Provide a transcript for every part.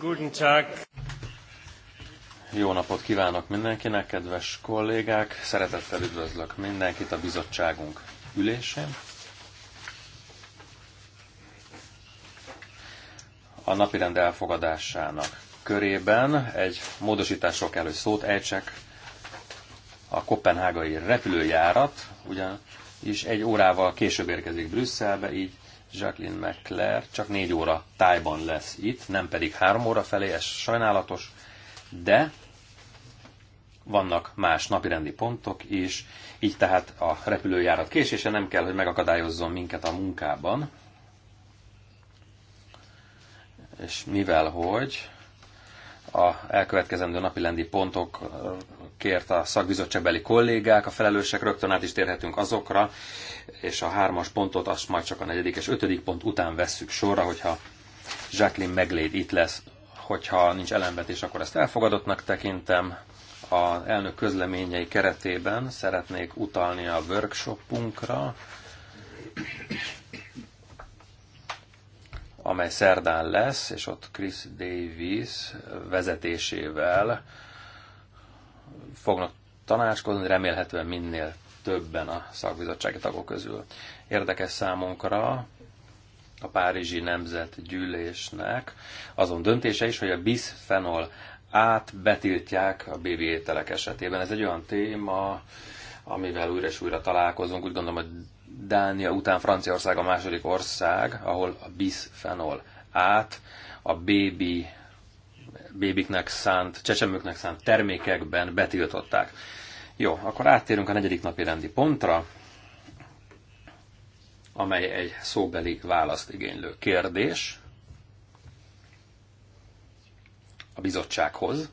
Guten Tag. Jó napot kívánok mindenkinek, kedves kollégák! Szeretettel üdvözlök mindenkit a bizottságunk ülésén. A napirend elfogadásának körében egy módosításról kell, hogy szót ejtsek. A kopenhágai repülőjárat ugyan egy órával később érkezik Brüsszelbe, így Jacqueline McClare csak négy óra tájban lesz itt, nem pedig három óra felé, ez sajnálatos, de vannak más napirendi pontok is, így tehát a repülőjárat késése nem kell, hogy megakadályozzon minket a munkában. És mivel hogy a elkövetkezendő napirendi pontok kért a szakbizottságbeli kollégák, a felelősek, rögtön át is térhetünk azokra, és a hármas pontot azt majd csak a negyedik és ötödik pont után vesszük sorra, hogyha Jacqueline Megléd itt lesz, hogyha nincs ellenvetés, akkor ezt elfogadottnak tekintem. A elnök közleményei keretében szeretnék utalni a workshopunkra, amely szerdán lesz, és ott Chris Davis vezetésével fognak tanácskozni, remélhetően minél többen a szakbizottsági tagok közül. Érdekes számunkra a Párizsi Nemzetgyűlésnek azon döntése is, hogy a bisphenol át betiltják a BB ételek esetében. Ez egy olyan téma, amivel újra és újra találkozunk. Úgy gondolom, hogy Dánia után Franciaország a második ország, ahol a bisphenol át a bébi bébiknek szánt, csecsemőknek szánt termékekben betiltották. Jó, akkor áttérünk a negyedik napi rendi pontra, amely egy szóbeli választ igénylő kérdés a bizottsághoz.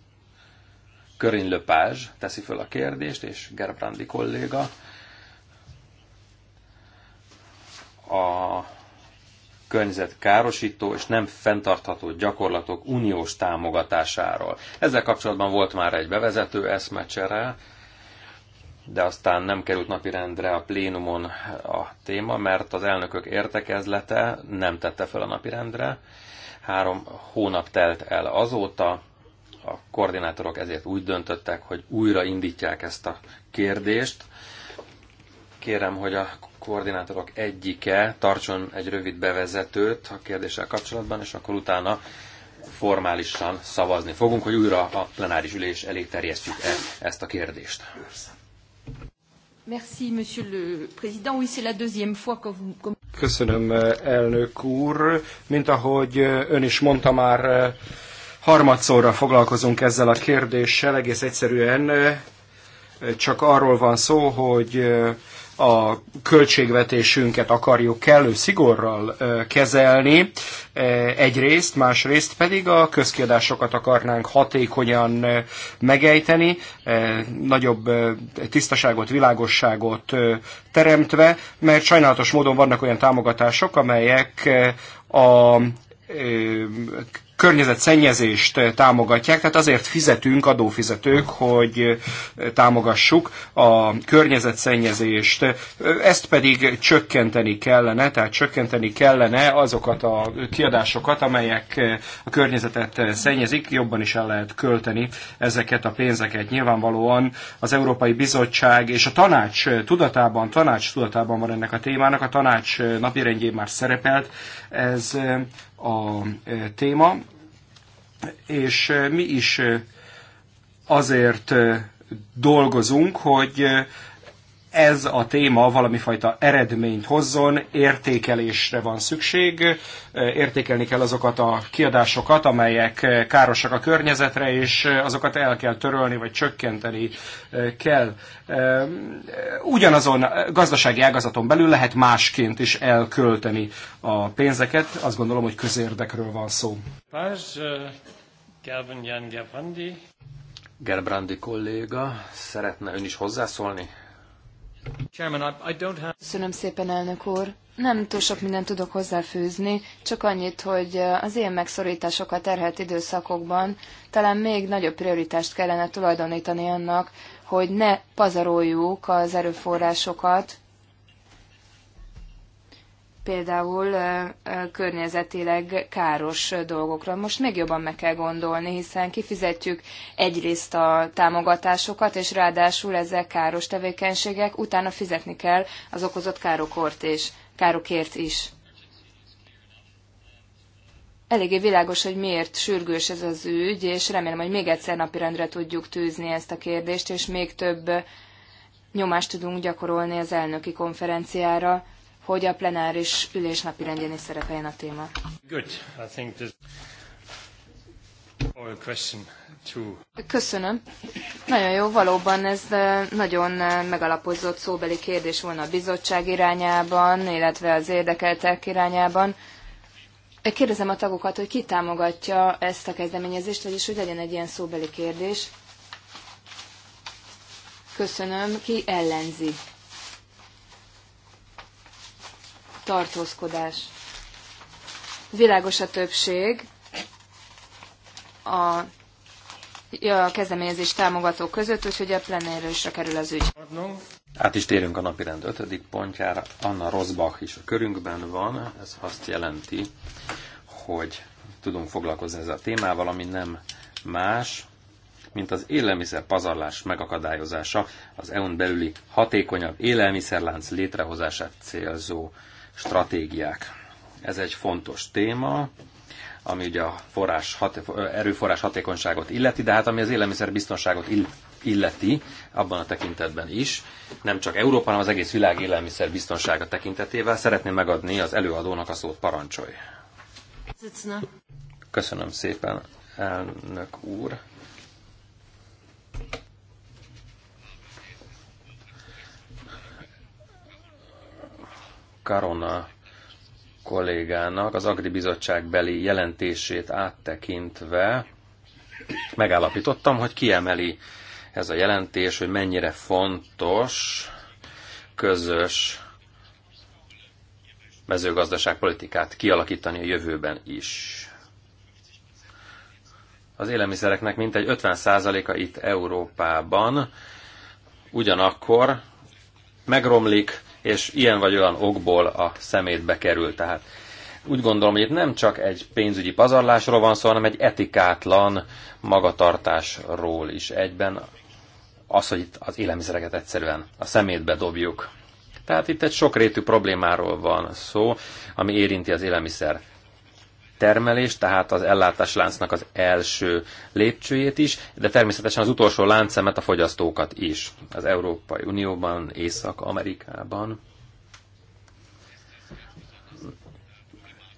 Körin Lepázs teszi föl a kérdést, és Gerbrandi kolléga a károsító és nem fenntartható gyakorlatok uniós támogatásáról. Ezzel kapcsolatban volt már egy bevezető eszmecsere, de aztán nem került napirendre a plénumon a téma, mert az elnökök értekezlete nem tette fel a napirendre. Három hónap telt el azóta, a koordinátorok ezért úgy döntöttek, hogy újra indítják ezt a kérdést, Kérem, hogy a koordinátorok egyike tartson egy rövid bevezetőt a kérdéssel kapcsolatban, és akkor utána formálisan szavazni fogunk, hogy újra a plenáris ülés elé terjesztjük -e ezt a kérdést. Merci, monsieur le président. Oui, c'est la deuxième fois que vous... Köszönöm, elnök úr. Mint ahogy ön is mondta már, harmadszorra foglalkozunk ezzel a kérdéssel, egész egyszerűen csak arról van szó, hogy a költségvetésünket akarjuk kellő szigorral kezelni egyrészt, másrészt pedig a közkiadásokat akarnánk hatékonyan megejteni, nagyobb tisztaságot, világosságot teremtve, mert sajnálatos módon vannak olyan támogatások, amelyek a környezetszennyezést támogatják, tehát azért fizetünk adófizetők, hogy támogassuk a környezetszennyezést. Ezt pedig csökkenteni kellene, tehát csökkenteni kellene azokat a kiadásokat, amelyek a környezetet szennyezik, jobban is el lehet költeni ezeket a pénzeket. Nyilvánvalóan az Európai Bizottság és a tanács tudatában, tanács tudatában van ennek a témának, a tanács napirendjén már szerepelt ez a téma, és mi is azért dolgozunk, hogy ez a téma valami fajta eredményt hozzon, értékelésre van szükség, értékelni kell azokat a kiadásokat, amelyek károsak a környezetre, és azokat el kell törölni, vagy csökkenteni kell. Ugyanazon gazdasági ágazaton belül lehet másként is elkölteni a pénzeket, azt gondolom, hogy közérdekről van szó. Pázs, Gerbrandi kolléga szeretne ön is hozzászólni? Köszönöm szépen, elnök úr. Nem túl sok mindent tudok hozzáfűzni, csak annyit, hogy az ilyen megszorításokat terhelt időszakokban talán még nagyobb prioritást kellene tulajdonítani annak, hogy ne pazaroljuk az erőforrásokat, például környezetileg káros dolgokra. Most még jobban meg kell gondolni, hiszen kifizetjük egyrészt a támogatásokat, és ráadásul ezek káros tevékenységek, utána fizetni kell az okozott károkort és károkért is. Eléggé világos, hogy miért sürgős ez az ügy, és remélem, hogy még egyszer napirendre tudjuk tűzni ezt a kérdést, és még több nyomást tudunk gyakorolni az elnöki konferenciára hogy a plenáris ülés napi rendjén is szerepeljen a téma. Good. I think this... Köszönöm. Nagyon jó, valóban ez nagyon megalapozott szóbeli kérdés volna a bizottság irányában, illetve az érdekeltek irányában. Kérdezem a tagokat, hogy ki támogatja ezt a kezdeményezést, vagyis hogy legyen egy ilyen szóbeli kérdés. Köszönöm. Ki ellenzi? tartózkodás. Világos a többség a, a kezdeményezés támogatók között, úgyhogy a plenérősre kerül az ügy. Át is térünk a napirend ötödik pontjára. Anna Rosbach is a körünkben van. Ez azt jelenti, hogy tudunk foglalkozni ezzel a témával, ami nem más, mint az élelmiszer pazarlás megakadályozása, az EU-n belüli hatékonyabb élelmiszerlánc létrehozását célzó stratégiák. Ez egy fontos téma, ami ugye a forrás, hat, erőforrás hatékonyságot illeti, de hát ami az biztonságot illeti, abban a tekintetben is, nem csak Európa, hanem az egész világ biztonsága tekintetével. Szeretném megadni az előadónak a szót, parancsolj! Köszönöm szépen, elnök úr! Karona kollégának az Agri Bizottság beli jelentését áttekintve megállapítottam, hogy kiemeli ez a jelentés, hogy mennyire fontos közös mezőgazdaságpolitikát kialakítani a jövőben is. Az élelmiszereknek mintegy 50%-a itt Európában ugyanakkor megromlik, és ilyen vagy olyan okból a szemétbe kerül. Tehát úgy gondolom, hogy itt nem csak egy pénzügyi pazarlásról van szó, hanem egy etikátlan magatartásról is egyben. Az, hogy itt az élelmiszereket egyszerűen a szemétbe dobjuk. Tehát itt egy sokrétű problémáról van szó, ami érinti az élelmiszer termelés, tehát az ellátásláncnak az első lépcsőjét is, de természetesen az utolsó láncszemet a fogyasztókat is. Az Európai Unióban, Észak-Amerikában.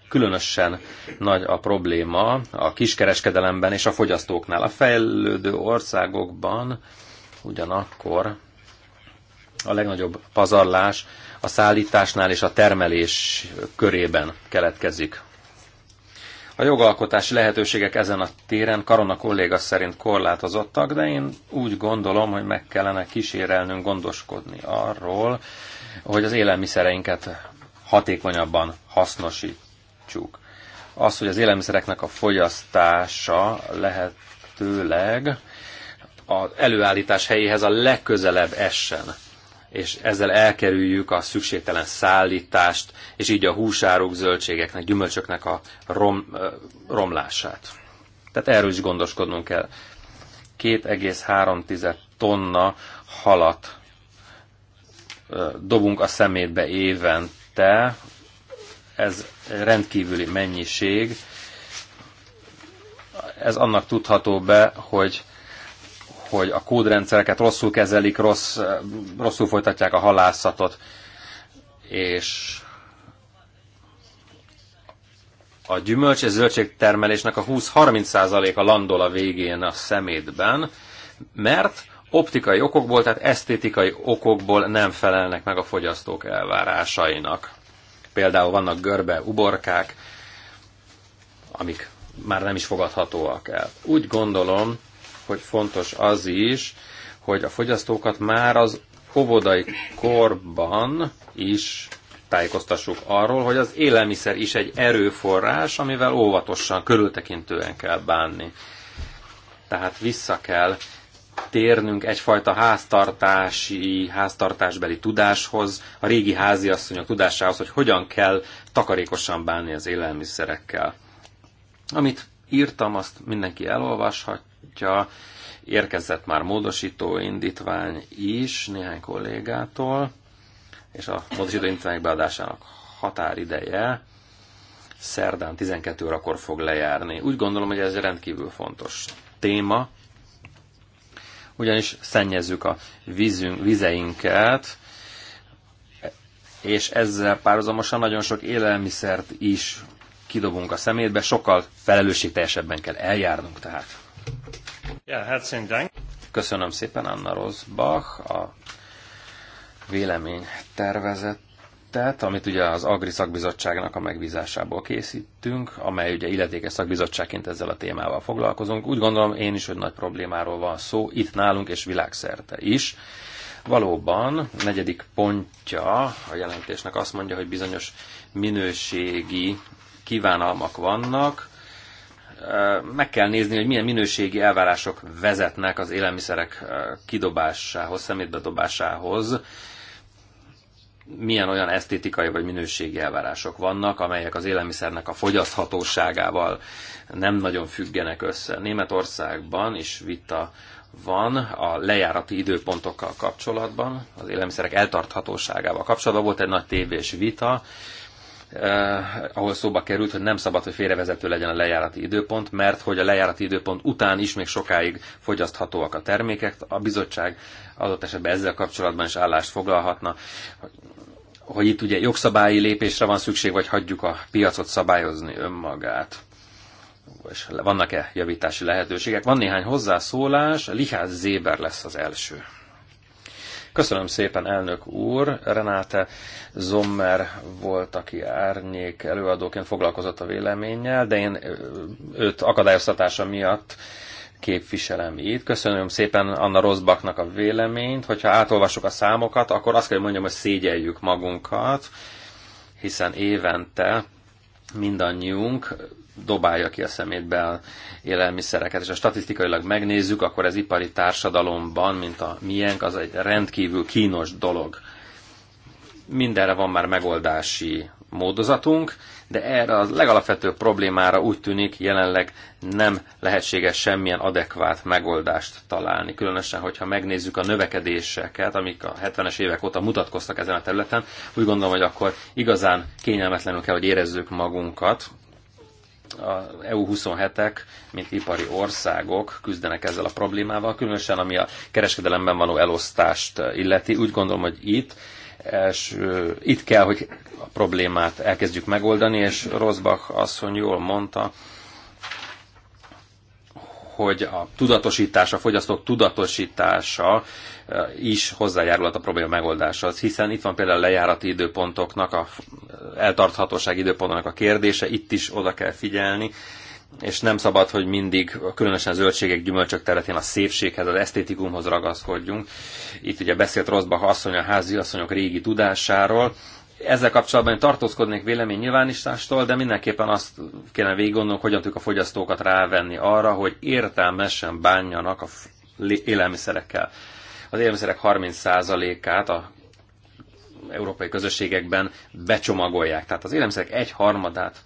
Különösen nagy a probléma a kiskereskedelemben és a fogyasztóknál. A fejlődő országokban ugyanakkor a legnagyobb pazarlás a szállításnál és a termelés körében keletkezik. A jogalkotási lehetőségek ezen a téren Karona kolléga szerint korlátozottak, de én úgy gondolom, hogy meg kellene kísérelnünk gondoskodni arról, hogy az élelmiszereinket hatékonyabban hasznosítsuk. Az, hogy az élelmiszereknek a fogyasztása lehetőleg az előállítás helyéhez a legközelebb essen és ezzel elkerüljük a szükségtelen szállítást, és így a húsárok, zöldségeknek, gyümölcsöknek a rom, romlását. Tehát erről is gondoskodnunk kell. 2,3 tonna halat dobunk a szemétbe évente, ez rendkívüli mennyiség, ez annak tudható be, hogy hogy a kódrendszereket rosszul kezelik, rossz, rosszul folytatják a halászatot, és a gyümölcs és zöldségtermelésnek a 20-30%-a landol a végén a szemétben, mert optikai okokból, tehát esztétikai okokból nem felelnek meg a fogyasztók elvárásainak. Például vannak görbe uborkák, amik már nem is fogadhatóak el. Úgy gondolom, hogy fontos az is, hogy a fogyasztókat már az óvodai korban is tájékoztassuk arról, hogy az élelmiszer is egy erőforrás, amivel óvatosan, körültekintően kell bánni. Tehát vissza kell térnünk egyfajta háztartási, háztartásbeli tudáshoz, a régi háziasszonyok tudásához, hogy hogyan kell takarékosan bánni az élelmiszerekkel. Amit írtam, azt mindenki elolvashat, módosítja. Érkezett már módosító indítvány is néhány kollégától, és a módosító indítványok beadásának határideje szerdán 12 órakor fog lejárni. Úgy gondolom, hogy ez egy rendkívül fontos téma, ugyanis szennyezzük a vízünk, vizeinket, és ezzel párhuzamosan nagyon sok élelmiszert is kidobunk a szemétbe, sokkal felelősségteljesebben kell eljárnunk tehát. Ja, Dank. Köszönöm szépen Anna Rosbach a vélemény tervezettet, amit ugye az Agri szakbizottságnak a megbízásából készítünk, amely ugye illetékes szakbizottságként ezzel a témával foglalkozunk. Úgy gondolom én is, hogy nagy problémáról van szó, itt nálunk és világszerte is. Valóban, negyedik pontja a jelentésnek azt mondja, hogy bizonyos minőségi kívánalmak vannak, meg kell nézni, hogy milyen minőségi elvárások vezetnek az élelmiszerek kidobásához, szemétbedobásához, milyen olyan esztétikai vagy minőségi elvárások vannak, amelyek az élelmiszernek a fogyaszthatóságával nem nagyon függenek össze. Németországban is vita van a lejárati időpontokkal kapcsolatban, az élelmiszerek eltarthatóságával kapcsolatban. Volt egy nagy tévés vita, eh, ahol szóba került, hogy nem szabad, hogy félrevezető legyen a lejárati időpont, mert hogy a lejárati időpont után is még sokáig fogyaszthatóak a termékek, a bizottság adott esetben ezzel kapcsolatban is állást foglalhatna, hogy itt ugye jogszabályi lépésre van szükség, vagy hagyjuk a piacot szabályozni önmagát és vannak-e javítási lehetőségek. Van néhány hozzászólás, Lihász Zéber lesz az első. Köszönöm szépen, elnök úr. Renáte Zommer volt, aki árnyék előadóként foglalkozott a véleménnyel, de én őt akadályoztatása miatt képviselem itt. Köszönöm szépen Anna Rosbaknak a véleményt. Hogyha átolvasok a számokat, akkor azt kell mondjam, hogy szégyeljük magunkat, hiszen évente mindannyiunk dobálja ki a szemétbe a élelmiszereket, és a statisztikailag megnézzük, akkor az ipari társadalomban, mint a miénk, az egy rendkívül kínos dolog. Mindenre van már megoldási módozatunk, de erre a legalapvetőbb problémára úgy tűnik jelenleg nem lehetséges semmilyen adekvát megoldást találni. Különösen, hogyha megnézzük a növekedéseket, amik a 70-es évek óta mutatkoztak ezen a területen, úgy gondolom, hogy akkor igazán kényelmetlenül kell, hogy érezzük magunkat, a EU27-ek, mint ipari országok küzdenek ezzel a problémával, különösen ami a kereskedelemben való elosztást illeti. Úgy gondolom, hogy itt és itt kell, hogy a problémát elkezdjük megoldani, és Rosbach asszony jól mondta, hogy a tudatosítása, a fogyasztók tudatosítása eh, is hozzájárulhat a probléma megoldásához, hiszen itt van például a lejárati időpontoknak, a eltarthatóság időpontoknak a kérdése, itt is oda kell figyelni, és nem szabad, hogy mindig, különösen zöldségek, gyümölcsök területén a szépséghez, az esztétikumhoz ragaszkodjunk. Itt ugye beszélt Rosszbach asszony a házi asszonyok régi tudásáról, ezzel kapcsolatban tartózkodnék vélemény nyilvánítástól, de mindenképpen azt kéne végigondolni, hogyan tudjuk a fogyasztókat rávenni arra, hogy értelmesen bánjanak a élelmiszerekkel. Az élelmiszerek 30%-át a európai közösségekben becsomagolják. Tehát az élelmiszerek egy harmadát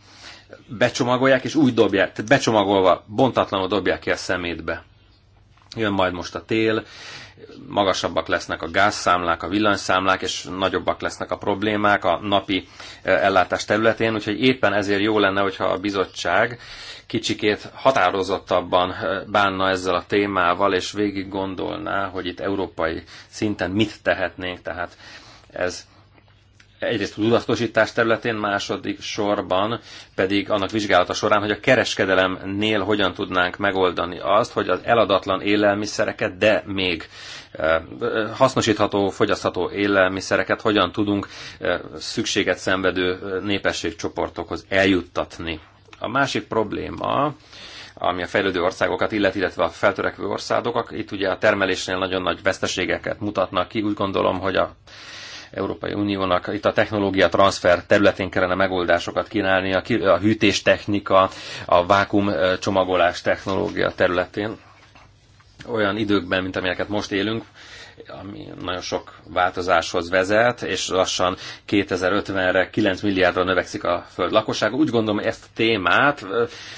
becsomagolják, és úgy dobják, tehát becsomagolva, bontatlanul dobják ki a szemétbe. Jön majd most a tél, magasabbak lesznek a gázszámlák, a villanyszámlák, és nagyobbak lesznek a problémák a napi e, ellátás területén, úgyhogy éppen ezért jó lenne, hogyha a bizottság kicsikét határozottabban e, bánna ezzel a témával, és végig gondolná, hogy itt európai szinten mit tehetnénk, tehát ez egyrészt a tudatosítás területén, második sorban pedig annak vizsgálata során, hogy a kereskedelemnél hogyan tudnánk megoldani azt, hogy az eladatlan élelmiszereket, de még hasznosítható, fogyasztható élelmiszereket hogyan tudunk szükséget szenvedő népességcsoportokhoz eljuttatni. A másik probléma, ami a fejlődő országokat illet, illetve a feltörekvő országokat, itt ugye a termelésnél nagyon nagy veszteségeket mutatnak ki. Úgy gondolom, hogy a Európai Uniónak itt a technológia transfer területén kellene megoldásokat kínálni, a hűtéstechnika, a vákum csomagolás technológia területén. Olyan időkben, mint amelyeket most élünk, ami nagyon sok változáshoz vezet, és lassan 2050-re 9 milliárdra növekszik a föld lakossága. Úgy gondolom, hogy ezt témát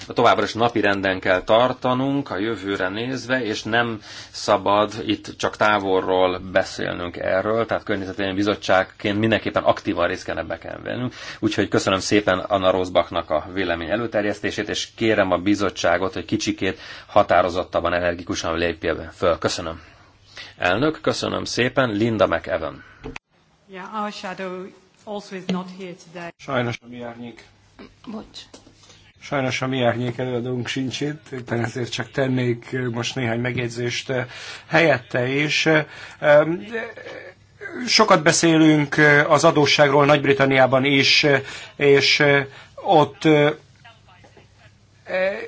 továbbra is napi renden kell tartanunk a jövőre nézve, és nem szabad itt csak távolról beszélnünk erről, tehát környezetvédelmi bizottságként mindenképpen aktívan részt kell ebbe kell vennünk. Úgyhogy köszönöm szépen Anna Rosbachnak a vélemény előterjesztését, és kérem a bizottságot, hogy kicsikét határozottabban, energikusan lépjen föl. Köszönöm. Elnök, köszönöm szépen, Linda McEwan. Yeah, our shadow also is not here today. Sajnos a mi árnyék. Bocs. Sajnos a mi árnyék előadónk sincs itt, éppen ezért csak tennék most néhány megjegyzést eh, helyette is. Eh, sokat beszélünk eh, az adósságról Nagy-Britanniában is, és ott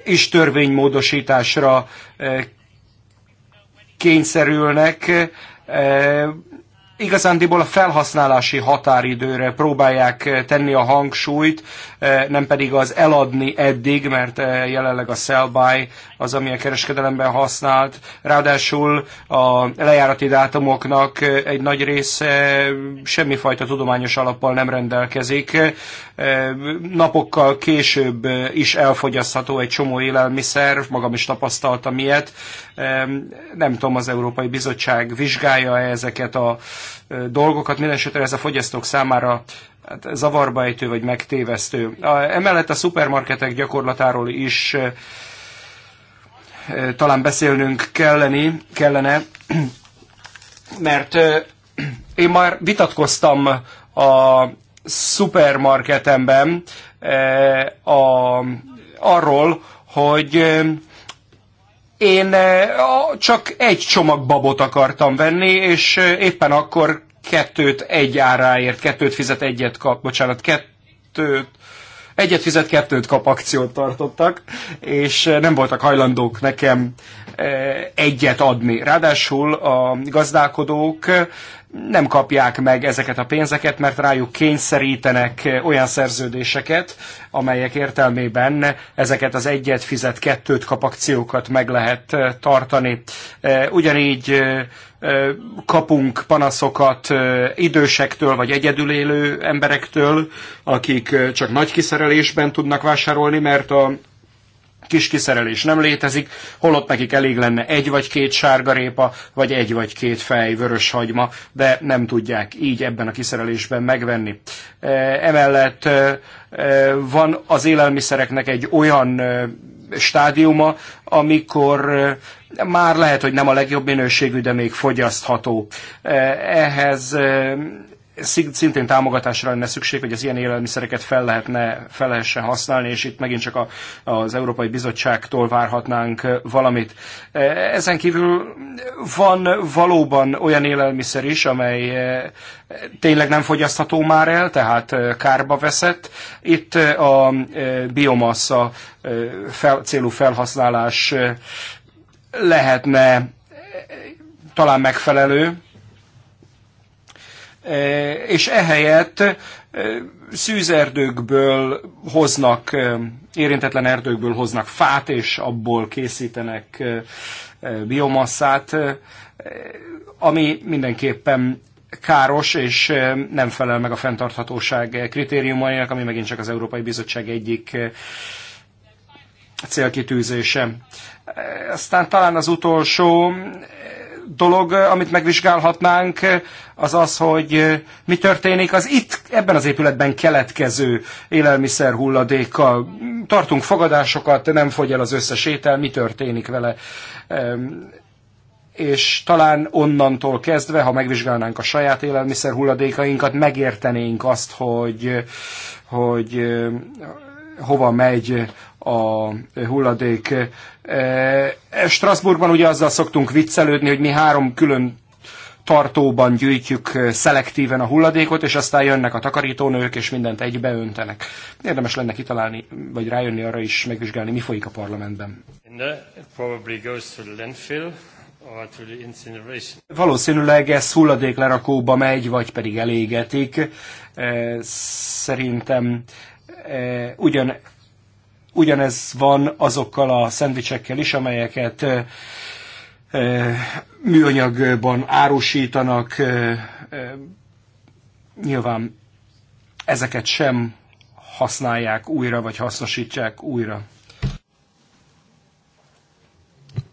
is törvénymódosításra kényszerülnek, e, igazándiból a felhasználási határidőre próbálják tenni a hangsúlyt, e, nem pedig az eladni eddig, mert e, jelenleg a sell-by az, ami a kereskedelemben használt. Ráadásul a lejárati dátumoknak egy nagy része semmifajta tudományos alappal nem rendelkezik. Napokkal később is elfogyasztható egy csomó élelmiszer, magam is tapasztaltam ilyet, nem tudom, az Európai Bizottság vizsgálja -e ezeket a dolgokat, mindenesetre ez a fogyasztók számára hát, zavarba ejtő vagy megtévesztő. Emellett a szupermarketek gyakorlatáról is talán beszélnünk kelleni, kellene, mert én már vitatkoztam a szupermarketemben a, arról, hogy én csak egy csomag babot akartam venni, és éppen akkor kettőt egy áráért, kettőt fizet egyet kap, bocsánat, kettőt, egyet fizet, kettőt kap akciót tartottak, és nem voltak hajlandók nekem egyet adni. Ráadásul a gazdálkodók nem kapják meg ezeket a pénzeket, mert rájuk kényszerítenek olyan szerződéseket, amelyek értelmében ezeket az egyet fizet, kettőt kap akciókat meg lehet eh, tartani. Eh, ugyanígy eh, kapunk panaszokat idősektől vagy egyedül élő emberektől, akik csak nagy kiszerelésben tudnak vásárolni, mert a kis kiszerelés nem létezik, holott nekik elég lenne egy vagy két sárgarépa, vagy egy vagy két fej vörös hagyma, de nem tudják így ebben a kiszerelésben megvenni. E, emellett e, e, van az élelmiszereknek egy olyan stádiuma, amikor már lehet, hogy nem a legjobb minőségű, de még fogyasztható. Ehhez szintén támogatásra lenne szükség, hogy az ilyen élelmiszereket fel, lehetne, fel lehessen használni, és itt megint csak a, az Európai Bizottságtól várhatnánk valamit. E, ezen kívül van valóban olyan élelmiszer is, amely e, tényleg nem fogyasztható már el, tehát e, kárba veszett. Itt a biomassa fel, célú felhasználás lehetne talán megfelelő, Eh, és ehelyett eh, szűzerdőkből hoznak, eh, érintetlen erdőkből hoznak fát, és abból készítenek biomasszát, ami mindenképpen káros, és nem felel meg a fenntarthatóság kritériumainak, ami megint csak az Európai Bizottság egyik célkitűzése. Aztán talán az utolsó dolog, eh, amit megvizsgálhatnánk, eh, az az, hogy eh, mi történik az itt, ebben az épületben keletkező élelmiszer hulladékkal. Tartunk fogadásokat, nem fogy el az összes étel, mi történik vele. És talán onnantól kezdve, ha megvizsgálnánk a saját élelmiszer hulladékainkat, megértenénk azt, hogy, hogy hova megy a hulladék. E, Strasbourgban ugye azzal szoktunk viccelődni, hogy mi három külön tartóban gyűjtjük szelektíven a hulladékot, és aztán jönnek a takarítónők, és mindent egybeöntenek. Érdemes lenne kitalálni, vagy rájönni arra is, megvizsgálni, mi folyik a parlamentben. Uh, Valószínűleg ez hulladéklerakóba megy, vagy pedig elégetik. E, szerintem E, ugyan, ugyanez van azokkal a szendvicsekkel is, amelyeket e, e, műanyagban árusítanak. Nyilván ezeket sem használják újra, vagy hasznosítják újra.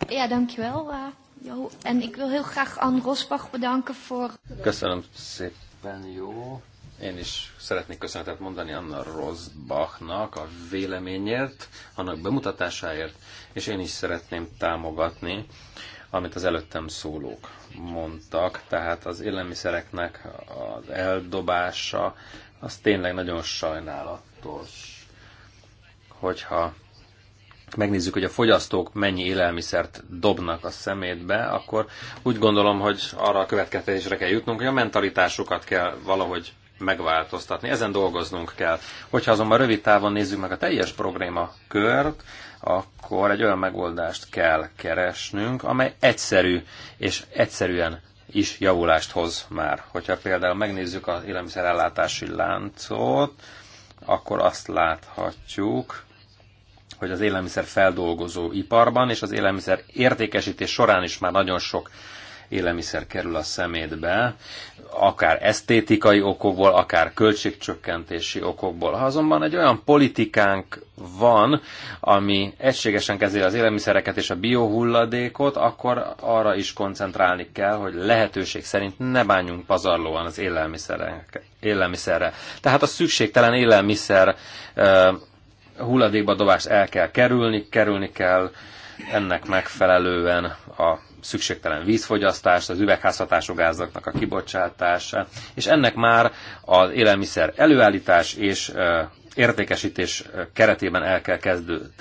Ja, dankjewel. Uh, en ik wil heel graag Anne Rosbach bedanken voor... Köszönöm szépen, jó. Én is szeretnék köszönetet mondani Anna Rosbachnak a véleményért, annak bemutatásáért, és én is szeretném támogatni, amit az előttem szólók mondtak. Tehát az élelmiszereknek az eldobása, az tényleg nagyon sajnálatos, hogyha megnézzük, hogy a fogyasztók mennyi élelmiszert dobnak a szemétbe, akkor úgy gondolom, hogy arra a következtetésre kell jutnunk, hogy a mentalitásukat kell valahogy megváltoztatni. Ezen dolgoznunk kell. Hogyha azonban rövid távon nézzük meg a teljes probléma kört, akkor egy olyan megoldást kell keresnünk, amely egyszerű és egyszerűen is javulást hoz már. Hogyha például megnézzük az élelmiszerellátási láncot, akkor azt láthatjuk, hogy az élelmiszer feldolgozó iparban és az élelmiszer értékesítés során is már nagyon sok élelmiszer kerül a szemétbe, akár esztétikai okokból, akár költségcsökkentési okokból. Ha azonban egy olyan politikánk van, ami egységesen kezeli az élelmiszereket és a biohulladékot, akkor arra is koncentrálni kell, hogy lehetőség szerint ne bánjunk pazarlóan az élelmiszerre. Tehát a szükségtelen élelmiszer hulladékba dobást el kell kerülni, kerülni kell ennek megfelelően a szükségtelen vízfogyasztást, az üvegházhatású gázoknak a kibocsátását, és ennek már az élelmiszer előállítás és értékesítés keretében el kell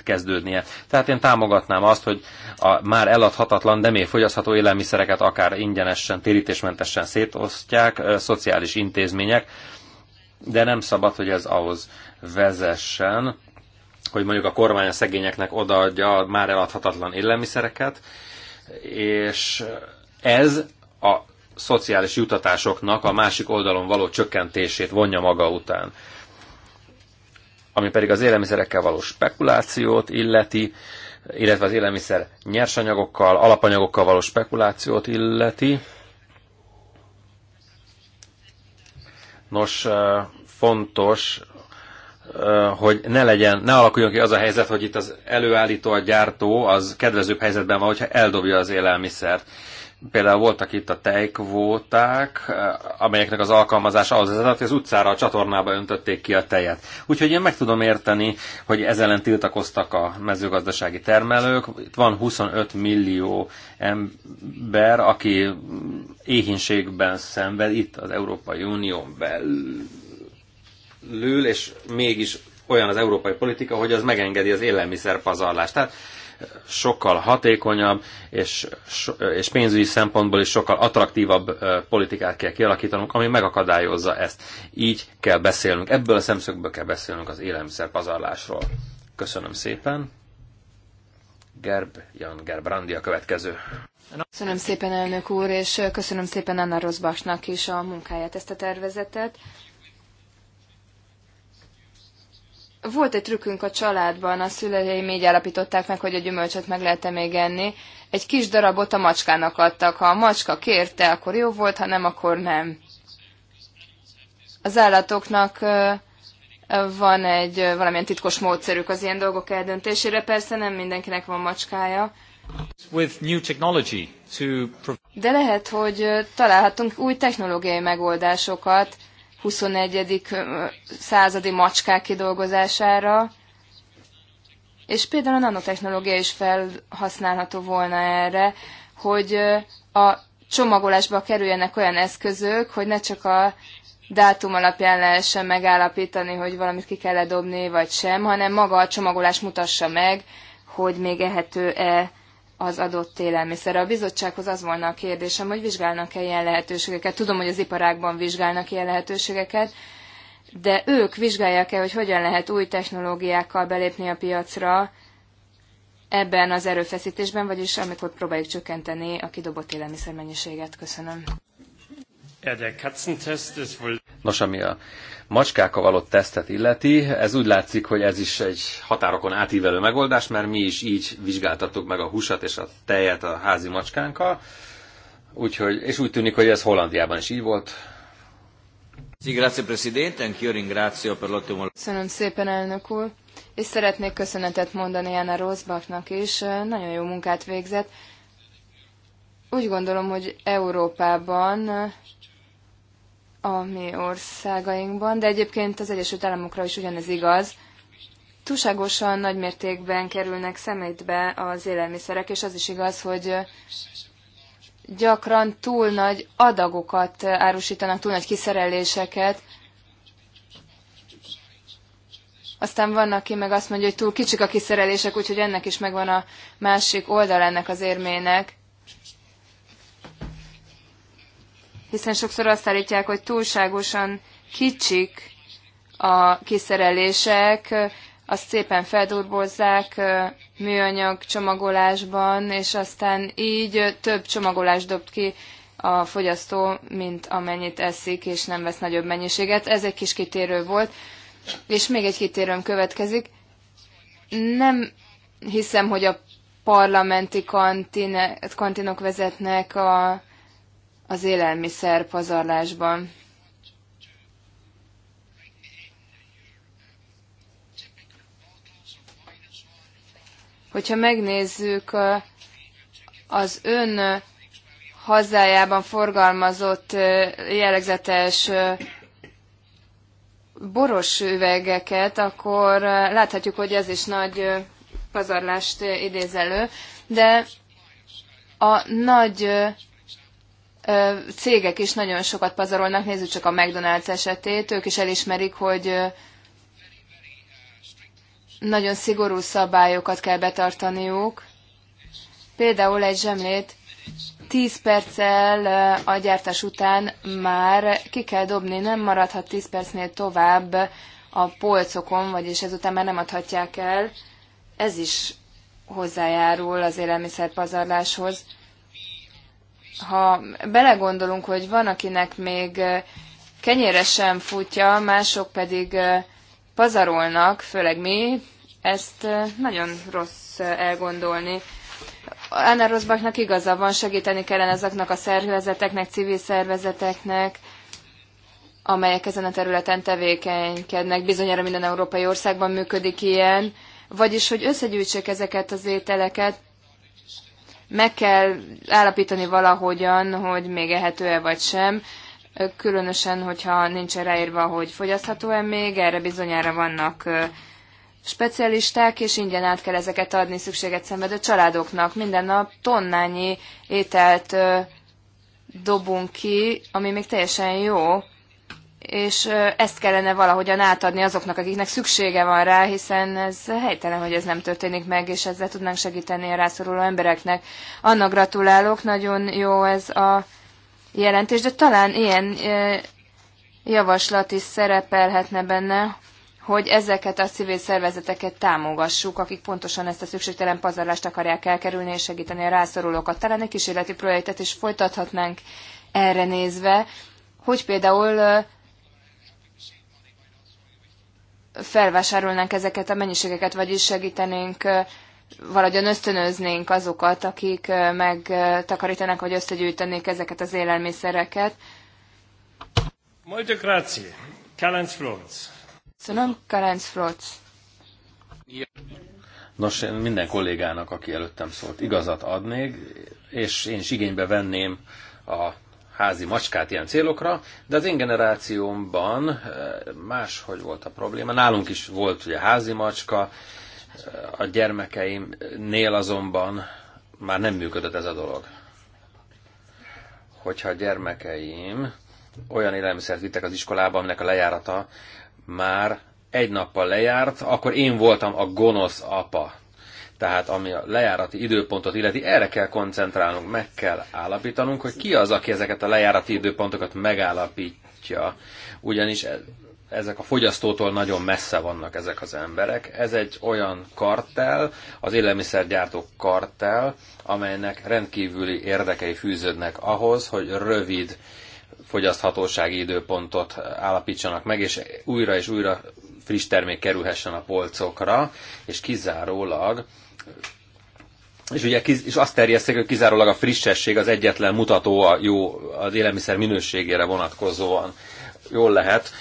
kezdődnie. Tehát én támogatnám azt, hogy a már eladhatatlan, de még fogyasztható élelmiszereket akár ingyenesen, térítésmentesen szétosztják szociális intézmények, de nem szabad, hogy ez ahhoz vezessen, hogy mondjuk a kormány a szegényeknek odaadja a már eladhatatlan élelmiszereket, és ez a szociális jutatásoknak a másik oldalon való csökkentését vonja maga után. Ami pedig az élelmiszerekkel való spekulációt illeti, illetve az élelmiszer nyersanyagokkal, alapanyagokkal való spekulációt illeti. Nos, eh, fontos hogy ne legyen, ne alakuljon ki az a helyzet, hogy itt az előállító, a gyártó az kedvezőbb helyzetben van, hogyha eldobja az élelmiszert. Például voltak itt a tejkvóták, amelyeknek az alkalmazása az vezetett, hogy az utcára, a csatornába öntötték ki a tejet. Úgyhogy én meg tudom érteni, hogy ezzel ellen tiltakoztak a mezőgazdasági termelők. Itt van 25 millió ember, aki éhínségben szenved itt az Európai Unión belül lül, és mégis olyan az európai politika, hogy az megengedi az élelmiszer pazarlást. Tehát sokkal hatékonyabb, és, és pénzügyi szempontból is sokkal attraktívabb politikát kell kialakítanunk, ami megakadályozza ezt. Így kell beszélnünk, ebből a szemszögből kell beszélnünk az élelmiszer pazarlásról. Köszönöm szépen. Gerb, Jan Gerbrandi a következő. Köszönöm szépen, elnök úr, és köszönöm szépen Anna Rosbachnak is a munkáját, ezt a tervezetet. Volt egy trükkünk a családban, a szüleim így állapították meg, hogy a gyümölcsöt meg lehet -e még enni. Egy kis darabot a macskának adtak. Ha a macska kérte, akkor jó volt, ha nem, akkor nem. Az állatoknak van egy valamilyen titkos módszerük az ilyen dolgok eldöntésére. Persze nem mindenkinek van macskája. De lehet, hogy találhatunk új technológiai megoldásokat, 21. századi macskák kidolgozására, és például a nanotechnológia is felhasználható volna erre, hogy a csomagolásba kerüljenek olyan eszközök, hogy ne csak a dátum alapján lehessen megállapítani, hogy valamit ki kell -e dobni, vagy sem, hanem maga a csomagolás mutassa meg, hogy még ehető-e az adott élelmiszerre. A bizottsághoz az volna a kérdésem, hogy vizsgálnak-e ilyen lehetőségeket. Tudom, hogy az iparágban vizsgálnak ilyen lehetőségeket, de ők vizsgálják-e, hogy hogyan lehet új technológiákkal belépni a piacra ebben az erőfeszítésben, vagyis amikor próbáljuk csökkenteni a kidobott élelmiszer mennyiséget. Köszönöm. Nos, ami a macskákkal való tesztet illeti, ez úgy látszik, hogy ez is egy határokon átívelő megoldás, mert mi is így vizsgáltattuk meg a húsat és a tejet a házi macskánkkal. Úgyhogy, és úgy tűnik, hogy ez Hollandiában is így volt. Köszönöm szépen, elnök úr. És szeretnék köszönetet mondani Anna Rosbachnak is, nagyon jó munkát végzett. Úgy gondolom, hogy Európában a mi országainkban, de egyébként az Egyesült Államokra is ugyanez igaz. Túlságosan nagy mértékben kerülnek szemétbe az élelmiszerek, és az is igaz, hogy gyakran túl nagy adagokat árusítanak, túl nagy kiszereléseket. Aztán van, aki meg azt mondja, hogy túl kicsik a kiszerelések, úgyhogy ennek is megvan a másik oldal ennek az érmének. hiszen sokszor azt állítják, hogy túlságosan kicsik a kiszerelések, azt szépen feldurbozzák műanyag csomagolásban, és aztán így több csomagolás dobt ki a fogyasztó, mint amennyit eszik, és nem vesz nagyobb mennyiséget. Ez egy kis kitérő volt, és még egy kitérőm következik. Nem hiszem, hogy a parlamenti kantine, kantinok vezetnek a az élelmiszer pazarlásban. Hogyha megnézzük az ön hazájában forgalmazott jellegzetes boros üvegeket, akkor láthatjuk, hogy ez is nagy pazarlást idéz elő, de a nagy cégek is nagyon sokat pazarolnak, nézzük csak a McDonald's esetét, ők is elismerik, hogy nagyon szigorú szabályokat kell betartaniuk. Például egy zsemlét 10 perccel a gyártás után már ki kell dobni, nem maradhat 10 percnél tovább a polcokon, vagyis ezután már nem adhatják el. Ez is hozzájárul az élelmiszer pazarláshoz ha belegondolunk, hogy van, akinek még kenyére sem futja, mások pedig pazarolnak, főleg mi, ezt nagyon rossz elgondolni. Anna Rosbachnak igaza van, segíteni kellene azoknak a szervezeteknek, civil szervezeteknek, amelyek ezen a területen tevékenykednek. Bizonyára minden európai országban működik ilyen, vagyis hogy összegyűjtsék ezeket az ételeket, meg kell állapítani valahogyan, hogy még ehető-e vagy sem, különösen, hogyha nincs ráírva, hogy fogyasztható-e még, erre bizonyára vannak specialisták, és ingyen át kell ezeket adni szükséget szenvedő családoknak. Minden nap tonnányi ételt dobunk ki, ami még teljesen jó, és ezt kellene valahogyan átadni azoknak, akiknek szüksége van rá, hiszen ez helytelen, hogy ez nem történik meg, és ezzel tudnánk segíteni a rászoruló embereknek. Annak gratulálok, nagyon jó ez a jelentés, de talán ilyen javaslat is szerepelhetne benne, hogy ezeket a civil szervezeteket támogassuk, akik pontosan ezt a szükségtelen pazarlást akarják elkerülni és segíteni a rászorulókat. Talán egy kísérleti projektet is folytathatnánk erre nézve, hogy például felvásárolnánk ezeket a mennyiségeket, vagyis segítenénk valahogyan ösztönöznénk azokat, akik megtakarítanak vagy összegyűjtenék ezeket az élelmiszereket. Molte grazie. Kalenc Florc. Köszönöm, Kalenc Nos, én minden kollégának, aki előttem szólt, igazat adnék, és én is igénybe venném a házi macskát ilyen célokra, de az én generációmban eh, máshogy volt a probléma. Nálunk is volt ugye házi macska, eh, a gyermekeimnél azonban már nem működött ez a dolog. Hogyha a gyermekeim olyan élelmiszert vittek az iskolába, aminek a lejárata már egy nappal lejárt, akkor én voltam a gonosz apa. Tehát ami a lejárati időpontot illeti, erre kell koncentrálnunk, meg kell állapítanunk, hogy ki az, aki ezeket a lejárati időpontokat megállapítja. Ugyanis e- ezek a fogyasztótól nagyon messze vannak ezek az emberek. Ez egy olyan kartel, az élelmiszergyártó kartel, amelynek rendkívüli érdekei fűződnek ahhoz, hogy rövid fogyaszthatósági időpontot állapítsanak meg, és újra és újra friss termék kerülhessen a polcokra, és kizárólag és ugye és azt terjesztik, hogy kizárólag a frissesség az egyetlen mutató a jó, az élelmiszer minőségére vonatkozóan. Jól lehet,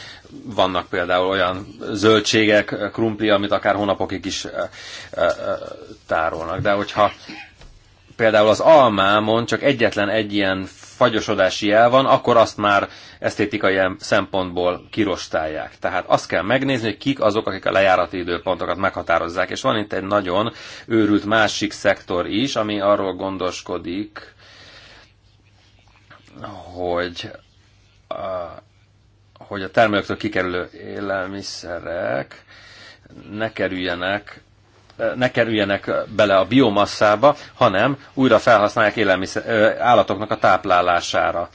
vannak például olyan zöldségek, krumpli, amit akár hónapokig is tárolnak. De hogyha például az almámon csak egyetlen egy ilyen fagyosodási jel van, akkor azt már esztétikai szempontból kirostálják. Tehát azt kell megnézni, hogy kik azok, akik a lejárati időpontokat meghatározzák. És van itt egy nagyon őrült másik szektor is, ami arról gondoskodik, hogy a, hogy a termelőktől kikerülő élelmiszerek ne kerüljenek ne kerüljenek bele a biomasszába, hanem újra felhasználják élelmiszer, állatoknak a táplálására.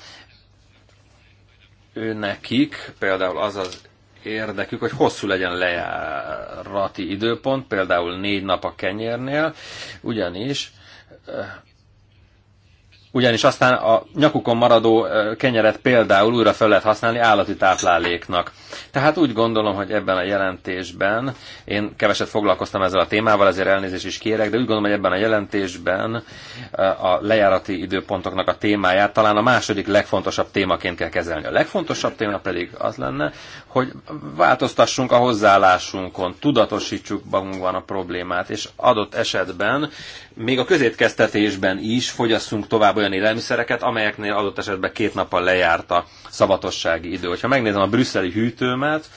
Ő nekik például az az érdekük, hogy hosszú legyen lejárati időpont, például négy nap a kenyérnél, ugyanis ugyanis aztán a nyakukon maradó kenyeret például újra fel lehet használni állati tápláléknak. Tehát úgy gondolom, hogy ebben a jelentésben, én keveset foglalkoztam ezzel a témával, ezért elnézést is kérek, de úgy gondolom, hogy ebben a jelentésben a lejárati időpontoknak a témáját talán a második legfontosabb témaként kell kezelni. A legfontosabb téma pedig az lenne, hogy változtassunk a hozzáállásunkon, tudatosítsuk magunkban a problémát, és adott esetben még a közétkeztetésben is fogyasszunk tovább inkább olyan élelmiszereket, amelyeknél adott esetben két nappal lejárt a szabatossági idő. Ha megnézem a brüsszeli hűtőmet,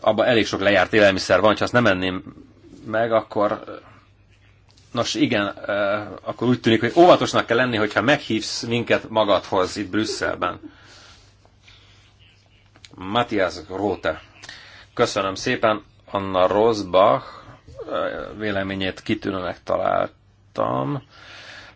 abban elég sok lejárt élelmiszer van, ha azt nem enném meg, akkor Nos igen, akkor úgy tűnik, hogy óvatosnak kell lenni, hogyha meghívsz minket magadhoz itt Brüsszelben. Matthias Rote. Köszönöm szépen. Anna Rosbach véleményét kitűnőnek találtam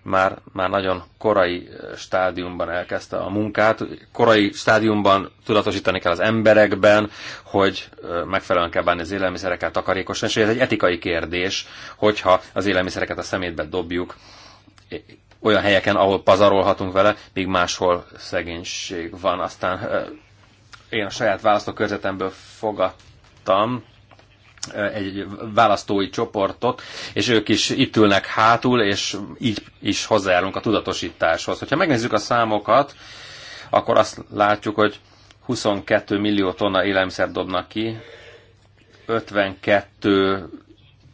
már, már nagyon korai eh, stádiumban elkezdte a munkát. Korai stádiumban tudatosítani kell az emberekben, hogy eh, megfelelően kell bánni az élelmiszerekkel takarékosan, és ez egy etikai kérdés, hogyha az élelmiszereket a szemétbe dobjuk olyan helyeken, ahol pazarolhatunk vele, míg máshol szegénység van. Aztán eh, én a saját választókörzetemből fogadtam egy választói csoportot, és ők is itt ülnek hátul, és így is hozzájárulunk a tudatosításhoz. Hogyha megnézzük a számokat, akkor azt látjuk, hogy 22 millió tonna élelmiszer dobnak ki, 52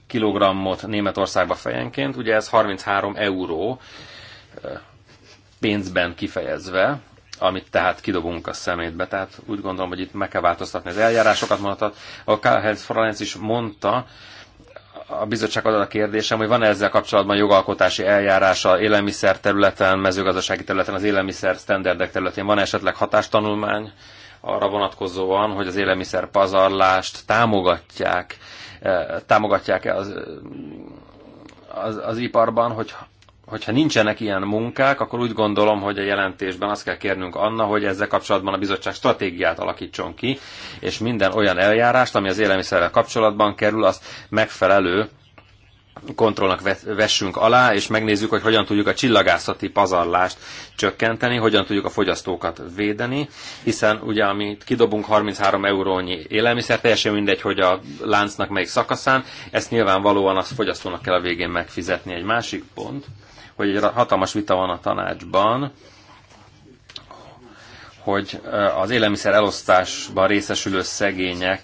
kilogrammot Németországba fejenként, ugye ez 33 euró pénzben kifejezve, amit tehát kidobunk a szemétbe. Tehát úgy gondolom, hogy itt meg kell változtatni az eljárásokat, mondhatat. A Karl-Heinz Franz is mondta, a bizottság adott a kérdésem, hogy van-e ezzel kapcsolatban jogalkotási a élelmiszer területen, mezőgazdasági területen, az élelmiszer sztenderdek területén? Van -e esetleg hatástanulmány arra vonatkozóan, hogy az élelmiszer pazarlást támogatják, eh, támogatják-e az, eh, az, az iparban, hogy hogyha nincsenek ilyen munkák, akkor úgy gondolom, hogy a jelentésben azt kell kérnünk Anna, hogy ezzel kapcsolatban a bizottság stratégiát alakítson ki, és minden olyan eljárást, ami az élelmiszerrel kapcsolatban kerül, azt megfelelő kontrollnak vessünk alá, és megnézzük, hogy hogyan tudjuk a csillagászati pazarlást csökkenteni, hogyan tudjuk a fogyasztókat védeni, hiszen ugye, amit kidobunk 33 eurónyi élelmiszer, teljesen mindegy, hogy a láncnak melyik szakaszán, ezt nyilvánvalóan a fogyasztónak kell a végén megfizetni. Egy másik pont, hogy egy hatalmas vita van a tanácsban, hogy eh, az élelmiszer elosztásban részesülő eh,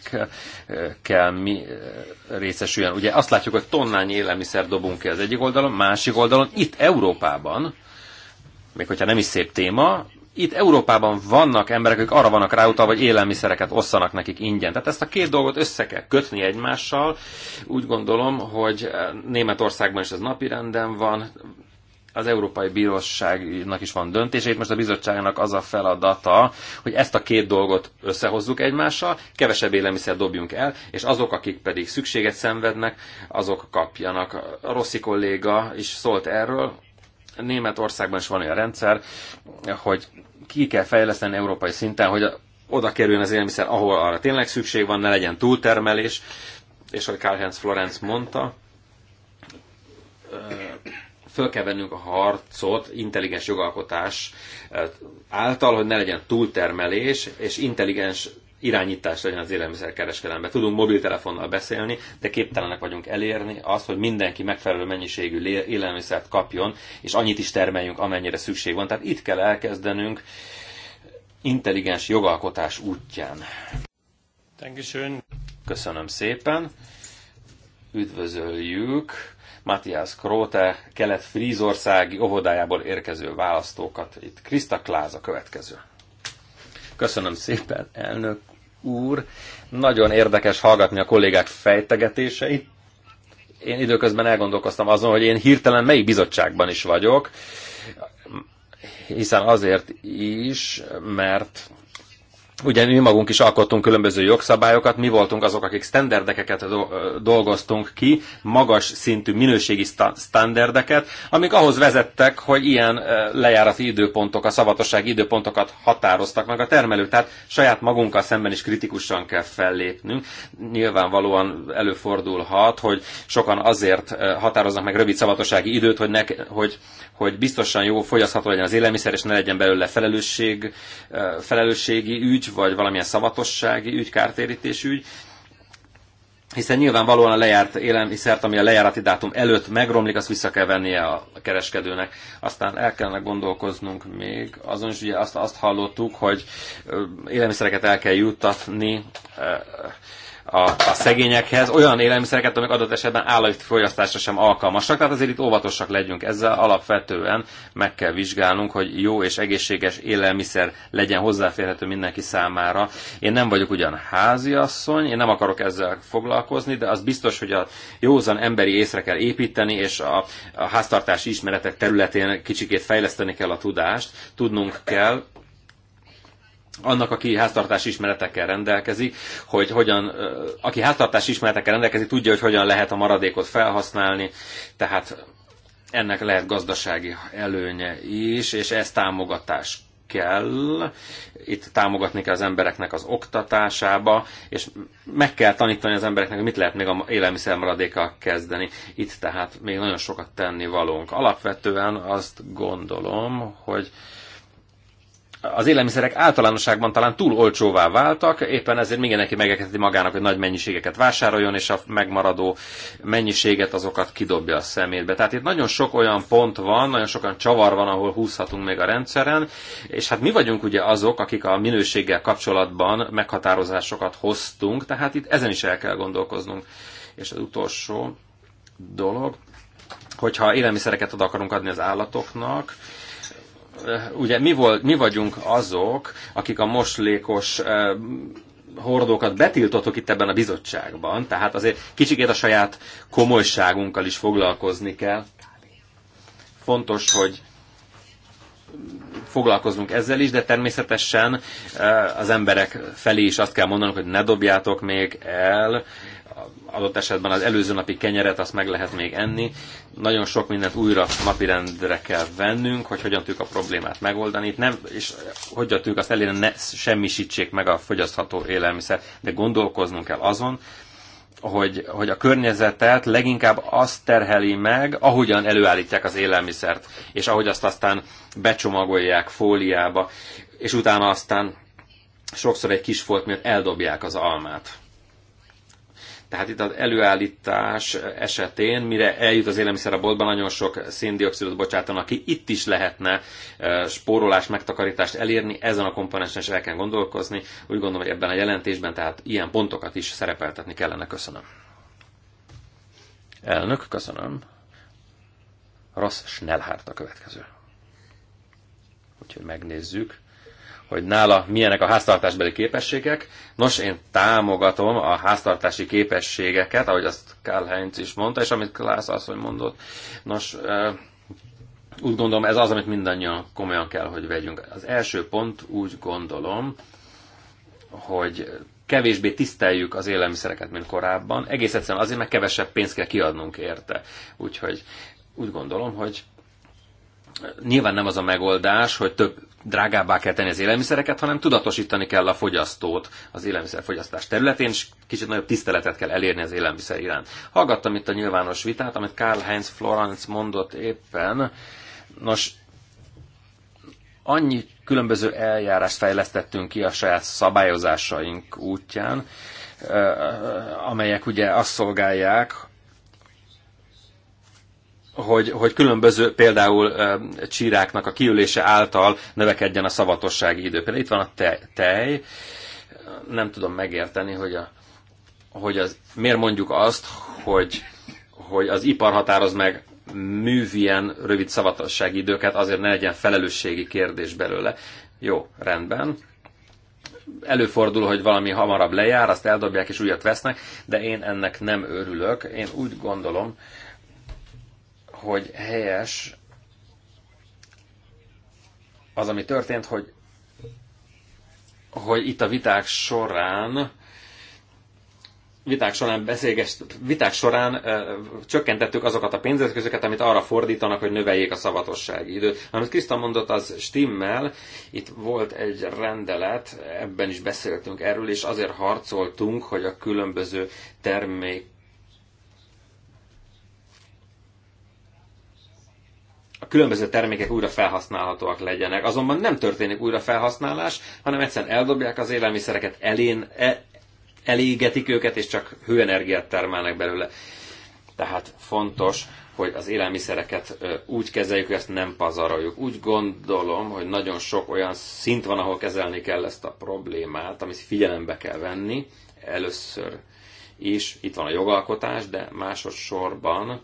kell mi eh, részesüljön. Ugye azt látjuk, hogy tonnányi élelmiszer dobunk ki az egyik oldalon, másik oldalon, itt Európában, még hogyha nem is szép téma, itt Európában vannak emberek, akik arra vannak ráutalva, hogy élelmiszereket osszanak nekik ingyen. Tehát ezt a két dolgot össze kell kötni egymással. Úgy gondolom, hogy Németországban is ez napirenden van, az Európai Bíróságnak is van döntése, itt most a bizottságnak az a feladata, hogy ezt a két dolgot összehozzuk egymással, kevesebb élelmiszer dobjunk el, és azok, akik pedig szükséget szenvednek, azok kapjanak. A Rossi kolléga is szólt erről, Németországban is van olyan rendszer, hogy ki kell fejleszteni európai szinten, hogy oda kerüljön az élelmiszer, ahol arra tényleg szükség van, ne legyen túltermelés, és hogy Karl-Heinz Florenz mondta, föl kell vennünk a harcot intelligens jogalkotás eh, által, hogy ne legyen túltermelés, és intelligens irányítás legyen az élelmiszerkereskedelemben. Tudunk mobiltelefonnal beszélni, de képtelenek vagyunk elérni azt, hogy mindenki megfelelő mennyiségű élelmiszert kapjon, és annyit is termeljünk, amennyire szükség van. Tehát itt kell elkezdenünk intelligens jogalkotás útján. Köszönöm szépen. Üdvözöljük Matthias Króte kelet-frízországi óvodájából érkező választókat. Itt Krista Kláz a következő. Köszönöm szépen, elnök úr. Nagyon érdekes hallgatni a kollégák fejtegetéseit. Én időközben elgondolkoztam azon, hogy én hirtelen melyik bizottságban is vagyok, hiszen azért is, mert Ugye mi magunk is alkottunk különböző jogszabályokat, mi voltunk azok, akik standardeket dolgoztunk ki, magas szintű minőségi standardeket, amik ahhoz vezettek, hogy ilyen lejárati időpontok, a szavatosság időpontokat határoztak meg a termelők. Tehát saját magunkkal szemben is kritikusan kell fellépnünk. Nyilvánvalóan előfordulhat, hogy sokan azért határoznak meg rövid szavatossági időt, hogy, ne, hogy, hogy biztosan jó fogyasztható legyen az élelmiszer, és ne legyen belőle felelősség, felelősségi ügy, vagy valamilyen szavatossági ügy, kártérítés ügy, hiszen nyilvánvalóan a lejárt élelmiszert, ami a lejárati dátum előtt megromlik, azt vissza kell vennie a kereskedőnek. Aztán el kellene gondolkoznunk még, azon is ugye azt, azt hallottuk, hogy élelmiszereket el kell juttatni a, a szegényekhez olyan élelmiszereket, amik adott esetben állami fogyasztásra sem alkalmasak. Tehát azért itt óvatosak legyünk ezzel, alapvetően meg kell vizsgálnunk, hogy jó és egészséges élelmiszer legyen hozzáférhető mindenki számára. Én nem vagyok ugyan háziasszony, én nem akarok ezzel foglalkozni, de az biztos, hogy a józan emberi észre kell építeni, és a, a háztartási ismeretek területén kicsikét fejleszteni kell a tudást, tudnunk kell, annak, aki háztartási ismeretekkel rendelkezik, hogy hogyan, aki háztartási ismeretekkel rendelkezik, tudja, hogy hogyan lehet a maradékot felhasználni, tehát ennek lehet gazdasági előnye is, és ez támogatás kell, itt támogatni kell az embereknek az oktatásába, és meg kell tanítani az embereknek, hogy mit lehet még a maradékkal kezdeni. Itt tehát még nagyon sokat tenni valónk. Alapvetően azt gondolom, hogy az élelmiszerek általánosságban talán túl olcsóvá váltak, éppen ezért mindenki megengedheti magának, hogy nagy mennyiségeket vásároljon, és a megmaradó mennyiséget azokat kidobja a szemétbe. Tehát itt nagyon sok olyan pont van, nagyon sokan csavar van, ahol húzhatunk még a rendszeren, és hát mi vagyunk ugye azok, akik a minőséggel kapcsolatban meghatározásokat hoztunk, tehát itt ezen is el kell gondolkoznunk. És az utolsó dolog, hogyha élelmiszereket oda akarunk adni az állatoknak, ugye mi, volt, mi vagyunk azok, akik a moslékos hordókat betiltottuk itt ebben a bizottságban, tehát azért kicsikét a saját komolyságunkkal is foglalkozni kell. Fontos, hogy foglalkozunk ezzel is, de természetesen az emberek felé is azt kell mondanunk, hogy ne dobjátok még el adott esetben az előző napi kenyeret azt meg lehet még enni. Nagyon sok mindent újra napirendre kell vennünk, hogy hogyan tudjuk a problémát megoldani. Itt nem, és hogyan tudjuk azt elérni, ne semmisítsék meg a fogyasztható élelmiszer, de gondolkoznunk kell azon, hogy, hogy a környezetet leginkább azt terheli meg, ahogyan előállítják az élelmiszert, és ahogy azt aztán becsomagolják fóliába, és utána aztán sokszor egy kis folt miatt eldobják az almát tehát itt az előállítás esetén, mire eljut az élelmiszer a boltban, nagyon sok széndiokszidot bocsátanak ki. Itt is lehetne spórolás, megtakarítást elérni, ezen a komponensen is el kell gondolkozni. Úgy gondolom, hogy ebben a jelentésben, tehát ilyen pontokat is szerepeltetni kellene. Köszönöm. Elnök, köszönöm. Rossz Schnellhárt a következő. Úgyhogy megnézzük hogy nála milyenek a háztartásbeli képességek. Nos, én támogatom a háztartási képességeket, ahogy azt Karl Heinz is mondta, és amit Klász asszony mondott. Nos, úgy gondolom, ez az, amit mindannyian komolyan kell, hogy vegyünk. Az első pont úgy gondolom, hogy kevésbé tiszteljük az élelmiszereket, mint korábban. Egész egyszerűen azért, mert kevesebb pénzt kell kiadnunk érte. Úgyhogy úgy gondolom, hogy nyilván nem az a megoldás, hogy több drágábbá kell tenni az élelmiszereket, hanem tudatosítani kell a fogyasztót az élelmiszerfogyasztás területén, és kicsit nagyobb tiszteletet kell elérni az élelmiszer iránt. Hallgattam itt a nyilvános vitát, amit Karl Heinz Florence mondott éppen. Nos, annyi különböző eljárást fejlesztettünk ki a saját szabályozásaink útján, amelyek ugye azt szolgálják, hogy, hogy különböző például csíráknak a kiülése által növekedjen a szavatossági idő. Például itt van a tej, tej. nem tudom megérteni, hogy, a, hogy az, miért mondjuk azt, hogy, hogy az ipar határoz meg művien rövid szavatossági időket, azért ne legyen felelősségi kérdés belőle. Jó, rendben. Előfordul, hogy valami hamarabb lejár, azt eldobják és újat vesznek, de én ennek nem örülök. Én úgy gondolom, hogy helyes az, ami történt, hogy, hogy itt a viták során viták során, beszélgess, viták során ö, csökkentettük azokat a pénzeszközöket, amit arra fordítanak, hogy növeljék a szavatossági időt. Amit Kriszta mondott, az stimmel. Itt volt egy rendelet, ebben is beszéltünk erről, és azért harcoltunk, hogy a különböző termék különböző termékek újra felhasználhatóak legyenek. Azonban nem történik újra felhasználás, hanem egyszerűen eldobják az élelmiszereket, elén, e, elégetik őket, és csak hőenergiát termelnek belőle. Tehát fontos, hogy az élelmiszereket úgy kezeljük, hogy ezt nem pazaroljuk. Úgy gondolom, hogy nagyon sok olyan szint van, ahol kezelni kell ezt a problémát, amit figyelembe kell venni. Először is itt van a jogalkotás, de másodszorban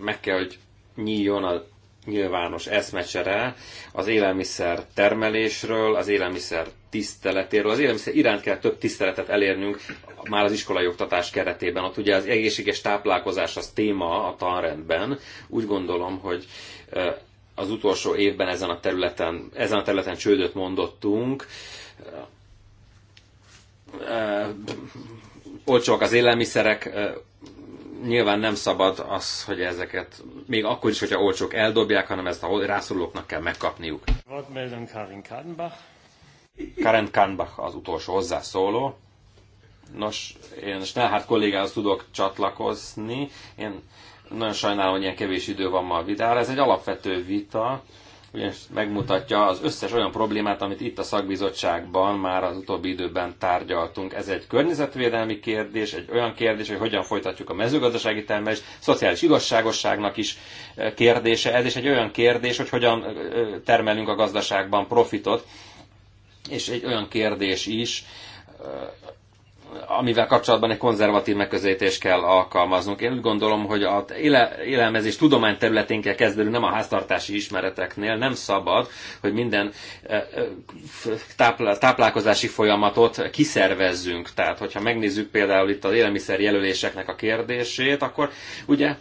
meg kell, hogy nyíljon a nyilvános eszmecsere az élelmiszer termelésről, az élelmiszer tiszteletéről. Az élelmiszer iránt kell több tiszteletet elérnünk már az iskolai oktatás keretében. Ott ugye az egészséges táplálkozás az téma a tanrendben. Úgy gondolom, hogy eh, az utolsó évben ezen a területen, ezen a területen csődöt mondottunk eh, eh, olcsóak az élelmiszerek, nyilván nem szabad az, hogy ezeket még akkor is, hogyha olcsók eldobják, hanem ezt a rászorulóknak kell megkapniuk. Wortmeldung Karin Kadenbach. Karen Kahnbach az utolsó hozzászóló. Nos, én Stelhard hát kollégához tudok csatlakozni. Én nagyon sajnálom, hogy ilyen kevés idő van ma a vitára. Ez egy alapvető vita ugyanis megmutatja az összes olyan problémát, amit itt a szakbizottságban már az utóbbi időben tárgyaltunk. Ez egy környezetvédelmi kérdés, egy olyan kérdés, hogy hogyan folytatjuk a mezőgazdasági termelést, szociális igazságosságnak is eh, kérdése ez, is egy olyan kérdés, hogy hogyan eh, termelünk a gazdaságban profitot, és egy olyan kérdés is, eh, amivel kapcsolatban egy konzervatív megközelítést kell alkalmaznunk. Én úgy gondolom, hogy az éle, élelmezés tudomány területén kell kezdeni, nem a háztartási ismereteknél. Nem szabad, hogy minden e, e, táplálkozási folyamatot kiszervezzünk. Tehát, hogyha megnézzük például itt az élelmiszer jelöléseknek a kérdését, akkor ugye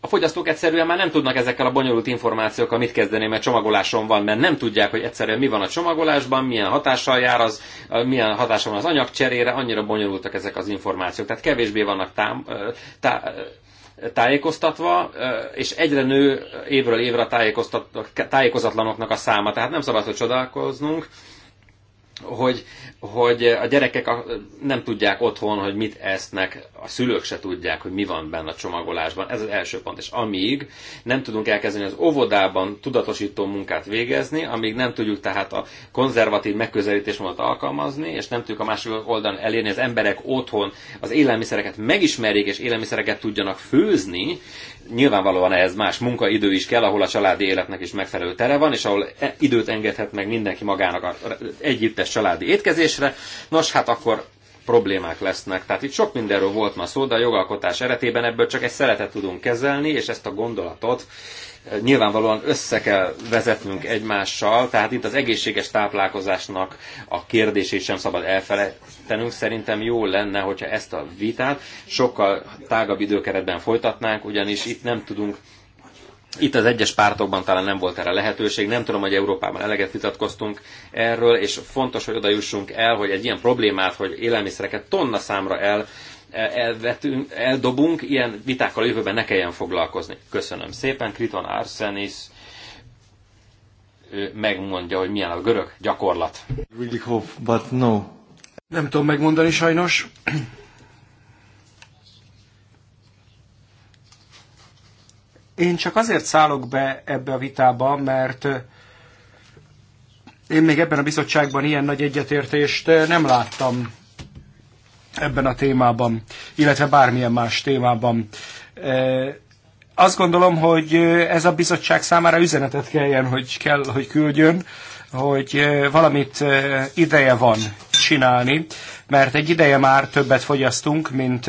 a fogyasztók egyszerűen már nem tudnak ezekkel a bonyolult információkkal mit kezdeni, mert csomagoláson van, mert nem tudják, hogy egyszerűen mi van a csomagolásban, milyen hatással jár az, milyen hatása van az anyagcserére, annyira bonyolultak ezek az információk. Tehát kevésbé vannak tám, tá, tájékoztatva, és egyre nő évről évre a tájékozatlanoknak a száma. Tehát nem szabad, hogy csodálkoznunk, hogy, hogy a gyerekek nem tudják otthon, hogy mit esznek, a szülők se tudják, hogy mi van benne a csomagolásban. Ez az első pont. És amíg nem tudunk elkezdeni az óvodában tudatosító munkát végezni, amíg nem tudjuk tehát a konzervatív megközelítésmódot alkalmazni, és nem tudjuk a másik oldalon elérni, az emberek otthon az élelmiszereket megismerjék, és élelmiszereket tudjanak főzni, nyilvánvalóan ehhez más munkaidő is kell, ahol a családi életnek is megfelelő tere van, és ahol e- időt engedhet meg mindenki magának a együttes családi étkezésre. Nos, hát akkor problémák lesznek. Tehát itt sok mindenről volt ma szó, de a jogalkotás eretében ebből csak egy szeretet tudunk kezelni, és ezt a gondolatot nyilvánvalóan össze kell vezetnünk egymással, tehát itt az egészséges táplálkozásnak a kérdését sem szabad elfelejtenünk. Szerintem jó lenne, hogyha ezt a vitát sokkal tágabb időkeretben folytatnánk, ugyanis itt nem tudunk itt az egyes pártokban talán nem volt erre lehetőség, nem tudom, hogy Európában eleget vitatkoztunk erről, és fontos, hogy oda jussunk el, hogy egy ilyen problémát, hogy élelmiszereket tonna számra el elvetünk, eldobunk, ilyen vitákkal a jövőben ne kelljen foglalkozni. Köszönöm szépen, Kriton Arsenis megmondja, hogy milyen a görög gyakorlat. Really hope, but no. Nem tudom megmondani sajnos. Én csak azért szállok be ebbe a vitába, mert én még ebben a bizottságban ilyen nagy egyetértést nem láttam ebben a témában, illetve bármilyen más témában. E, azt gondolom, hogy ez a bizottság számára üzenetet kelljen, hogy kell, hogy küldjön, hogy e, valamit e, ideje van csinálni, mert egy ideje már többet fogyasztunk, mint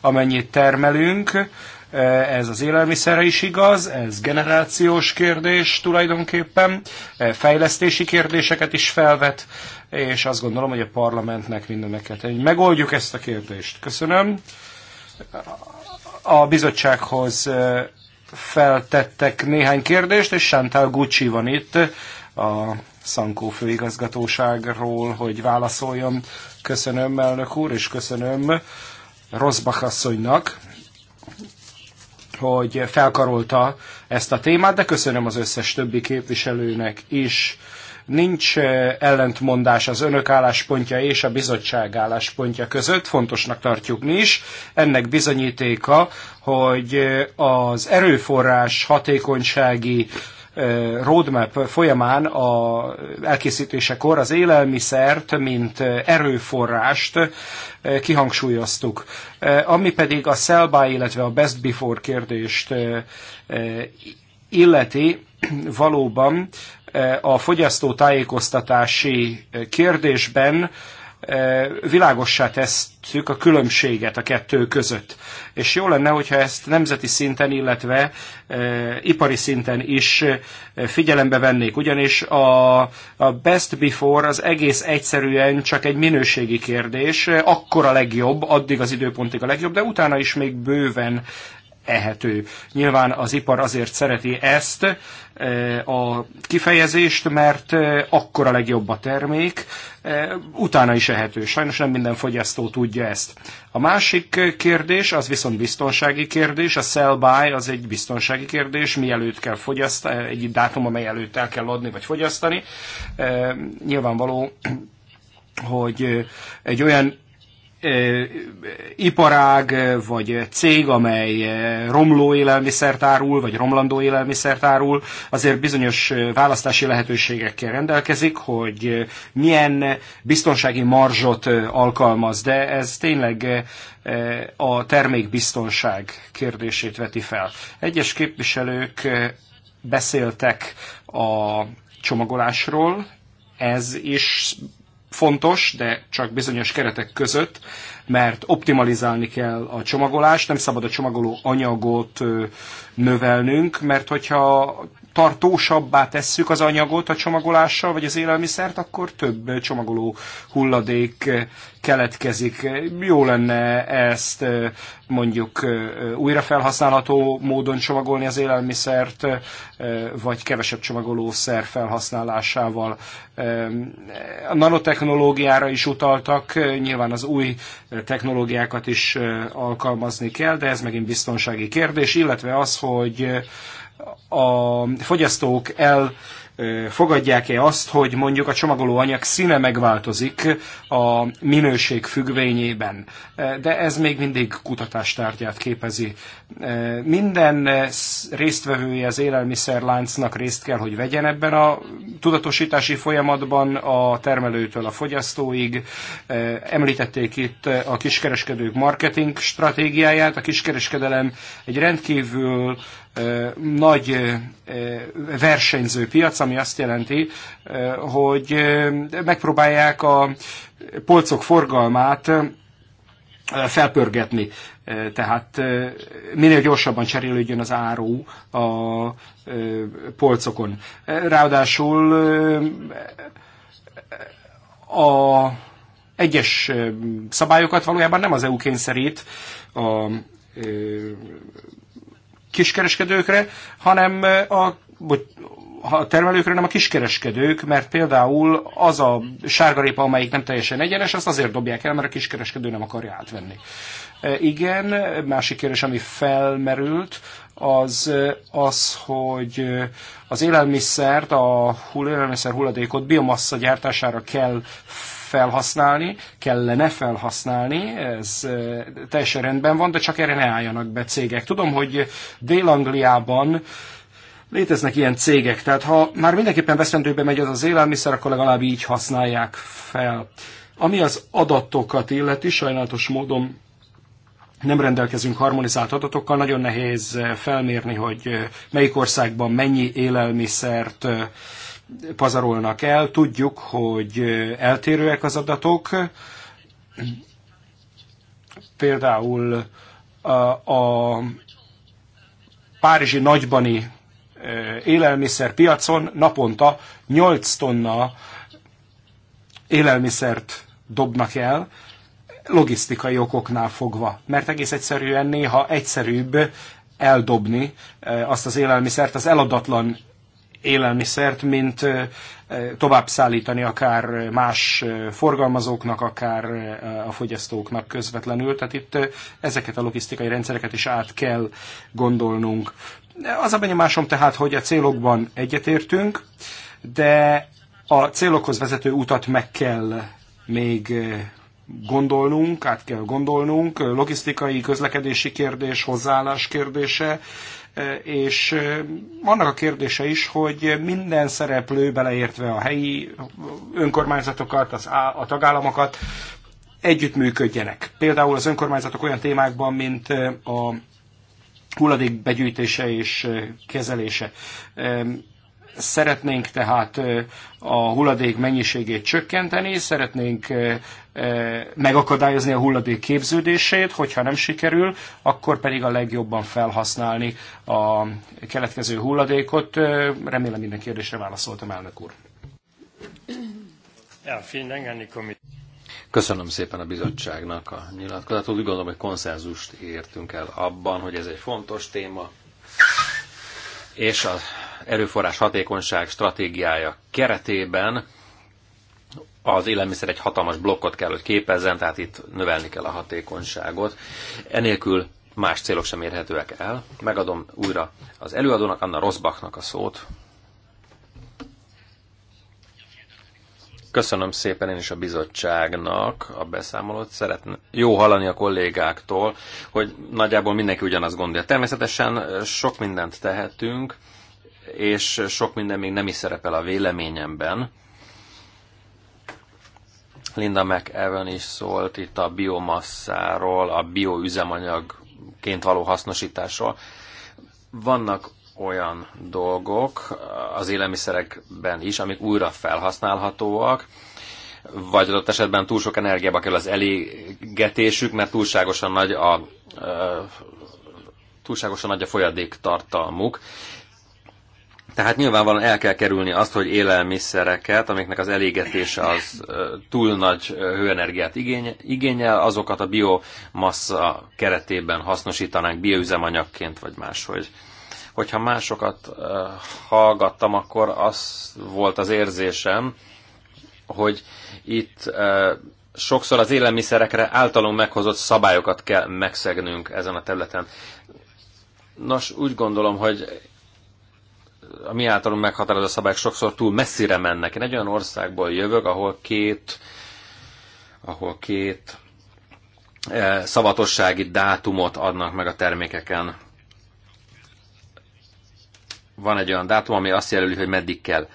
amennyit termelünk. Eh, ez az élelmiszerre is igaz, ez generációs kérdés tulajdonképpen, eh, fejlesztési kérdéseket is felvet, és azt gondolom, hogy a parlamentnek mindeneket. Megoldjuk ezt a kérdést. Köszönöm. A bizottsághoz eh, feltettek néhány kérdést, és Chantal Gucci van itt a Szankó főigazgatóságról, hogy válaszoljon. Köszönöm, elnök úr, és köszönöm Rosbach asszonynak hogy felkarolta ezt a témát, de köszönöm az összes többi képviselőnek is. Nincs eh, ellentmondás az önök álláspontja és a bizottság álláspontja között, fontosnak tartjuk mi is. Ennek bizonyítéka, hogy eh, az erőforrás hatékonysági roadmap folyamán a elkészítésekor az élelmiszert, mint erőforrást kihangsúlyoztuk. Ami pedig a sell by, illetve a best before kérdést illeti, valóban a fogyasztótájékoztatási kérdésben E, világossá tesszük a különbséget a kettő között. És jó lenne, hogyha ezt nemzeti szinten, illetve e, ipari szinten is e, figyelembe vennék, ugyanis a, a best before az egész egyszerűen csak egy minőségi kérdés, akkor a legjobb, addig az időpontig a legjobb, de utána is még bőven ehető. Nyilván az ipar azért szereti ezt e, a kifejezést, mert e, akkor a legjobb a termék, e, utána is ehető. Sajnos nem minden fogyasztó tudja ezt. A másik kérdés, az viszont biztonsági kérdés, a sell-buy az egy biztonsági kérdés, mielőtt kell fogyasztani, egy dátum, amely előtt el kell adni vagy fogyasztani. Nyilvánvaló, hogy egy olyan iparág vagy cég, amely romló élelmiszert árul, vagy romlandó élelmiszert árul, azért bizonyos választási lehetőségekkel rendelkezik, hogy milyen biztonsági marzsot alkalmaz, de ez tényleg a termékbiztonság kérdését veti fel. Egyes képviselők beszéltek a csomagolásról, ez is fontos, de csak bizonyos keretek között, mert optimalizálni kell a csomagolást, nem szabad a csomagoló anyagot növelnünk, mert hogyha tartósabbá tesszük az anyagot a csomagolással, vagy az élelmiszert, akkor több csomagoló hulladék eh, keletkezik. Jó lenne ezt eh, mondjuk eh, újra felhasználható módon csomagolni az élelmiszert, vagy kevesebb csomagolószer felhasználásával. A nanotechnológiára is utaltak, nyilván az új technológiákat is alkalmazni kell, de ez megint biztonsági kérdés, illetve az, hogy a fogyasztók el fogadják-e azt, hogy mondjuk a csomagolóanyag színe megváltozik a minőség függvényében. De ez még mindig kutatástárgyát képezi. Minden résztvevője az élelmiszerláncnak részt kell, hogy vegyen ebben a tudatosítási folyamatban a termelőtől a fogyasztóig. Említették itt a kiskereskedők marketing stratégiáját. A kiskereskedelem egy rendkívül nagy versenyző piac, ami azt jelenti, hogy megpróbálják a polcok forgalmát felpörgetni. Tehát minél gyorsabban cserélődjön az áru a polcokon. Ráadásul a egyes szabályokat valójában nem az EU kényszerít a kiskereskedőkre, hanem a, vagy, a termelőkre, nem a kiskereskedők, mert például az a sárgarépa, amelyik nem teljesen egyenes, azt azért dobják el, mert a kiskereskedő nem akarja átvenni. Igen, másik kérdés, ami felmerült, az az, hogy az élelmiszert, a hull, élelmiszer hulladékot biomassa gyártására kell felhasználni, kellene felhasználni, ez teljesen rendben van, de csak erre ne álljanak be cégek. Tudom, hogy Dél-Angliában léteznek ilyen cégek, tehát ha már mindenképpen veszendőbe megy az az élelmiszer, akkor legalább így használják fel. Ami az adatokat illeti, sajnálatos módon nem rendelkezünk harmonizált adatokkal, nagyon nehéz felmérni, hogy melyik országban mennyi élelmiszert pazarolnak el. Tudjuk, hogy eltérőek az adatok. Például a Párizsi nagybani e, élelmiszerpiacon naponta 8 tonna élelmiszert dobnak el, logisztikai okoknál fogva. Mert egész egyszerűen néha egyszerűbb eldobni e, azt az élelmiszert az eladatlan élelmiszert, mint tovább szállítani akár más forgalmazóknak, akár a fogyasztóknak közvetlenül. Tehát itt ezeket a logisztikai rendszereket is át kell gondolnunk. Az a benyomásom tehát, hogy a célokban egyetértünk, de a célokhoz vezető utat meg kell még gondolnunk, át kell gondolnunk, logisztikai, közlekedési kérdés, hozzáállás kérdése, és vannak a kérdése is, hogy minden szereplő, beleértve a helyi önkormányzatokat, az, a tagállamokat, együttműködjenek. Például az önkormányzatok olyan témákban, mint a hulladék begyűjtése és kezelése. Szeretnénk tehát a hulladék mennyiségét csökkenteni, szeretnénk megakadályozni a hulladék képződését, hogyha nem sikerül, akkor pedig a legjobban felhasználni a keletkező hulladékot. Remélem minden kérdésre válaszoltam, elnök úr. Köszönöm szépen a bizottságnak a nyilatkozatot. Úgy gondolom, hogy konszenzust értünk el abban, hogy ez egy fontos téma, és a erőforrás hatékonyság stratégiája keretében az élelmiszer egy hatalmas blokkot kell, hogy képezzen, tehát itt növelni kell a hatékonyságot. Enélkül más célok sem érhetőek el. Megadom újra az előadónak, Anna Rosbachnak a szót. Köszönöm szépen én is a bizottságnak a beszámolót. Szeretne jó hallani a kollégáktól, hogy nagyjából mindenki ugyanazt gondolja. Természetesen sok mindent tehetünk, és sok minden még nem is szerepel a véleményemben. Linda McEwan is szólt itt a biomasszáról, a bioüzemanyagként való hasznosításról. Vannak olyan dolgok az élelmiszerekben is, amik újra felhasználhatóak, vagy adott esetben túl sok energiába kell az elégetésük, mert túlságosan nagy a, túlságosan nagy a folyadék tartalmuk, tehát nyilvánvalóan el kell kerülni azt, hogy élelmiszereket, amiknek az elégetése az túl nagy hőenergiát igényel, azokat a biomassa keretében hasznosítanánk bioüzemanyagként, vagy máshogy. Hogyha másokat hallgattam, akkor az volt az érzésem, hogy itt sokszor az élelmiszerekre általunk meghozott szabályokat kell megszegnünk ezen a területen. Nos, úgy gondolom, hogy a mi általunk meghatározott szabályok sokszor túl messzire mennek. Én egy olyan országból jövök, ahol két, ahol két eh, szavatossági dátumot adnak meg a termékeken. Van egy olyan dátum, ami azt jelöli, hogy meddig kell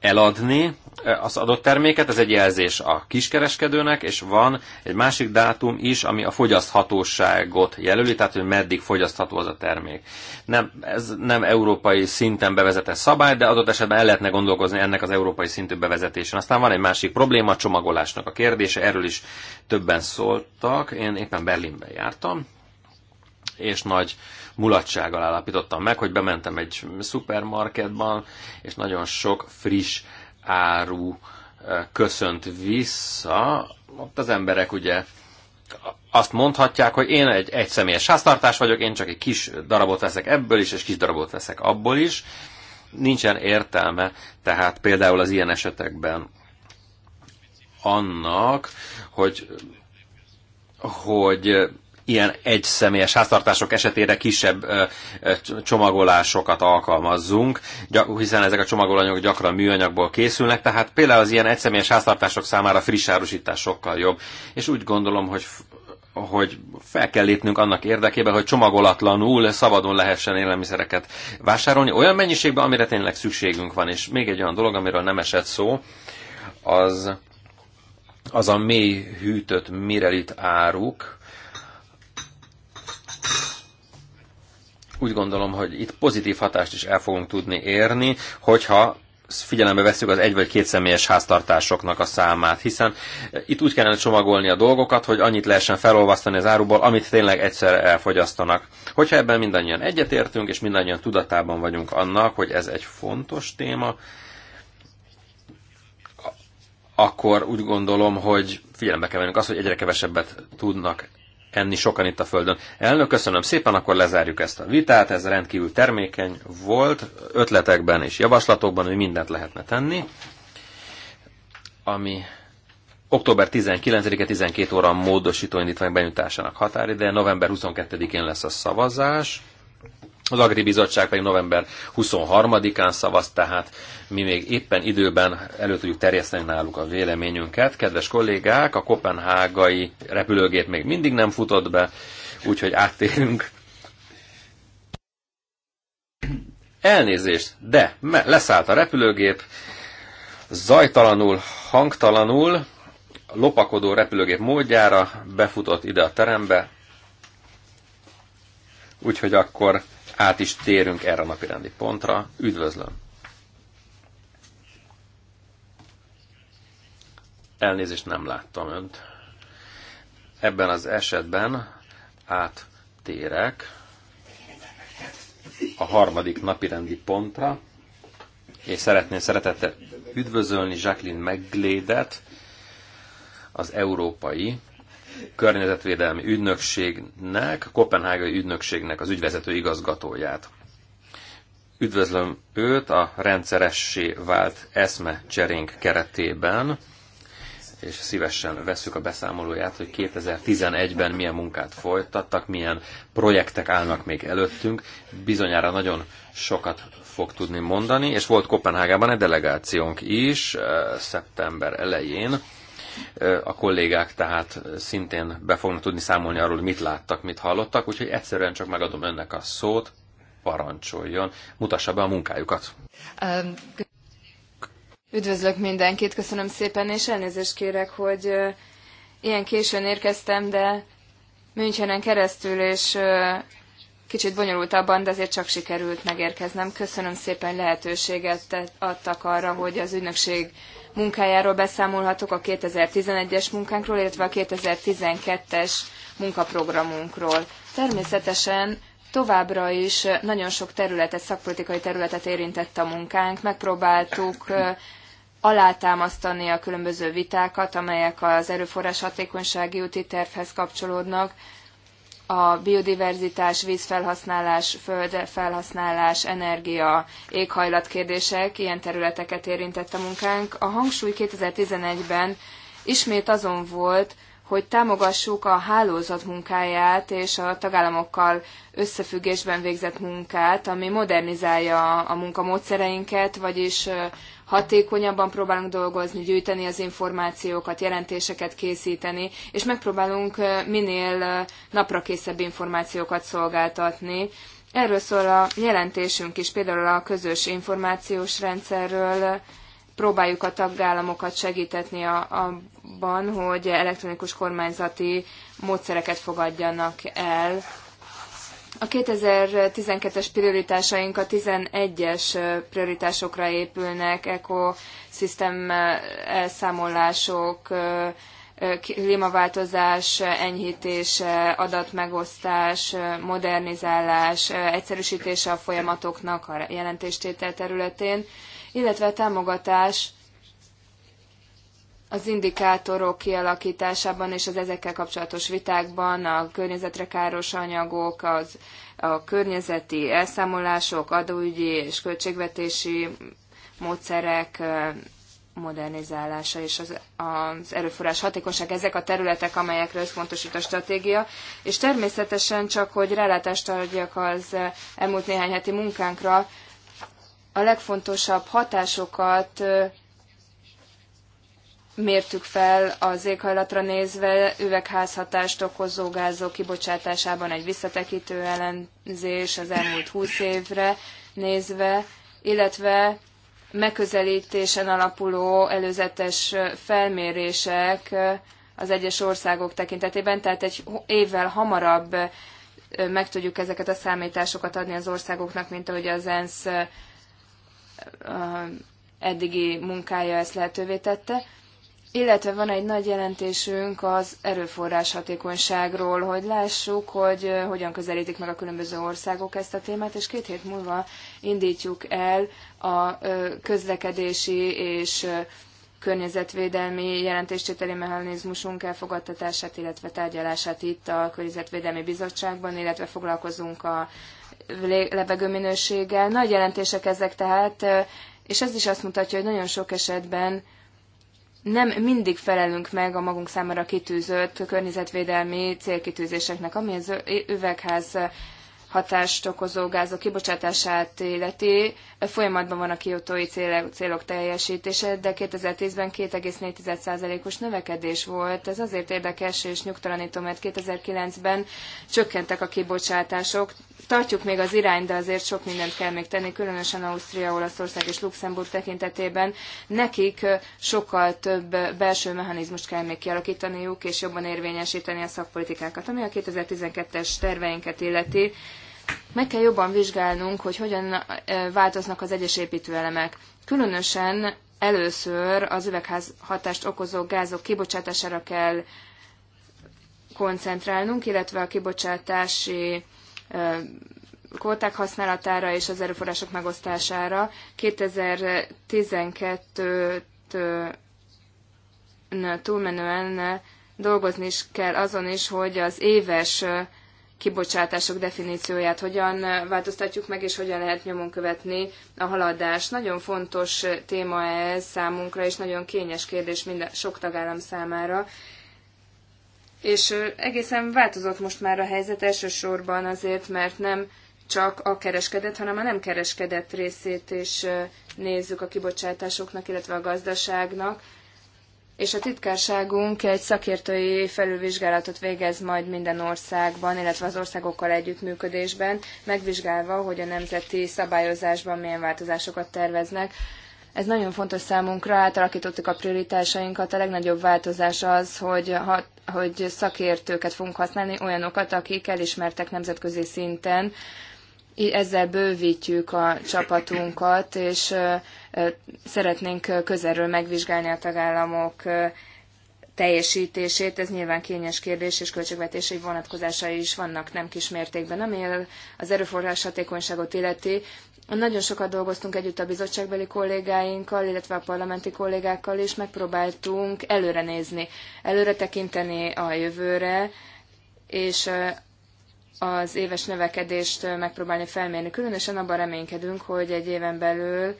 eladni az adott terméket, ez egy jelzés a kiskereskedőnek, és van egy másik dátum is, ami a fogyaszthatóságot jelöli, tehát hogy meddig fogyasztható az a termék. Nem, ez nem európai szinten bevezetett szabály, de adott esetben el lehetne gondolkozni ennek az európai szintű bevezetésen. Aztán van egy másik probléma, a csomagolásnak a kérdése, erről is többen szóltak. Én éppen Berlinben jártam, és nagy mulatsággal állapítottam meg, hogy bementem egy szupermarketban, és nagyon sok friss áru köszönt vissza. Ott az emberek ugye azt mondhatják, hogy én egy egyszemélyes háztartás vagyok, én csak egy kis darabot veszek ebből is, és kis darabot veszek abból is. Nincsen értelme, tehát például az ilyen esetekben annak, hogy, hogy ilyen egyszemélyes háztartások esetére kisebb csomagolásokat alkalmazzunk, hiszen ezek a csomagolanyok gyakran műanyagból készülnek, tehát például az ilyen egyszemélyes háztartások számára friss árusítás sokkal jobb. És úgy gondolom, hogy hogy fel kell lépnünk annak érdekében, hogy csomagolatlanul, szabadon lehessen élelmiszereket vásárolni, olyan mennyiségben, amire tényleg szükségünk van. És még egy olyan dolog, amiről nem esett szó, az, az a mély hűtött mirelit áruk, úgy gondolom, hogy itt pozitív hatást is el fogunk tudni érni, hogyha figyelembe veszük az egy vagy két személyes háztartásoknak a számát, hiszen eh, itt úgy kellene csomagolni a dolgokat, hogy annyit lehessen felolvasztani az áruból, amit tényleg egyszer elfogyasztanak. Hogyha ebben mindannyian egyetértünk, és mindannyian tudatában vagyunk annak, hogy ez egy fontos téma, akkor úgy gondolom, hogy figyelembe kell vennünk azt, hogy egyre kevesebbet tudnak enni sokan itt a Földön. Elnök, köszönöm szépen, akkor lezárjuk ezt a vitát, ez rendkívül termékeny volt, ötletekben és javaslatokban, hogy mindent lehetne tenni, ami október 19-e 12 óra a módosító indítvány benyújtásának határideje, november 22-én lesz a szavazás, az Agri Bizottság pedig november 23-án szavaz, tehát mi még éppen időben elő tudjuk terjeszteni náluk a véleményünket. Kedves kollégák, a kopenhágai repülőgép még mindig nem futott be, úgyhogy áttérünk. Elnézést, de leszállt a repülőgép, zajtalanul, hangtalanul, lopakodó repülőgép módjára befutott ide a terembe, úgyhogy akkor át is térünk erre a napirendi pontra. Üdvözlöm! Elnézést nem láttam önt. Ebben az esetben áttérek a harmadik napirendi pontra, és szeretném szeretettel üdvözölni Jacqueline Meglédet, az Európai környezetvédelmi ügynökségnek, a Kopenhágai ügynökségnek az ügyvezető igazgatóját. Üdvözlöm őt a rendszeressé vált eszme cserénk keretében, és szívesen vesszük a beszámolóját, hogy 2011-ben milyen munkát folytattak, milyen projektek állnak még előttünk. Bizonyára nagyon sokat fog tudni mondani, és volt Kopenhágában egy delegációnk is szeptember elején, a kollégák tehát szintén be fognak tudni számolni arról, mit láttak, mit hallottak, úgyhogy egyszerűen csak megadom önnek a szót, parancsoljon, mutassa be a munkájukat. Um, üdvözlök mindenkit, köszönöm szépen, és elnézést kérek, hogy ilyen későn érkeztem, de Münchenen keresztül, és kicsit bonyolultabban, de azért csak sikerült megérkeznem. Köszönöm szépen lehetőséget adtak arra, hogy az ügynökség munkájáról beszámolhatok a 2011-es munkánkról, illetve a 2012-es munkaprogramunkról. Természetesen továbbra is nagyon sok területet, szakpolitikai területet érintett a munkánk. Megpróbáltuk alátámasztani a különböző vitákat, amelyek az erőforrás hatékonysági úti tervhez kapcsolódnak, a biodiverzitás, vízfelhasználás, földfelhasználás, energia, éghajlat kérdések, ilyen területeket érintett a munkánk. A hangsúly 2011-ben ismét azon volt, hogy támogassuk a hálózat munkáját és a tagállamokkal összefüggésben végzett munkát, ami modernizálja a munkamódszereinket, vagyis hatékonyabban próbálunk dolgozni, gyűjteni az információkat, jelentéseket készíteni, és megpróbálunk minél naprakészebb információkat szolgáltatni. Erről szól a jelentésünk is, például a közös információs rendszerről, próbáljuk a tagállamokat segíteni a, abban, hogy elektronikus kormányzati módszereket fogadjanak el a 2012-es prioritásaink a 11-es prioritásokra épülnek, ekoszisztem elszámolások, klímaváltozás enyhítése, adatmegosztás, modernizálás, egyszerűsítése a folyamatoknak a jelentéstétel területén, illetve támogatás az indikátorok kialakításában és az ezekkel kapcsolatos vitákban a környezetre káros anyagok, az, a környezeti elszámolások, adóügyi és költségvetési módszerek modernizálása és az, az erőforrás hatékonyság, ezek a területek, amelyekre összpontosít a stratégia, és természetesen csak, hogy rálátást adjak az elmúlt néhány heti munkánkra, a legfontosabb hatásokat mértük fel az éghajlatra nézve üvegházhatást okozó gázok kibocsátásában egy visszatekintő ellenzés az elmúlt 20 évre nézve, illetve megközelítésen alapuló előzetes felmérések az egyes országok tekintetében, tehát egy évvel hamarabb meg tudjuk ezeket a számításokat adni az országoknak, mint ahogy az ENSZ eddigi munkája ezt lehetővé tette. Illetve van egy nagy jelentésünk az erőforrás hatékonyságról, hogy lássuk, hogy hogyan közelítik meg a különböző országok ezt a témát, és két hét múlva indítjuk el a közlekedési és környezetvédelmi jelentéstételi mechanizmusunk elfogadtatását, illetve tárgyalását itt a Környezetvédelmi Bizottságban, illetve foglalkozunk a levegőminőséggel. Nagy jelentések ezek tehát, és ez is azt mutatja, hogy nagyon sok esetben nem mindig felelünk meg a magunk számára kitűzött környezetvédelmi célkitűzéseknek, ami az üvegház hatást okozó gázok kibocsátását illeti. Folyamatban van a kiotói célok teljesítése, de 2010-ben 2,4%-os növekedés volt. Ez azért érdekes és nyugtalanító, mert 2009-ben csökkentek a kibocsátások. Tartjuk még az irány, de azért sok mindent kell még tenni, különösen Ausztria, Olaszország és Luxemburg tekintetében. Nekik sokkal több belső mechanizmust kell még kialakítaniuk, és jobban érvényesíteni a szakpolitikákat, ami a 2012-es terveinket illeti meg kell jobban vizsgálnunk, hogy hogyan változnak az egyes építőelemek. Különösen először az hatást okozó gázok kibocsátására kell koncentrálnunk, illetve a kibocsátási kvóták használatára és az erőforrások megosztására. 2012-t túlmenően dolgozni is kell azon is, hogy az éves kibocsátások definícióját hogyan változtatjuk meg, és hogyan lehet nyomon követni a haladást. Nagyon fontos téma ez számunkra, és nagyon kényes kérdés a sok tagállam számára. És egészen változott most már a helyzet elsősorban azért, mert nem csak a kereskedett, hanem a nem kereskedett részét is nézzük a kibocsátásoknak, illetve a gazdaságnak és a titkárságunk egy szakértői felülvizsgálatot végez majd minden országban, illetve az országokkal együttműködésben, megvizsgálva, hogy a nemzeti szabályozásban milyen változásokat terveznek. Ez nagyon fontos számunkra, átalakítottuk a prioritásainkat. A legnagyobb változás az, hogy, ha, hogy szakértőket fogunk használni, olyanokat, akik elismertek nemzetközi szinten, ezzel bővítjük a csapatunkat, és szeretnénk közelről megvizsgálni a tagállamok teljesítését. Ez nyilván kényes kérdés, és költségvetési vonatkozásai is vannak nem kis mértékben. Ami az erőforrás hatékonyságot illeti, nagyon sokat dolgoztunk együtt a bizottságbeli kollégáinkkal, illetve a parlamenti kollégákkal is, megpróbáltunk előre nézni, előre tekinteni a jövőre, és az éves növekedést megpróbálni felmérni. Különösen abban reménykedünk, hogy egy éven belül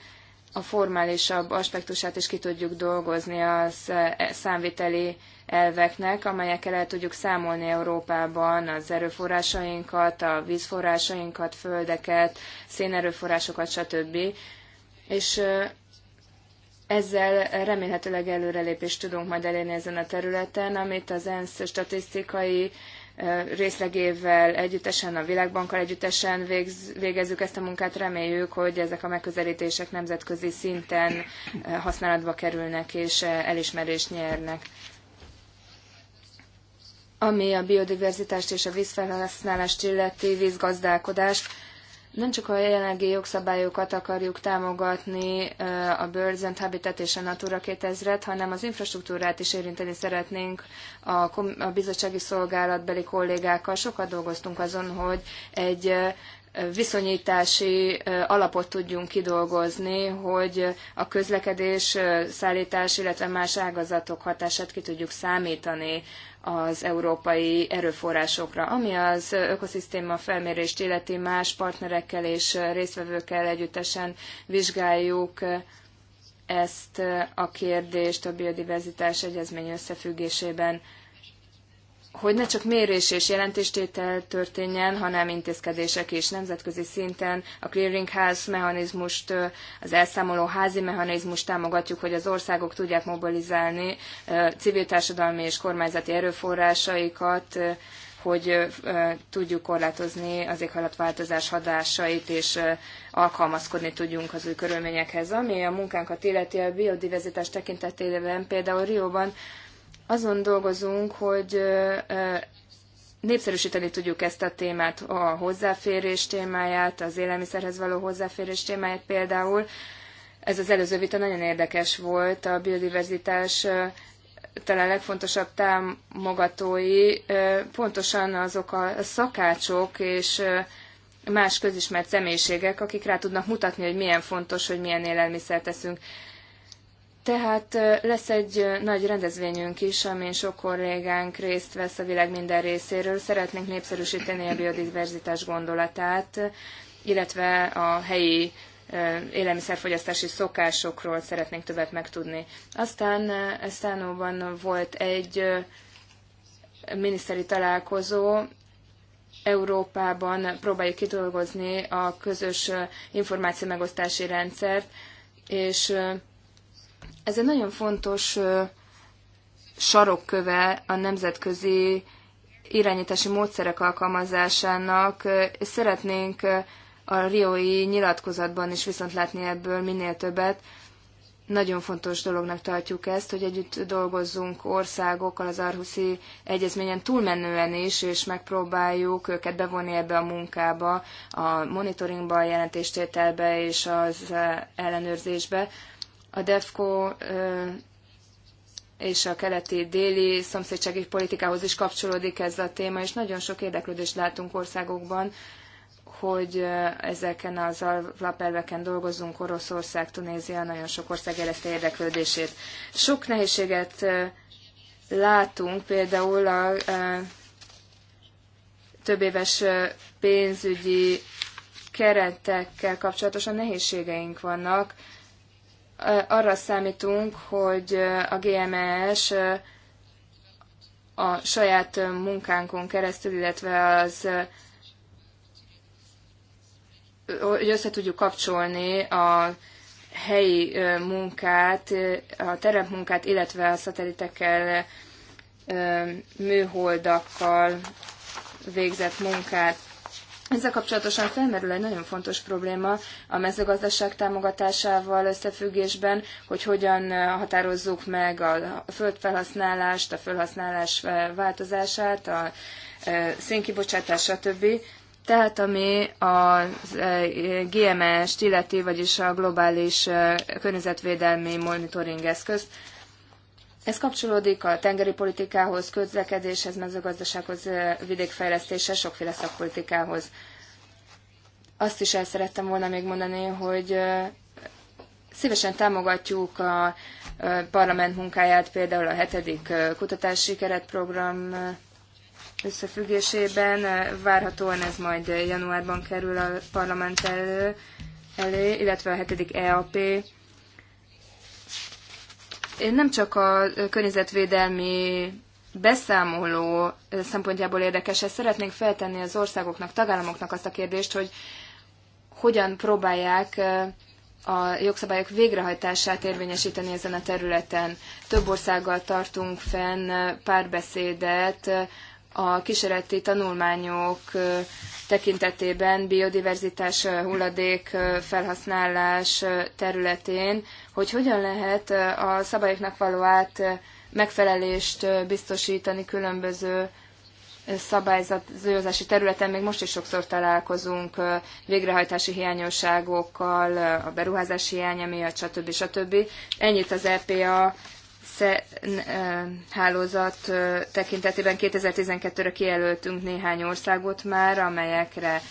a formálisabb aspektusát is ki tudjuk dolgozni a e, számviteli elveknek, amelyekkel el tudjuk számolni Európában az erőforrásainkat, a vízforrásainkat, földeket, szénerőforrásokat, stb. És ezzel remélhetőleg előrelépést tudunk majd elérni ezen a területen, amit az ENSZ statisztikai részlegével együttesen, a Világbankkal együttesen végz, végezzük ezt a munkát. Reméljük, hogy ezek a megközelítések nemzetközi szinten eh, használatba kerülnek és eh, elismerést nyernek. Ami a biodiverzitást és a vízfelhasználást illeti vízgazdálkodást, nem csak a jelenlegi jogszabályokat akarjuk támogatni, eh, a Birds and Habitat és a Natura 2000-et, hanem az infrastruktúrát is érinteni szeretnénk a, a bizottsági szolgálatbeli kollégákkal. Sokat dolgoztunk azon, hogy egy eh, viszonyítási eh, alapot tudjunk kidolgozni, hogy a közlekedés, szállítás, illetve más ágazatok hatását ki tudjuk számítani az európai erőforrásokra. Ami az ökoszisztéma felmérést illeti, más partnerekkel és résztvevőkkel együttesen vizsgáljuk ezt a kérdést a biodiverzitás egyezmény összefüggésében hogy ne csak mérés és jelentéstétel történjen, hanem intézkedések is nemzetközi szinten. A clearinghouse mechanizmust, az elszámoló házi mechanizmust támogatjuk, hogy az országok tudják mobilizálni civil társadalmi és kormányzati erőforrásaikat, hogy tudjuk korlátozni az éghajlatváltozás hatásait, és alkalmazkodni tudjunk az új körülményekhez. Ami a munkánkat illeti a biodiverzitás tekintetében, például Rióban azon dolgozunk, hogy népszerűsíteni tudjuk ezt a témát, a hozzáférés témáját, az élelmiszerhez való hozzáférés témáját például. Ez az előző vita nagyon érdekes volt, a biodiverzitás talán legfontosabb támogatói pontosan azok a szakácsok és más közismert személyiségek, akik rá tudnak mutatni, hogy milyen fontos, hogy milyen élelmiszert teszünk. Tehát lesz egy nagy rendezvényünk is, amin sok kollégánk részt vesz a világ minden részéről. Szeretnénk népszerűsíteni a biodiverzitás gondolatát, illetve a helyi élelmiszerfogyasztási szokásokról szeretnénk többet megtudni. Aztán Sztánóban volt egy miniszteri találkozó, Európában próbáljuk kidolgozni a közös információ megosztási rendszert, és ez egy nagyon fontos sarokköve a nemzetközi irányítási módszerek alkalmazásának, és szeretnénk a riói nyilatkozatban is viszont látni ebből minél többet. Nagyon fontos dolognak tartjuk ezt, hogy együtt dolgozzunk országokkal az Arhuszi Egyezményen túlmenően is, és megpróbáljuk őket bevonni ebbe a munkába, a monitoringba, a jelentéstételbe és az ellenőrzésbe, a DEFCO és a keleti-déli szomszédsági politikához is kapcsolódik ez a téma, és nagyon sok érdeklődést látunk országokban, hogy ezeken az alapelveken dolgozunk, Oroszország, Tunézia, nagyon sok ország jelezte érdeklődését. Sok nehézséget látunk, például a éves pénzügyi keretekkel kapcsolatosan nehézségeink vannak, arra számítunk, hogy a GMS a saját munkánkon keresztül, illetve az hogy össze tudjuk kapcsolni a helyi munkát, a teremmunkát, illetve a szatelitekkel, műholdakkal végzett munkát. Ezzel kapcsolatosan felmerül egy nagyon fontos probléma a mezőgazdaság támogatásával összefüggésben, hogy hogyan határozzuk meg a földfelhasználást, a felhasználás változását, a szénkibocsátás, stb. Tehát ami a GMS-t illeti, vagyis a globális környezetvédelmi monitoring eszközt, ez kapcsolódik a tengeri politikához, közlekedéshez, mezőgazdasághoz, vidékfejlesztéshez, sokféle szakpolitikához. Azt is el szerettem volna még mondani, hogy szívesen támogatjuk a parlament munkáját például a hetedik kutatási keretprogram összefüggésében. Várhatóan ez majd januárban kerül a parlament elő, elé, illetve a hetedik EAP nem csak a környezetvédelmi beszámoló szempontjából érdekes, ezt szeretnénk feltenni az országoknak, tagállamoknak azt a kérdést, hogy hogyan próbálják a jogszabályok végrehajtását érvényesíteni ezen a területen. Több országgal tartunk fenn párbeszédet a kísérleti tanulmányok tekintetében biodiverzitás hulladék felhasználás területén, hogy hogyan lehet a szabályoknak való át megfelelést biztosítani különböző szabályozási területen még most is sokszor találkozunk végrehajtási hiányosságokkal, a beruházási hiánya miatt, stb. stb. Ennyit az EPA hálózat tekintetében 2012-re kijelöltünk néhány országot már, amelyekre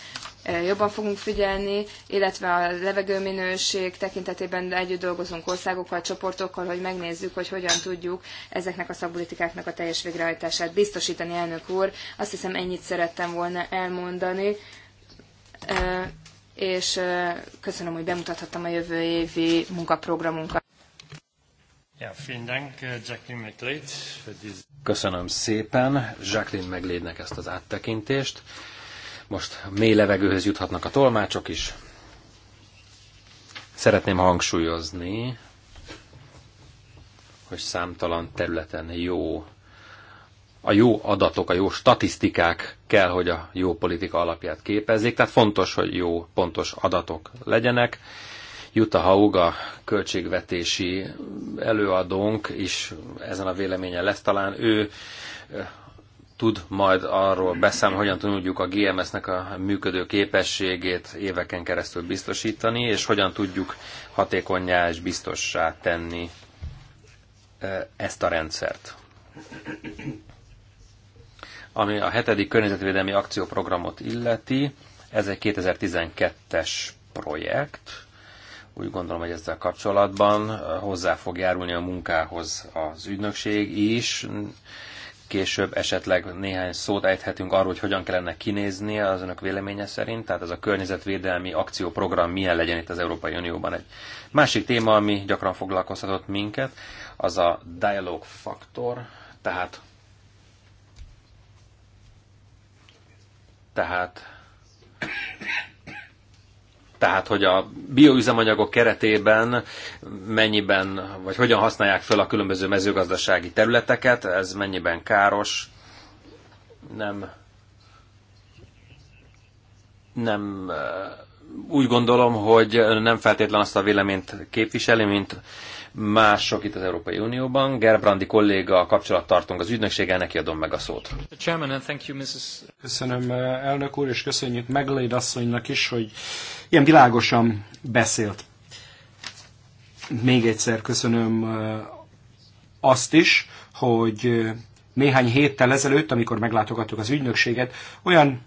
jobban fogunk figyelni, illetve a levegőminőség tekintetében együtt dolgozunk országokkal, csoportokkal, hogy megnézzük, hogy hogyan tudjuk ezeknek a szakpolitikáknak a teljes végrehajtását biztosítani, elnök úr. Azt hiszem ennyit szerettem volna elmondani, és köszönöm, hogy bemutathattam a jövő évi munkaprogramunkat. Äh, Jacqueline McLeod, Köszönöm szépen Jacqueline McLeodnek ezt az áttekintést. Most mély levegőhöz juthatnak a tolmácsok is. Szeretném hangsúlyozni, hogy számtalan területen jó a jó adatok, a jó statisztikák kell, hogy a jó politika alapját képezzék, tehát fontos, hogy jó, pontos adatok legyenek, Jutta Hauga költségvetési előadónk is ezen a véleményen lesz talán. Ő tud majd arról beszélni, hogyan tudjuk a GMS-nek a működő képességét éveken keresztül biztosítani, és hogyan tudjuk hatékonyá és biztossá tenni ezt a rendszert. Ami a hetedik környezetvédelmi akcióprogramot illeti, ez egy 2012-es projekt, úgy gondolom, hogy ezzel kapcsolatban hozzá fog járulni a munkához az ügynökség is. Később esetleg néhány szót ejthetünk arról, hogy hogyan kellene kinézni az önök véleménye szerint, tehát ez a környezetvédelmi akcióprogram milyen legyen itt az Európai Unióban. Egy másik téma, ami gyakran foglalkoztatott minket, az a dialog faktor, tehát tehát tehát hogy a bioüzemanyagok keretében mennyiben, vagy hogyan használják fel a különböző mezőgazdasági területeket, ez mennyiben káros, nem, nem úgy gondolom, hogy nem feltétlen azt a véleményt képviseli, mint mások itt az Európai Unióban. Gerbrandi kolléga kapcsolat tartunk az ügynökséggel, neki adom meg a szót. Köszönöm eh, elnök úr, és köszönjük Megléd asszonynak is, hogy ilyen világosan beszélt. Még egyszer köszönöm eh, azt is, hogy eh, néhány héttel ezelőtt, amikor meglátogattuk az ügynökséget, olyan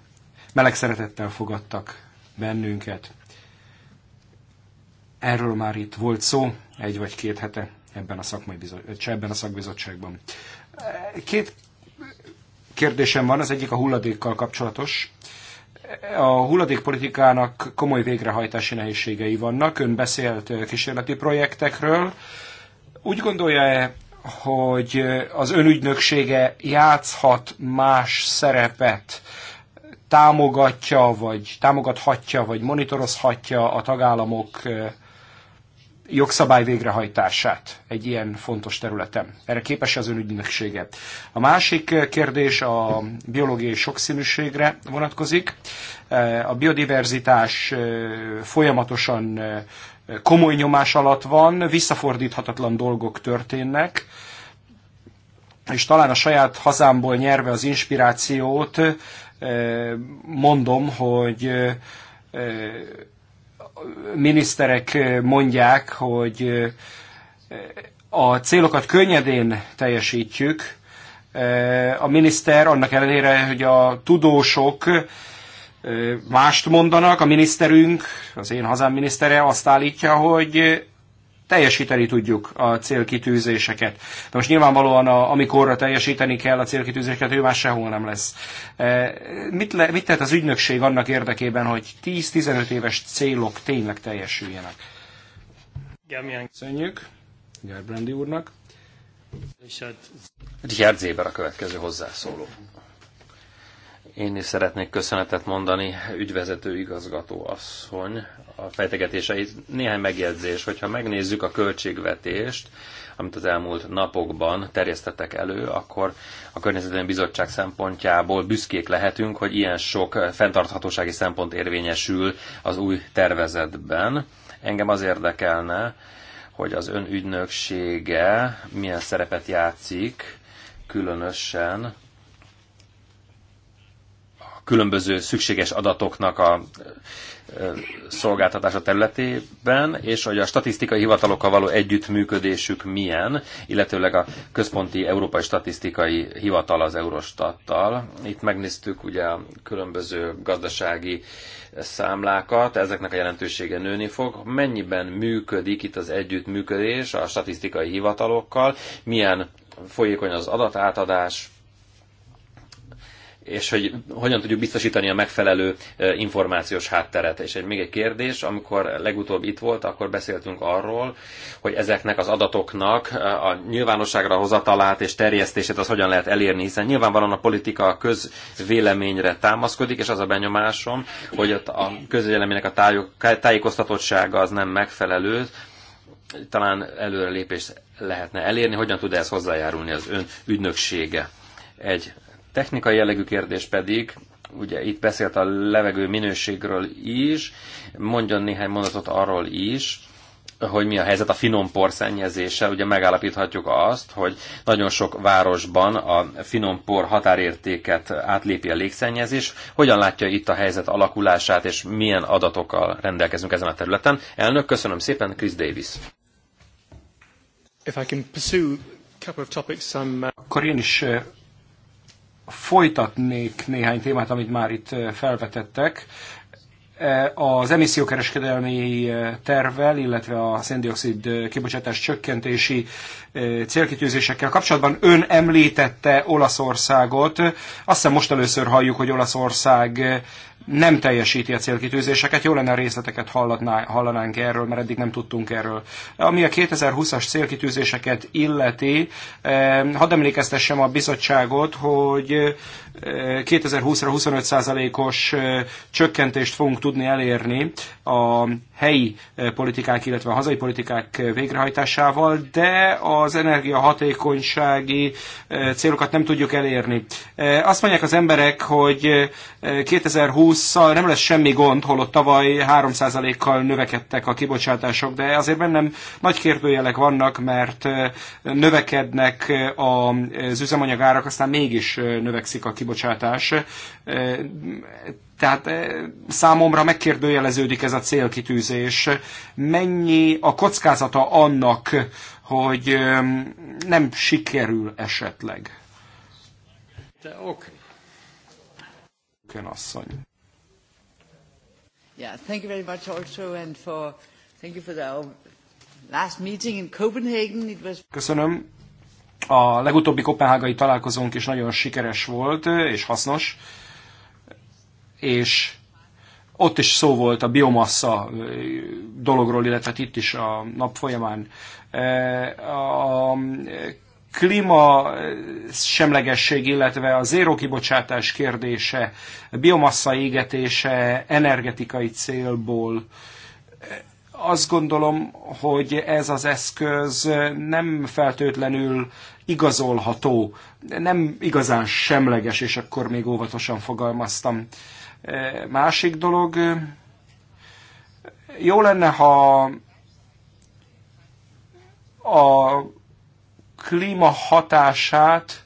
meleg szeretettel fogadtak bennünket. Erről már itt volt szó egy vagy két hete ebben a, szakmai bizottság, ebben a szakbizottságban. Két kérdésem van, az egyik a hulladékkal kapcsolatos. A hulladékpolitikának komoly végrehajtási nehézségei vannak. Ön beszélt kísérleti projektekről. Úgy gondolja-e, hogy az önügynöksége játszhat más szerepet, támogatja, vagy támogathatja, vagy monitorozhatja a tagállamok jogszabály végrehajtását egy ilyen fontos területen. Erre képes az önügynöksége. A másik eh, kérdés a biológiai sokszínűségre vonatkozik. Eh, a biodiverzitás eh, folyamatosan komoly nyomás alatt van, visszafordíthatatlan dolgok történnek, és talán a saját hazámból nyerve az inspirációt mondom, hogy miniszterek mondják, hogy eh, a célokat könnyedén teljesítjük, eh, a miniszter annak ellenére, hogy a tudósok eh, mást mondanak, a miniszterünk, az én hazám minisztere azt állítja, hogy teljesíteni tudjuk a célkitűzéseket. De most nyilvánvalóan, a, amikorra teljesíteni kell a célkitűzéseket, ő már sehol nem lesz. E, mit, le, mit tett az ügynökség annak érdekében, hogy 10-15 éves célok tényleg teljesüljenek? Köszönjük Gerbrandi úrnak. Richard Zéber a következő hozzászóló. Én is szeretnék köszönetet mondani ügyvezető igazgató asszony a fejtegetéseit. Néhány megjegyzés, hogyha megnézzük a költségvetést, amit az elmúlt napokban terjesztettek elő, akkor a környezetben Bizottság szempontjából büszkék lehetünk, hogy ilyen sok fenntarthatósági szempont érvényesül az új tervezetben. Engem az érdekelne, hogy az ön ügynöksége milyen szerepet játszik, különösen különböző szükséges adatoknak a szolgáltatása területében, és hogy a statisztikai hivatalokkal való együttműködésük milyen, illetőleg a központi európai statisztikai hivatal az Eurostattal. Itt megnéztük ugye a különböző gazdasági számlákat, ezeknek a jelentősége nőni fog. Mennyiben működik itt az együttműködés a statisztikai hivatalokkal, milyen folyékony az adatátadás, és hogy hogyan tudjuk biztosítani a megfelelő információs hátteret. És egy, még egy kérdés, amikor legutóbb itt volt, akkor beszéltünk arról, hogy ezeknek az adatoknak a nyilvánosságra hozatalát és terjesztését az hogyan lehet elérni, hiszen nyilvánvalóan a politika a közvéleményre támaszkodik, és az a benyomásom, hogy ott a közvéleménynek a tájékoztatottsága az nem megfelelő, talán előrelépést lehetne elérni, hogyan tud ez hozzájárulni az ön ügynöksége egy technikai jellegű kérdés pedig, ugye itt beszélt a levegő minőségről is, mondjon néhány mondatot arról is, hogy mi a helyzet a finom por porszennyezéssel. Ugye megállapíthatjuk azt, hogy nagyon sok városban a finom por határértéket átlépi a légszennyezés. Hogyan látja itt a helyzet alakulását, és milyen adatokkal rendelkezünk ezen a területen? Elnök, köszönöm szépen, Chris Davis. If I can pursue a couple of topics, uh, Akkor én is uh, folytatnék néhány témát, amit már itt felvetettek. Az emissziókereskedelmi tervvel, illetve a széndiokszid kibocsátás csökkentési célkitűzésekkel kapcsolatban. Ön említette Olaszországot. Azt hiszem most először halljuk, hogy Olaszország nem teljesíti a célkitűzéseket. Jó lenne a részleteket hallatná, hallanánk erről, mert eddig nem tudtunk erről. Ami a 2020-as célkitűzéseket illeti, eh, hadd emlékeztessem a bizottságot, hogy eh, 2020-ra 25%-os eh, csökkentést fogunk tudni elérni a helyi eh, politikák, illetve a hazai politikák végrehajtásával, de a az energiahatékonysági eh, célokat nem tudjuk elérni. Eh, azt mondják az emberek, hogy 2020-szal eh, nem lesz semmi gond, holott tavaly 3%-kal növekedtek a kibocsátások, de azért bennem nagy kérdőjelek vannak, mert növekednek az üzemanyagárak, aztán mégis növekszik a kibocsátás. Tehát számomra megkérdőjeleződik ez a célkitűzés. Mennyi a kockázata annak, hogy nem sikerül esetleg. Oké. Okay. asszony. Yeah, thank you very much also and for thank you for the oh, last meeting in Copenhagen. It was Köszönöm. A legutóbbi kopenhágai találkozónk is nagyon sikeres volt és hasznos. És ott is szó volt a biomassa dologról, illetve hát itt is a nap folyamán. E, a klíma e, semlegesség, illetve a zéró kibocsátás kérdése, a biomassa égetése energetikai célból. E, azt gondolom, hogy ez az eszköz nem feltétlenül igazolható, nem igazán semleges, és akkor még óvatosan fogalmaztam. Másik dolog, jó lenne, ha a klíma hatását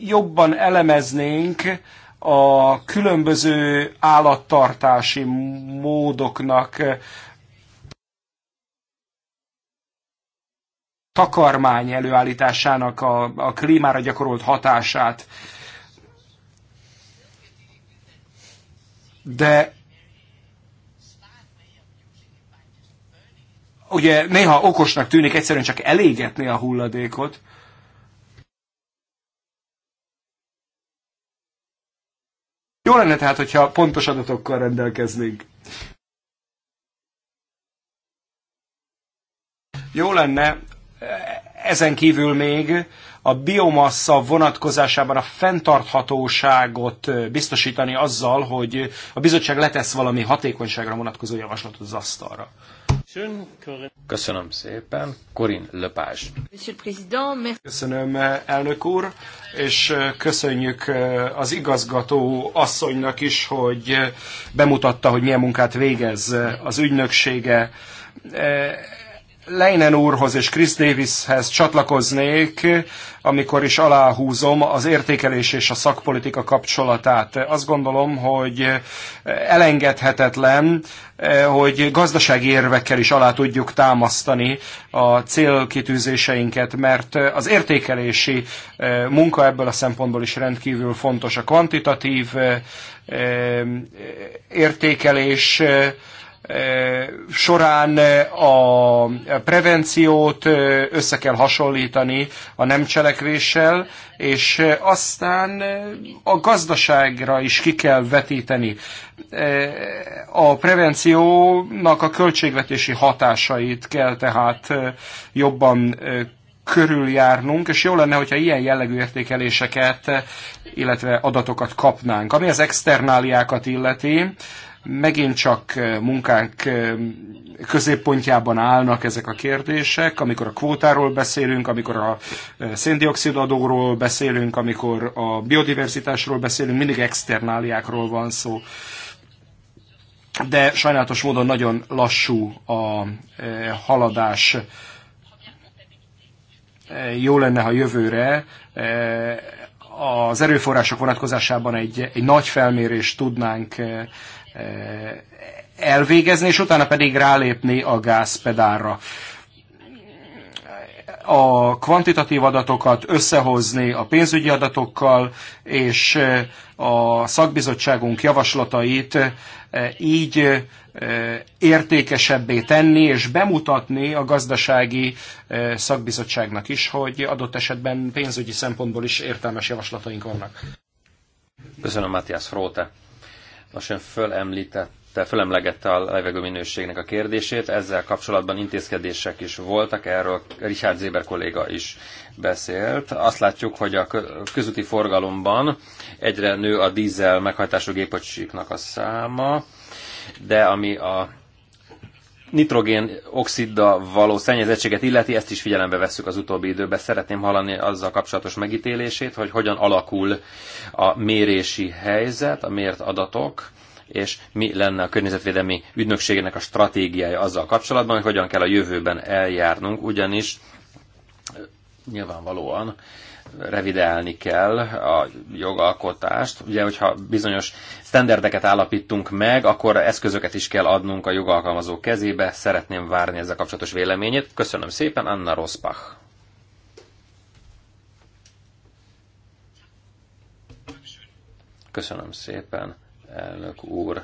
jobban elemeznénk a különböző állattartási módoknak, takarmány előállításának a, a klímára gyakorolt hatását de ugye néha okosnak tűnik egyszerűen csak elégetni a hulladékot, Jó lenne tehát, hogyha pontos adatokkal rendelkeznénk. Jó lenne e, ezen kívül még a biomassa vonatkozásában a fenntarthatóságot biztosítani azzal, hogy a bizottság letesz valami hatékonyságra vonatkozó javaslatot az asztalra. Köszönöm szépen. Korin Lepás. Köszönöm, elnök úr, és köszönjük az igazgató asszonynak is, hogy bemutatta, hogy milyen munkát végez az ügynöksége Leinen úrhoz és Chris Davishez csatlakoznék, amikor is aláhúzom az értékelés és a szakpolitika kapcsolatát. Azt gondolom, hogy elengedhetetlen, hogy gazdasági érvekkel is alá tudjuk támasztani a célkitűzéseinket, mert az értékelési munka ebből a szempontból is rendkívül fontos. A kvantitatív eh, értékelés során a prevenciót össze kell hasonlítani a nem cselekvéssel, és aztán a gazdaságra is ki kell vetíteni. A prevenciónak a költségvetési hatásait kell tehát jobban körüljárnunk, és jó lenne, hogyha ilyen jellegű értékeléseket, illetve adatokat kapnánk. Ami az externáliákat illeti, megint csak munkánk középpontjában állnak ezek a kérdések, amikor a kvótáról beszélünk, amikor a széndiokszid adóról beszélünk, amikor a biodiverzitásról beszélünk, mindig externáliákról van szó. De sajnálatos módon nagyon lassú a haladás. Jó lenne, ha jövőre az erőforrások vonatkozásában egy, egy nagy felmérést tudnánk Eh, elvégezni, és utána pedig rálépni a gázpedálra. A kvantitatív adatokat összehozni a pénzügyi adatokkal, és eh, a szakbizottságunk javaslatait eh, így értékesebbé tenni, és bemutatni a gazdasági szakbizottságnak is, hogy adott esetben pénzügyi szempontból is értelmes javaslataink vannak. Köszönöm, Matthias Frote lassan fölemlítette, fölemlegette a levegőminőségnek a kérdését. Ezzel kapcsolatban intézkedések is voltak, erről Richard Zéber kolléga is beszélt. Azt látjuk, hogy a közúti forgalomban egyre nő a dízel meghajtású gépocsiknak a száma, de ami a nitrogén oxiddal való szennyezettséget illeti, ezt is figyelembe vesszük az utóbbi időben. Szeretném hallani azzal kapcsolatos megítélését, hogy hogyan alakul a mérési helyzet, a mért adatok, és mi lenne a környezetvédelmi ügynökségének a stratégiája azzal kapcsolatban, hogy hogyan kell a jövőben eljárnunk, ugyanis nyilvánvalóan revideálni kell a jogalkotást. Ugye, hogyha bizonyos standardeket állapítunk meg, akkor eszközöket is kell adnunk a jogalkalmazó kezébe. Szeretném várni ezzel kapcsolatos véleményét. Köszönöm szépen, Anna Rosbach. Köszönöm szépen, elnök úr.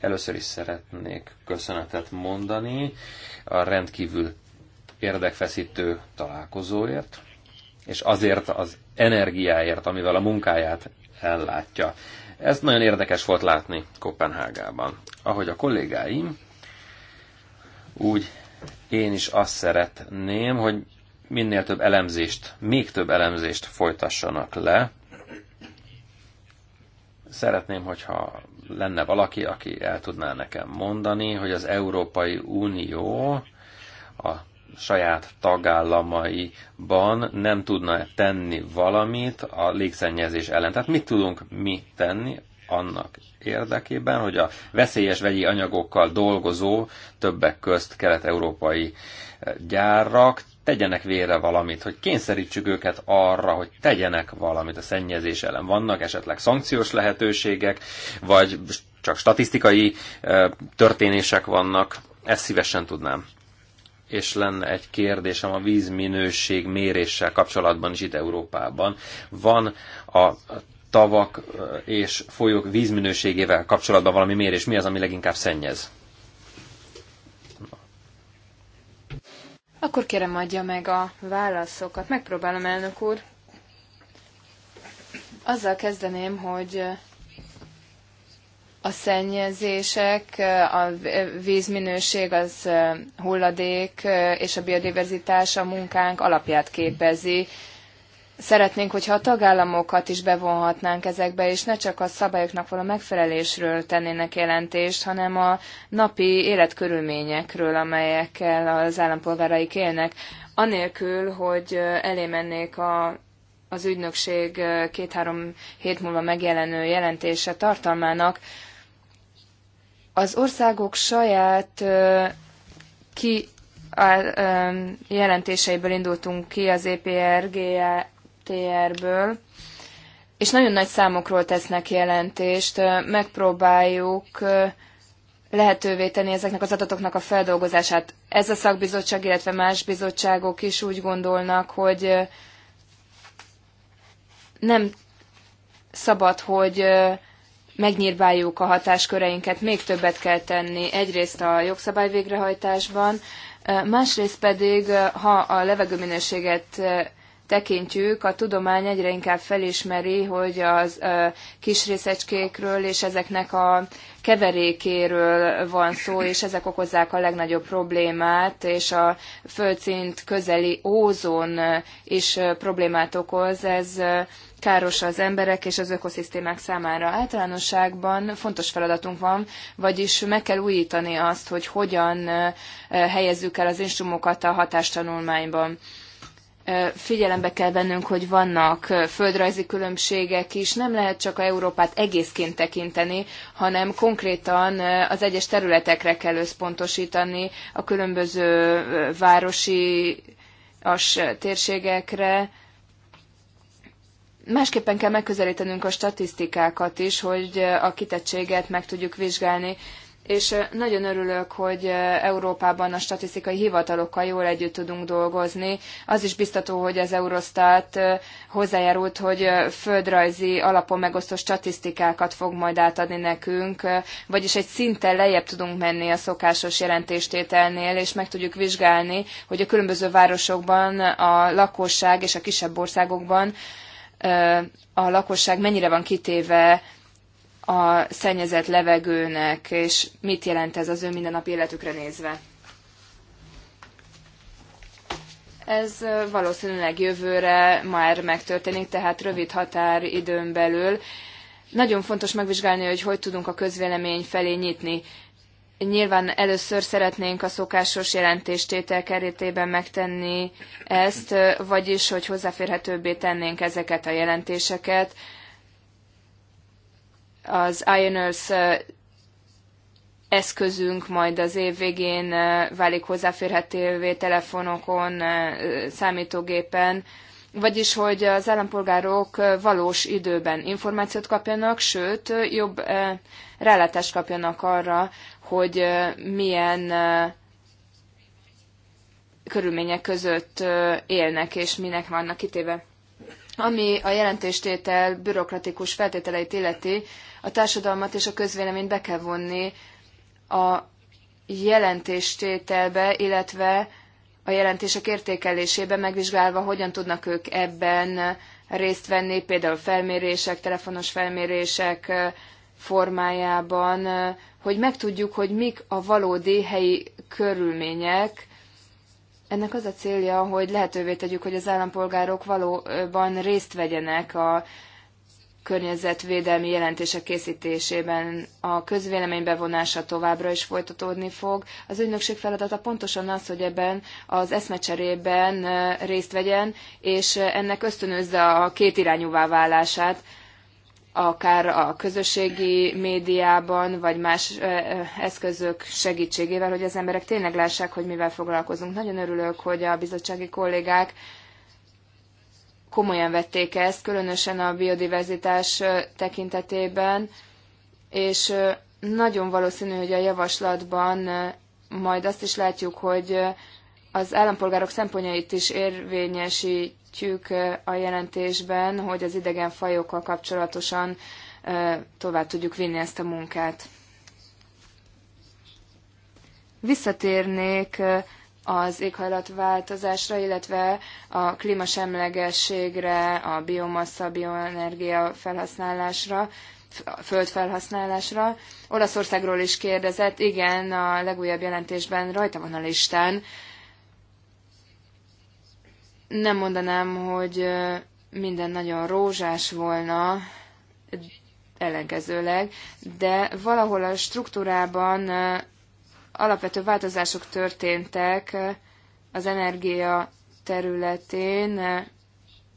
Először is szeretnék köszönetet mondani a rendkívül érdekfeszítő találkozóért és azért az energiáért, amivel a munkáját ellátja. Ez nagyon érdekes volt látni Kopenhágában. Ahogy a kollégáim, úgy én is azt szeretném, hogy minél több elemzést, még több elemzést folytassanak le. Szeretném, hogyha lenne valaki, aki el tudná nekem mondani, hogy az Európai Unió a saját tagállamaiban nem tudna tenni valamit a légszennyezés ellen. Tehát mit tudunk mi tenni annak érdekében, hogy a veszélyes vegyi anyagokkal dolgozó többek közt kelet-európai eh, gyárak tegyenek vére valamit, hogy kényszerítsük őket arra, hogy tegyenek valamit a szennyezés ellen. Vannak esetleg szankciós lehetőségek, vagy csak statisztikai eh, történések vannak, ezt szívesen tudnám és lenne egy kérdésem a vízminőség méréssel kapcsolatban is itt Európában. Van a tavak eh, és folyók vízminőségével kapcsolatban valami mérés? Mi az, ami leginkább szennyez? Akkor kérem adja meg a válaszokat. Megpróbálom, elnök úr. Azzal kezdeném, hogy a szennyezések, a vízminőség, az hulladék és a biodiverzitás a munkánk alapját képezi. Szeretnénk, hogyha a tagállamokat is bevonhatnánk ezekbe, és ne csak a szabályoknak való megfelelésről tennének jelentést, hanem a napi életkörülményekről, amelyekkel az állampolgáraik élnek, anélkül, hogy elé mennék a az ügynökség két-három hét múlva megjelenő jelentése tartalmának, az országok saját ki jelentéseiből indultunk ki az EPR, ből és nagyon nagy számokról tesznek jelentést. Megpróbáljuk lehetővé tenni ezeknek az adatoknak a feldolgozását. Ez a szakbizottság, illetve más bizottságok is úgy gondolnak, hogy nem szabad, hogy megnyírbáljuk a hatásköreinket, még többet kell tenni, egyrészt a jogszabály végrehajtásban, másrészt pedig, ha a levegőminőséget tekintjük, a tudomány egyre inkább felismeri, hogy az kis részecskékről és ezeknek a keverékéről van szó, és ezek okozzák a legnagyobb problémát, és a földszint közeli ózon is problémát okoz. Ez káros az emberek és az ökoszisztémák számára. Általánosságban fontos feladatunk van, vagyis meg kell újítani azt, hogy hogyan helyezzük el az instrumokat a hatástanulmányban figyelembe kell vennünk, hogy vannak földrajzi különbségek is, nem lehet csak a Európát egészként tekinteni, hanem konkrétan az egyes területekre kell összpontosítani, a különböző városi térségekre, másképpen kell megközelítenünk a statisztikákat is, hogy eh, a kitettséget meg tudjuk vizsgálni, és eh, nagyon örülök, hogy eh, Európában a statisztikai hivatalokkal jól együtt tudunk dolgozni. Az is biztató, hogy az Eurostat hozzájárult, hogy földrajzi alapon megosztó statisztikákat fog majd átadni nekünk, vagyis egy szinten lejjebb tudunk menni a szokásos jelentéstételnél, és meg tudjuk vizsgálni, hogy a különböző városokban a lakosság és a kisebb országokban a lakosság mennyire van kitéve a szennyezett levegőnek, és mit jelent ez az ő mindennapi életükre nézve? Ez valószínűleg jövőre már megtörténik, tehát rövid határ időn belül. Nagyon fontos megvizsgálni, hogy hogy tudunk a közvélemény felé nyitni. Nyilván először szeretnénk a szokásos jelentéstétel keretében megtenni ezt, vagyis hogy hozzáférhetőbbé tennénk ezeket a jelentéseket. Az INRS eszközünk majd az év végén válik hozzáférhetővé telefonokon, számítógépen, vagyis hogy az állampolgárok valós időben információt kapjanak, sőt, jobb rálátást kapjanak arra, hogy milyen körülmények között élnek, és minek vannak kitéve. Ami a jelentéstétel bürokratikus feltételeit illeti, a társadalmat és a közvéleményt be kell vonni a jelentéstételbe, illetve a jelentések értékelésébe, megvizsgálva, hogyan tudnak ők ebben részt venni, például felmérések, telefonos felmérések, formájában, hogy megtudjuk, hogy mik a valódi helyi körülmények. Ennek az a célja, hogy lehetővé tegyük, hogy az állampolgárok valóban részt vegyenek a környezetvédelmi jelentések készítésében a közvélemény bevonása továbbra is folytatódni fog. Az ügynökség feladata pontosan az, hogy ebben az eszmecserében részt vegyen, és ennek ösztönözze a kétirányúvá válását, akár a közösségi médiában, vagy más eszközök segítségével, hogy az emberek tényleg lássák, hogy mivel foglalkozunk. Nagyon örülök, hogy a bizottsági kollégák komolyan vették ezt, különösen a biodiverzitás tekintetében, és nagyon valószínű, hogy a javaslatban majd azt is látjuk, hogy az állampolgárok szempontjait is érvényesít említjük a jelentésben, hogy az idegen fajokkal kapcsolatosan tovább tudjuk vinni ezt a munkát. Visszatérnék az éghajlatváltozásra, illetve a klímasemlegességre, a biomassa, bioenergia felhasználásra, földfelhasználásra. Olaszországról is kérdezett, igen, a legújabb jelentésben rajta van a listán, nem mondanám, hogy minden nagyon rózsás volna, ellenkezőleg, de valahol a struktúrában alapvető változások történtek az energia területén,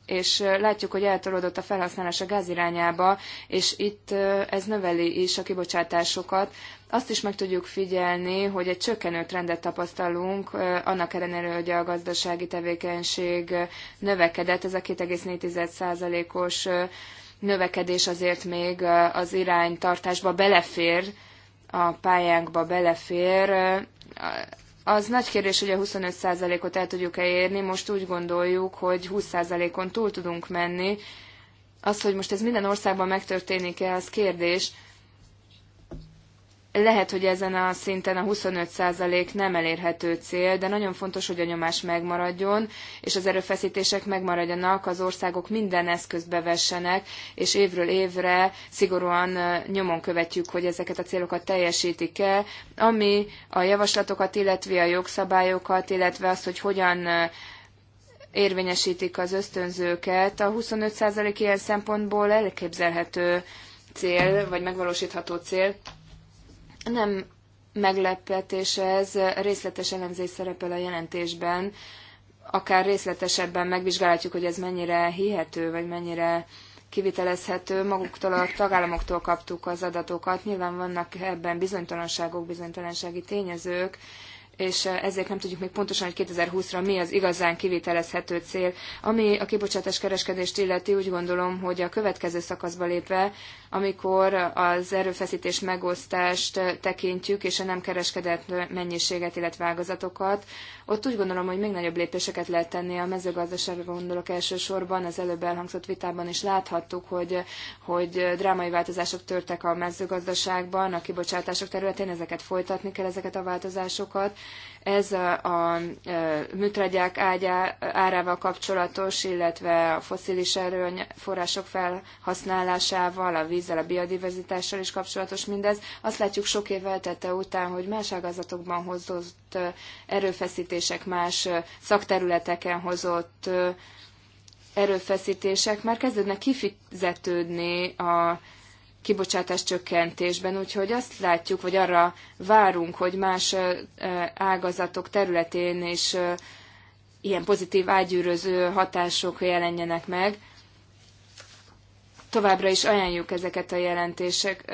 és látjuk, hogy eltolódott a felhasználás a gáz irányába, és itt ez növeli is a kibocsátásokat azt is meg tudjuk figyelni, hogy egy csökkenő trendet tapasztalunk, annak ellenére, hogy a gazdasági tevékenység növekedett, ez a 2,4%-os növekedés azért még az iránytartásba belefér, a pályánkba belefér. Az nagy kérdés, hogy a 25%-ot el tudjuk-e érni, most úgy gondoljuk, hogy 20%-on túl tudunk menni. Az, hogy most ez minden országban megtörténik-e, az kérdés, lehet, hogy ezen a szinten a 25% nem elérhető cél, de nagyon fontos, hogy a nyomás megmaradjon, és az erőfeszítések megmaradjanak, az országok minden eszközt bevessenek, és évről évre szigorúan nyomon követjük, hogy ezeket a célokat teljesítik-e, ami a javaslatokat, illetve a jogszabályokat, illetve azt, hogy hogyan érvényesítik az ösztönzőket. A 25% ilyen szempontból elképzelhető cél, vagy megvalósítható cél nem meglepetés ez, részletes elemzés szerepel a jelentésben, akár részletesebben megvizsgálhatjuk, hogy ez mennyire hihető, vagy mennyire kivitelezhető. Maguktól a tagállamoktól kaptuk az adatokat, nyilván vannak ebben bizonytalanságok, bizonytalansági tényezők, és ezért nem tudjuk még pontosan, hogy 2020-ra mi az igazán kivitelezhető cél. Ami a kibocsátás kereskedést illeti, úgy gondolom, hogy a következő szakaszba lépve amikor az erőfeszítés megosztást tekintjük, és a nem kereskedett mennyiséget, illetve ágazatokat, ott úgy gondolom, hogy még nagyobb lépéseket lehet tenni a mezőgazdaságra gondolok elsősorban, az előbb elhangzott vitában is láthattuk, hogy, hogy drámai változások törtek a mezőgazdaságban, a kibocsátások területén, ezeket folytatni kell, ezeket a változásokat, ez a e, műtrágyák ágyá, árával kapcsolatos, illetve a foszilis erőforrások felhasználásával, a vízzel, a biodiverzitással is kapcsolatos mindez. Azt látjuk sok év eltette után, hogy más ágazatokban hozott e, erőfeszítések, más e, szakterületeken hozott erőfeszítések már kezdődnek kifizetődni a kibocsátás csökkentésben, úgyhogy azt látjuk, vagy arra várunk, hogy más ágazatok területén is ilyen pozitív ágyűröző hatások jelenjenek meg továbbra is ajánljuk ezeket a jelentések,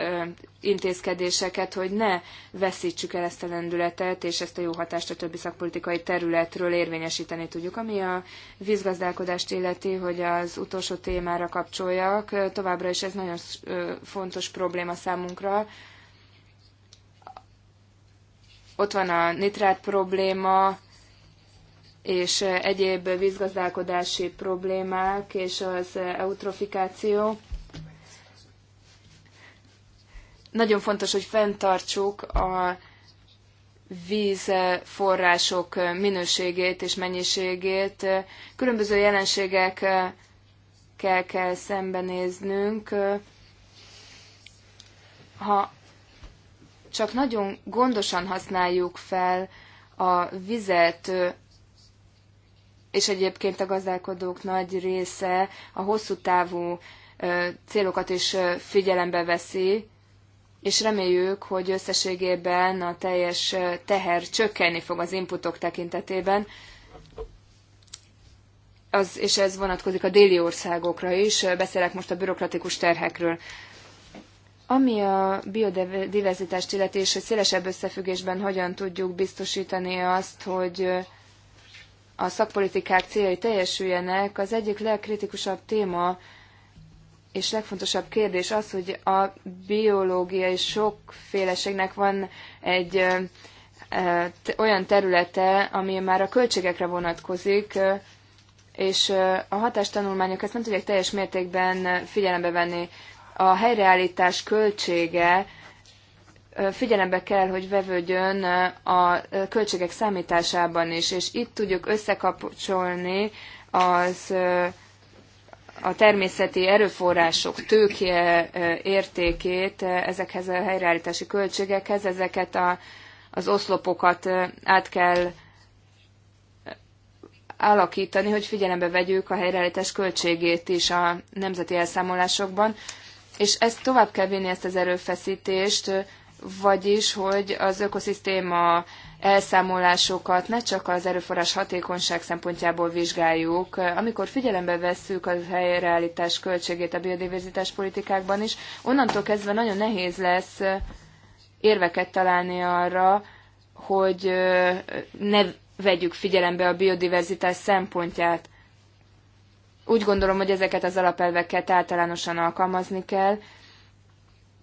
intézkedéseket, hogy ne veszítsük el ezt a lendületet, és ezt a jó hatást a többi szakpolitikai területről érvényesíteni tudjuk. Ami a vízgazdálkodást illeti, hogy az utolsó témára kapcsoljak, továbbra is ez nagyon fontos probléma számunkra. Ott van a nitrát probléma, és egyéb vízgazdálkodási problémák és az eutrofikáció. Nagyon fontos, hogy fenntartsuk a vízforrások minőségét és mennyiségét. Különböző jelenségekkel kell, kell szembenéznünk. Ha csak nagyon gondosan használjuk fel a vizet, és egyébként a gazdálkodók nagy része a hosszú távú célokat is figyelembe veszi, és reméljük, hogy összességében a teljes teher csökkenni fog az inputok tekintetében, az, és ez vonatkozik a déli országokra is, beszélek most a bürokratikus terhekről. Ami a biodiverzitást illeti, és hogy szélesebb összefüggésben hogyan tudjuk biztosítani azt, hogy a szakpolitikák céljai teljesüljenek, az egyik legkritikusabb téma és legfontosabb kérdés az, hogy a biológiai sokféleségnek van egy olyan területe, ami már a költségekre vonatkozik, és a hatástanulmányok ezt nem tudják teljes mértékben figyelembe venni. A helyreállítás költsége figyelembe kell, hogy vevődjön a költségek számításában is, és itt tudjuk összekapcsolni az a természeti erőforrások tőke értékét ezekhez a helyreállítási költségekhez, ezeket a, az oszlopokat át kell alakítani, hogy figyelembe vegyük a helyreállítás költségét is a nemzeti elszámolásokban, és ezt tovább kell vinni ezt az erőfeszítést, vagyis, hogy az ökoszisztéma elszámolásokat ne csak az erőforrás hatékonyság szempontjából vizsgáljuk, amikor figyelembe vesszük a helyreállítás költségét a biodiverzitás politikákban is, onnantól kezdve nagyon nehéz lesz érveket találni arra, hogy ne vegyük figyelembe a biodiverzitás szempontját. Úgy gondolom, hogy ezeket az alapelveket általánosan alkalmazni kell,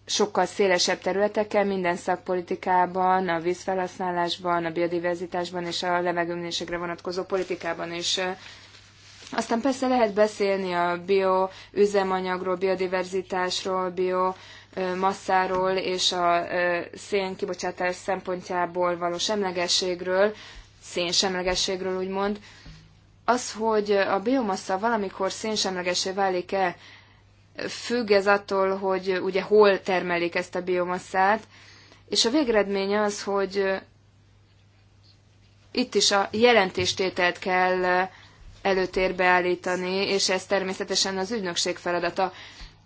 sokkal szélesebb területeken, minden szakpolitikában, a vízfelhasználásban, a biodiverzitásban és a levegőminőségre vonatkozó politikában is. Aztán persze lehet beszélni a bio üzemanyagról, biodiverzitásról, bio masszáról és a szén kibocsátás szempontjából való semlegességről, szénsemlegességről úgymond, az, hogy a biomassa valamikor szénsemlegesé válik-e, függ ez attól, hogy ugye hol termelik ezt a biomasszát, és a végeredmény az, hogy itt is a jelentéstételt kell előtérbe állítani, és ez természetesen az ügynökség feladata.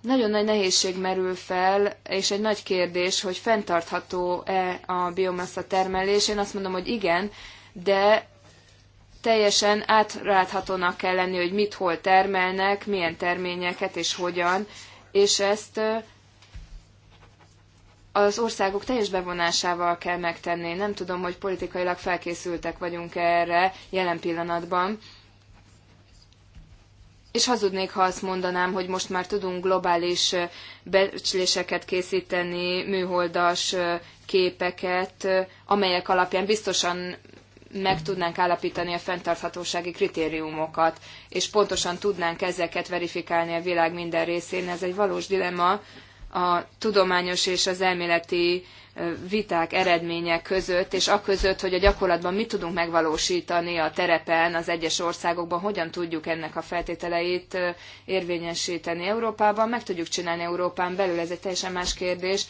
Nagyon nagy nehézség merül fel, és egy nagy kérdés, hogy fenntartható-e a biomassa termelés. Én azt mondom, hogy igen, de teljesen átláthatónak kell lenni, hogy mit hol termelnek, milyen terményeket és hogyan, és ezt az országok teljes bevonásával kell megtenni. Nem tudom, hogy politikailag felkészültek vagyunk erre jelen pillanatban. És hazudnék, ha azt mondanám, hogy most már tudunk globális becsléseket készíteni, műholdas képeket, amelyek alapján biztosan meg tudnánk állapítani a fenntarthatósági kritériumokat, és pontosan tudnánk ezeket verifikálni a világ minden részén. Ez egy valós dilemma a tudományos és az elméleti viták eredménye között, és aközött, hogy a gyakorlatban mit tudunk megvalósítani a terepen, az egyes országokban, hogyan tudjuk ennek a feltételeit érvényesíteni Európában, meg tudjuk csinálni Európán belül, ez egy teljesen más kérdés,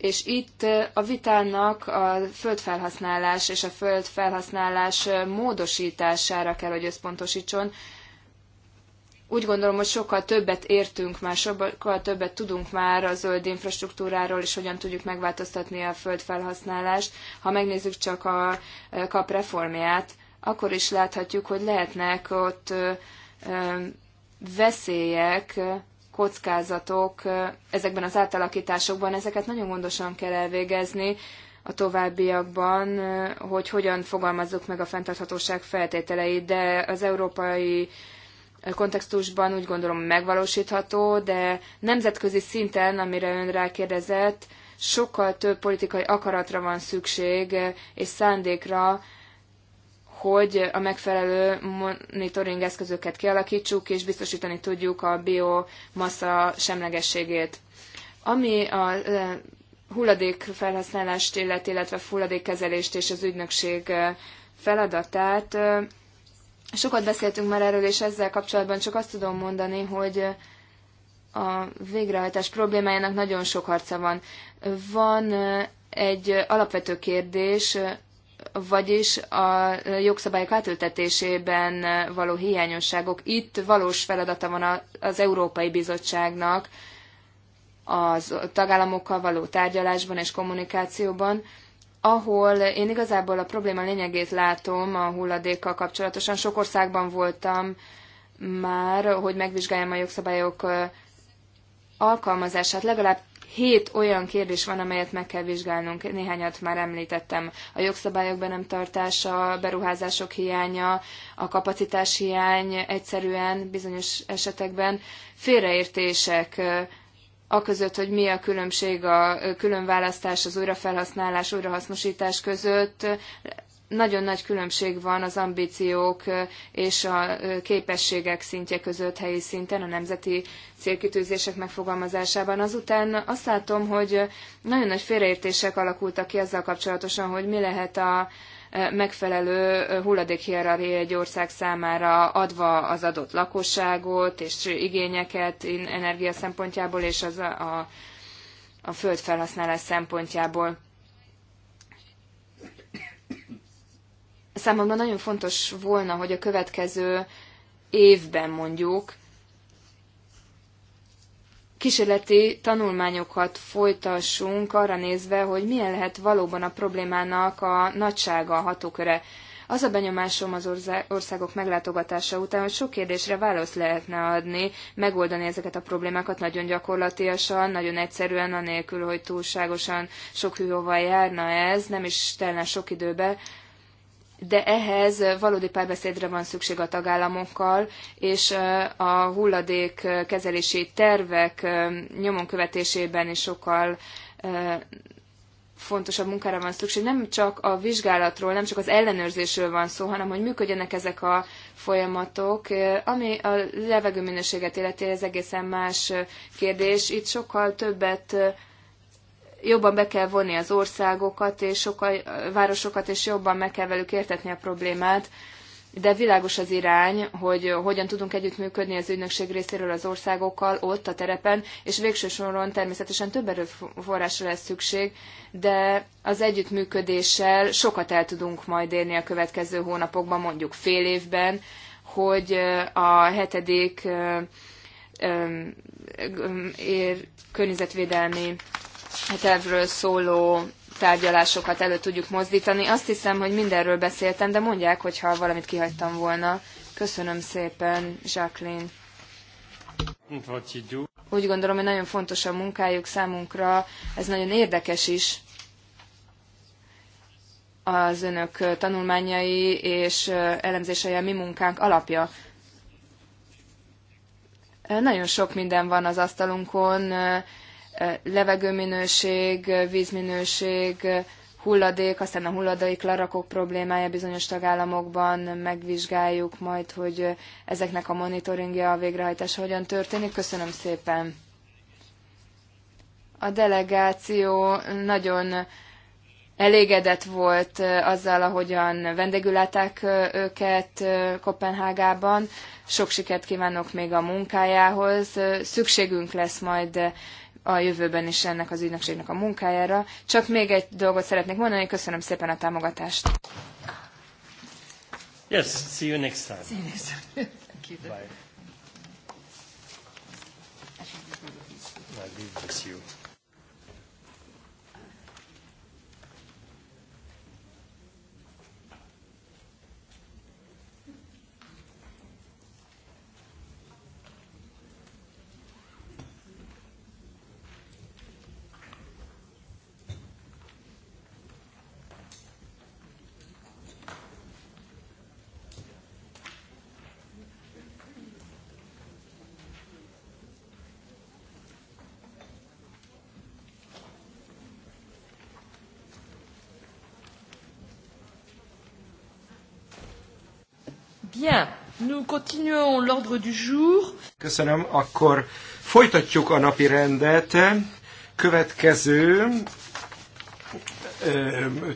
és itt a vitának a földfelhasználás és a földfelhasználás módosítására kell, hogy összpontosítson. Úgy gondolom, hogy sokkal többet értünk már, sokkal többet tudunk már a zöld infrastruktúráról, és hogyan tudjuk megváltoztatni a földfelhasználást. Ha megnézzük csak a kap reformját, akkor is láthatjuk, hogy lehetnek ott veszélyek, kockázatok ezekben az átalakításokban, ezeket nagyon gondosan kell elvégezni a továbbiakban, hogy hogyan fogalmazzuk meg a fenntarthatóság feltételeit, de az európai kontextusban úgy gondolom megvalósítható, de nemzetközi szinten, amire ön rákérdezett, sokkal több politikai akaratra van szükség és szándékra, hogy a megfelelő monitoring eszközöket kialakítsuk, és biztosítani tudjuk a biomassa semlegességét. Ami a hulladék felhasználást illet, illetve hulladékkezelést és az ügynökség feladatát, sokat beszéltünk már erről, és ezzel kapcsolatban csak azt tudom mondani, hogy a végrehajtás problémájának nagyon sok harca van. Van egy alapvető kérdés, vagyis a jogszabályok átültetésében való hiányosságok. Itt valós feladata van az Európai Bizottságnak az tagállamokkal való tárgyalásban és kommunikációban, ahol én igazából a probléma lényegét látom a hulladékkal kapcsolatosan. Sok országban voltam már, hogy megvizsgáljam a jogszabályok alkalmazását. Legalább Hét olyan kérdés van, amelyet meg kell vizsgálnunk, néhányat már említettem. A jogszabályok be nem tartása, beruházások hiánya, a kapacitás hiány egyszerűen bizonyos esetekben, félreértések, aközött, hogy mi a különbség a különválasztás, az újrafelhasználás, újrahasznosítás között, nagyon nagy különbség van az ambíciók és a képességek szintje között helyi szinten, a nemzeti célkitűzések megfogalmazásában. Azután azt látom, hogy nagyon nagy félreértések alakultak ki ezzel kapcsolatosan, hogy mi lehet a megfelelő hulladékhierarchia egy ország számára adva az adott lakosságot és igényeket energia szempontjából és az a, a, a földfelhasználás szempontjából számomra nagyon fontos volna, hogy a következő évben mondjuk kísérleti tanulmányokat folytassunk arra nézve, hogy milyen lehet valóban a problémának a nagysága, a hatóköre. Az a benyomásom az országok meglátogatása után, hogy sok kérdésre választ lehetne adni, megoldani ezeket a problémákat nagyon gyakorlatiasan, nagyon egyszerűen, anélkül, hogy túlságosan sok hűhova járna ez, nem is telne sok időbe, de ehhez valódi párbeszédre van szükség a tagállamokkal, és a hulladék kezelési tervek nyomon követésében is sokkal fontosabb munkára van szükség. Nem csak a vizsgálatról, nem csak az ellenőrzésről van szó, hanem hogy működjenek ezek a folyamatok. Ami a levegőminőséget illeti, ez egészen más kérdés. Itt sokkal többet jobban be kell vonni az országokat és sokkal, városokat, és jobban meg kell velük értetni a problémát, de világos az irány, hogy hogyan tudunk együttműködni az ügynökség részéről az országokkal ott a terepen, és végső soron természetesen több erőforrásra lesz szükség, de az együttműködéssel sokat el tudunk majd érni a következő hónapokban, mondjuk fél évben, hogy a hetedik ér, környezetvédelmi tervről hát szóló tárgyalásokat elő tudjuk mozdítani. Azt hiszem, hogy mindenről beszéltem, de mondják, hogyha valamit kihagytam volna. Köszönöm szépen, Jacqueline. Úgy gondolom, hogy nagyon fontos a munkájuk számunkra, ez nagyon érdekes is az önök tanulmányai és elemzései a mi munkánk alapja. Nagyon sok minden van az asztalunkon, levegőminőség, vízminőség, hulladék, aztán a hulladék larakok problémája bizonyos tagállamokban, megvizsgáljuk majd, hogy ezeknek a monitoringja, a végrehajtása hogyan történik. Köszönöm szépen! A delegáció nagyon elégedett volt eh, azzal, ahogyan vendégül eh, őket eh, Kopenhágában. Sok sikert kívánok még a munkájához. Szükségünk lesz majd a jövőben is ennek az ügynökségnek a munkájára. Csak még egy dolgot szeretnék mondani, köszönöm szépen a támogatást. Yes, see you next time. See you next time. Thank you. Bye. I'll leave with you. Bien, nous continuons l'ordre du jour. Köszönöm, akkor folytatjuk a napi rendet. Következő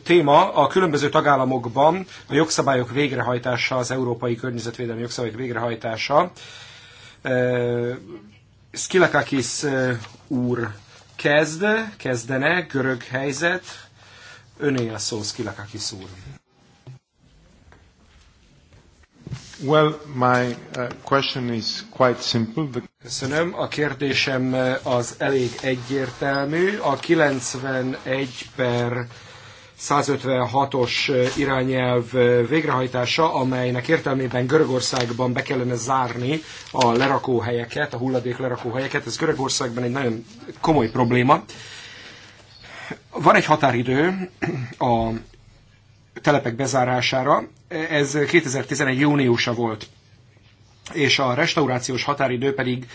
téma a különböző tagállamokban a jogszabályok végrehajtása, az európai környezetvédelmi jogszabályok végrehajtása. Skilakakis úr kezd, kezdene, görög helyzet. Öné a szó, Skilakakis úr. Well, my uh, question is quite simple. Köszönöm. A kérdésem uh, az elég egyértelmű. A 91 per 156-os uh, irányelv végrehajtása, amelynek értelmében Görögországban be kellene zárni a lerakóhelyeket, a hulladék lerakóhelyeket. Ez Görögországban egy nagyon komoly probléma. Van egy határidő a telepek bezárására. Ez 2011. júniusa volt, és a restaurációs határidő pedig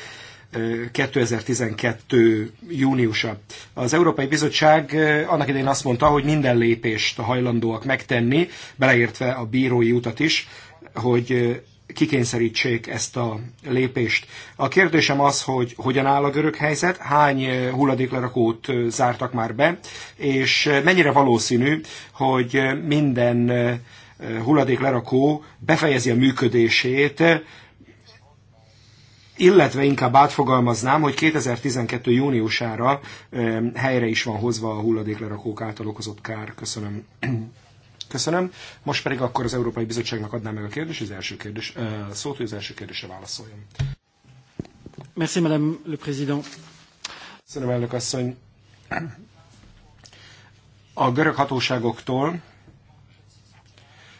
2012. júniusa. Az Európai Bizottság annak idején azt mondta, hogy minden lépést hajlandóak megtenni, beleértve a bírói utat is, hogy kikényszerítsék ezt a lépést. A kérdésem az, hogy hogyan áll a görög helyzet, hány eh, hulladéklerakót eh, zártak már be, és eh, mennyire valószínű, hogy minden hulladéklerakó befejezi a működését, illetve inkább átfogalmaznám, hogy 2012. júniusára helyre is van hozva a hulladéklerakók által okozott kár. Köszönöm. Köszönöm. Most pedig akkor az Európai Bizottságnak adnám meg a kérdést, az első kérdés, szót, hogy az első kérdésre válaszoljon. Merci, Madame le Président. Köszönöm, elnök asszony. A görög hatóságoktól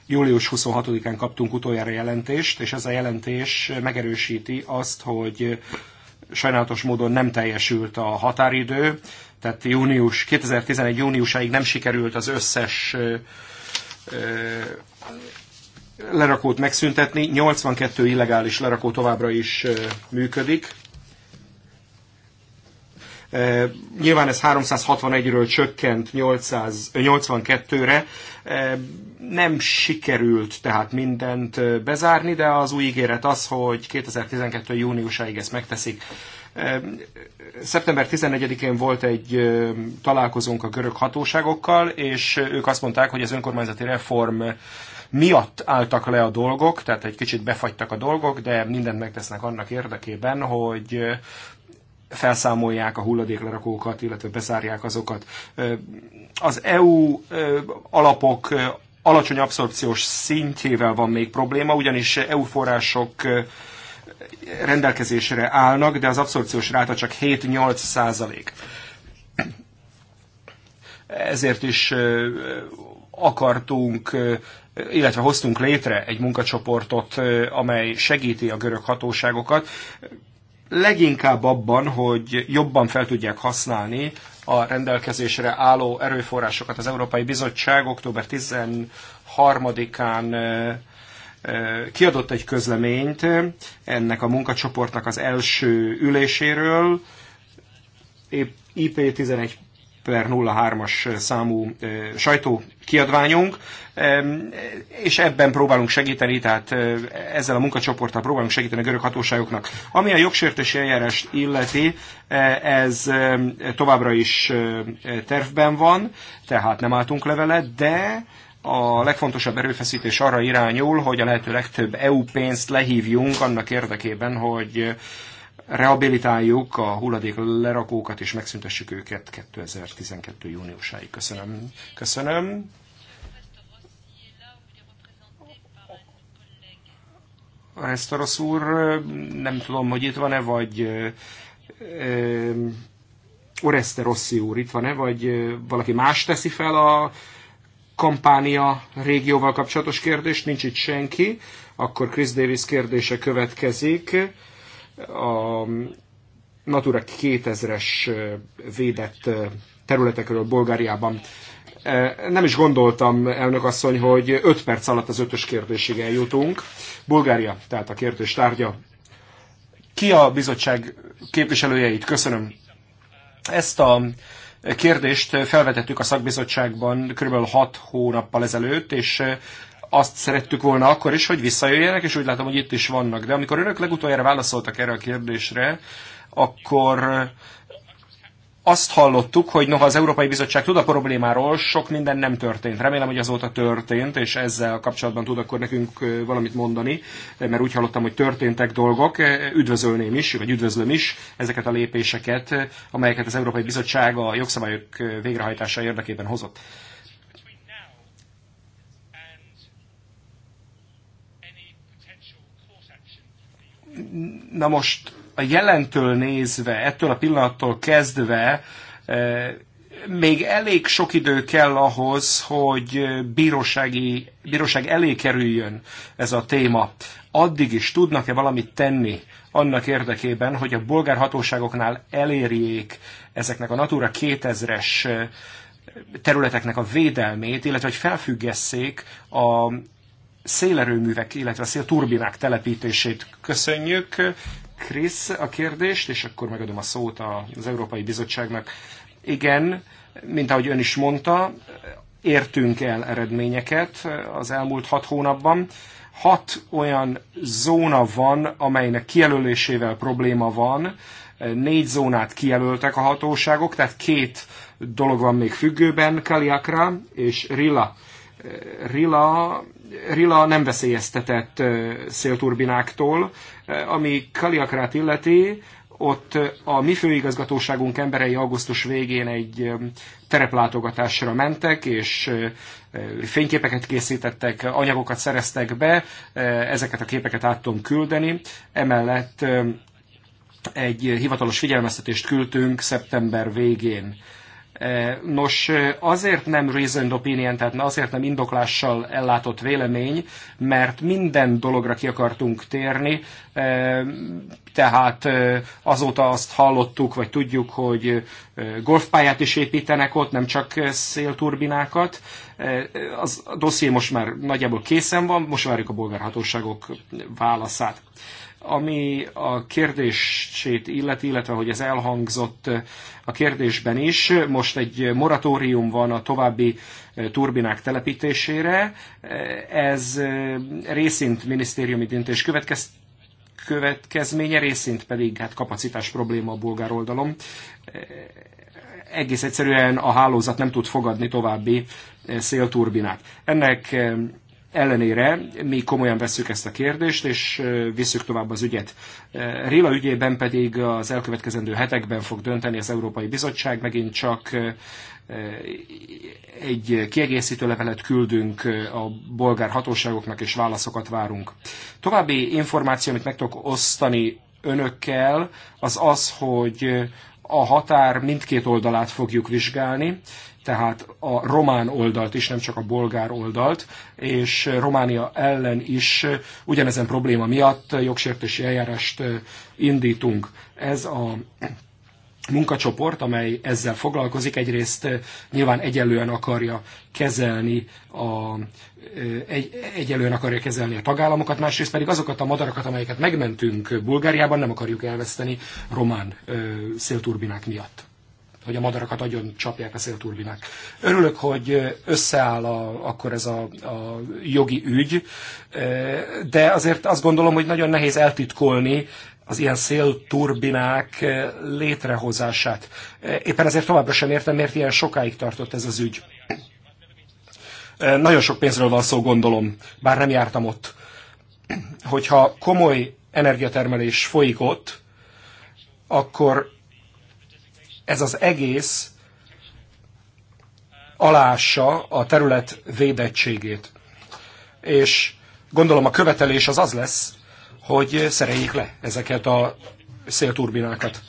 július 26-án kaptunk utoljára jelentést, és ez a jelentés megerősíti azt, hogy sajnálatos módon nem teljesült a határidő, tehát június, 2011 júniusáig nem sikerült az összes lerakót megszüntetni. 82 illegális lerakó továbbra is működik. Nyilván ez 361-ről csökkent 82-re. Nem sikerült tehát mindent bezárni, de az új ígéret az, hogy 2012. júniusáig ezt megteszik. Szeptember 14-én volt egy találkozónk a görög hatóságokkal, és ők azt mondták, hogy az önkormányzati reform miatt álltak le a dolgok, tehát egy kicsit befagytak a dolgok, de mindent megtesznek annak érdekében, hogy felszámolják a hulladéklerakókat, illetve bezárják azokat. Az EU alapok alacsony abszorpciós szintjével van még probléma, ugyanis EU források rendelkezésre állnak, de az abszorpciós ráta csak 7-8 százalék. Ezért is akartunk, illetve hoztunk létre egy munkacsoportot, amely segíti a görög hatóságokat, leginkább abban, hogy jobban fel tudják használni a rendelkezésre álló erőforrásokat. Az Európai Bizottság október 13-án kiadott egy közleményt ennek a munkacsoportnak az első üléséről, IP11 per 03-as számú sajtó kiadványunk, és ebben próbálunk segíteni, tehát ezzel a munkacsoporttal próbálunk segíteni a görög hatóságoknak. Ami a jogsértési eljárást illeti, ez továbbra is tervben van, tehát nem álltunk levele, de a legfontosabb erőfeszítés arra irányul, hogy a lehető legtöbb EU pénzt lehívjunk annak érdekében, hogy rehabilitáljuk a hulladék lerakókat és megszüntessük őket 2012. júniusáig. Köszönöm. Köszönöm. Resztoros úr, nem tudom, hogy itt van-e, vagy Oreste Rossi úr itt van-e, vagy valaki más teszi fel a kampánia régióval kapcsolatos kérdés, nincs itt senki, akkor Chris Davis kérdése következik. A Natura 2000-es védett területekről Bulgáriában. Nem is gondoltam, elnök asszony, hogy 5 perc alatt az ötös kérdésig eljutunk. Bulgária, tehát a kérdés tárgya. Ki a bizottság képviselőjeit? Köszönöm. Ezt a kérdést felvetettük a szakbizottságban kb. 6 hónappal ezelőtt, és eh, azt szerettük volna akkor is, hogy visszajöjjenek, és úgy látom, hogy itt is vannak. De amikor önök legutoljára válaszoltak erre a kérdésre, akkor azt hallottuk, hogy noha az Európai Bizottság tud a problémáról, sok minden nem történt. Remélem, hogy azóta történt, és ezzel kapcsolatban tud akkor nekünk valamit mondani, mert úgy hallottam, hogy történtek dolgok. Üdvözölném is, vagy üdvözlöm is ezeket a lépéseket, amelyeket az Európai Bizottság a jogszabályok végrehajtása érdekében hozott. Na most a jelentől nézve, ettől a pillanattól kezdve e, még elég sok idő kell ahhoz, hogy bírósági, bíróság elé kerüljön ez a téma. Addig is tudnak-e valamit tenni annak érdekében, hogy a bolgár hatóságoknál elérjék ezeknek a Natura 2000-es e, területeknek a védelmét, illetve hogy felfüggesszék a szélerőművek, illetve a szélturbinák telepítését. Köszönjük. Krisz a kérdést, és akkor megadom a szót az Európai Bizottságnak. Igen, mint ahogy ön is mondta, értünk el eredményeket az elmúlt hat hónapban. Hat olyan zóna van, amelynek kijelölésével probléma van. Négy zónát kijelöltek a hatóságok, tehát két dolog van még függőben, Kaliakra és Rila. Rila, Rila nem veszélyeztetett szélturbináktól, ami Kaliakrát illeti, ott a mi főigazgatóságunk emberei augusztus végén egy um, tereplátogatásra mentek, és uh, fényképeket készítettek, anyagokat szereztek be, uh, ezeket a képeket át tudom küldeni. Emellett um, egy hivatalos figyelmeztetést küldtünk szeptember végén Eh, nos, eh, azért nem reasoned opinion, tehát azért nem indoklással ellátott vélemény, mert minden dologra ki akartunk térni, eh, tehát azóta azt hallottuk, vagy tudjuk, hogy golfpályát is építenek ott, nem csak szélturbinákat. Az a dosszié most már nagyjából készen van, most várjuk a bolgárhatóságok válaszát. Ami a kérdését illeti, illetve hogy ez elhangzott a kérdésben is, most egy moratórium van a további eh, turbinák telepítésére. Eh, ez eh, részint minisztériumi döntés következ, következménye, részint pedig hát kapacitás probléma a bolgár oldalon. Egész egyszerűen a hálózat nem tud fogadni további szélturbinát. Ennek ellenére mi komolyan veszük ezt a kérdést, és visszük tovább az ügyet. Rila ügyében pedig az elkövetkezendő hetekben fog dönteni az Európai Bizottság, megint csak egy kiegészítő levelet küldünk a bolgár hatóságoknak, és válaszokat várunk. További információ, amit meg tudok osztani önökkel, az az, hogy a határ mindkét oldalát fogjuk vizsgálni, tehát a román oldalt is, nem csak a bolgár oldalt, és Románia ellen is ugyanezen probléma miatt jogsértési eljárást indítunk. Ez a munkacsoport, amely ezzel foglalkozik, egyrészt nyilván egyelően akarja kezelni a, egy, egyelően akarja kezelni a tagállamokat, másrészt pedig azokat a madarakat, amelyeket megmentünk Bulgáriában, nem akarjuk elveszteni román ö, szélturbinák miatt hogy a madarakat agyon csapják a szélturbinák. Örülök, hogy összeáll a, akkor ez a, a jogi ügy, e, de azért azt gondolom, hogy nagyon nehéz eltitkolni az ilyen szélturbinák e, létrehozását. E, éppen ezért továbbra sem értem, miért ilyen sokáig tartott ez az ügy. Nagyon sok pénzről van szó, gondolom, bár nem jártam ott. Hogyha komoly energiatermelés folyik ott, akkor ez az egész alássa a terület védettségét. És gondolom a követelés az az lesz, hogy szereljék le ezeket a szélturbinákat.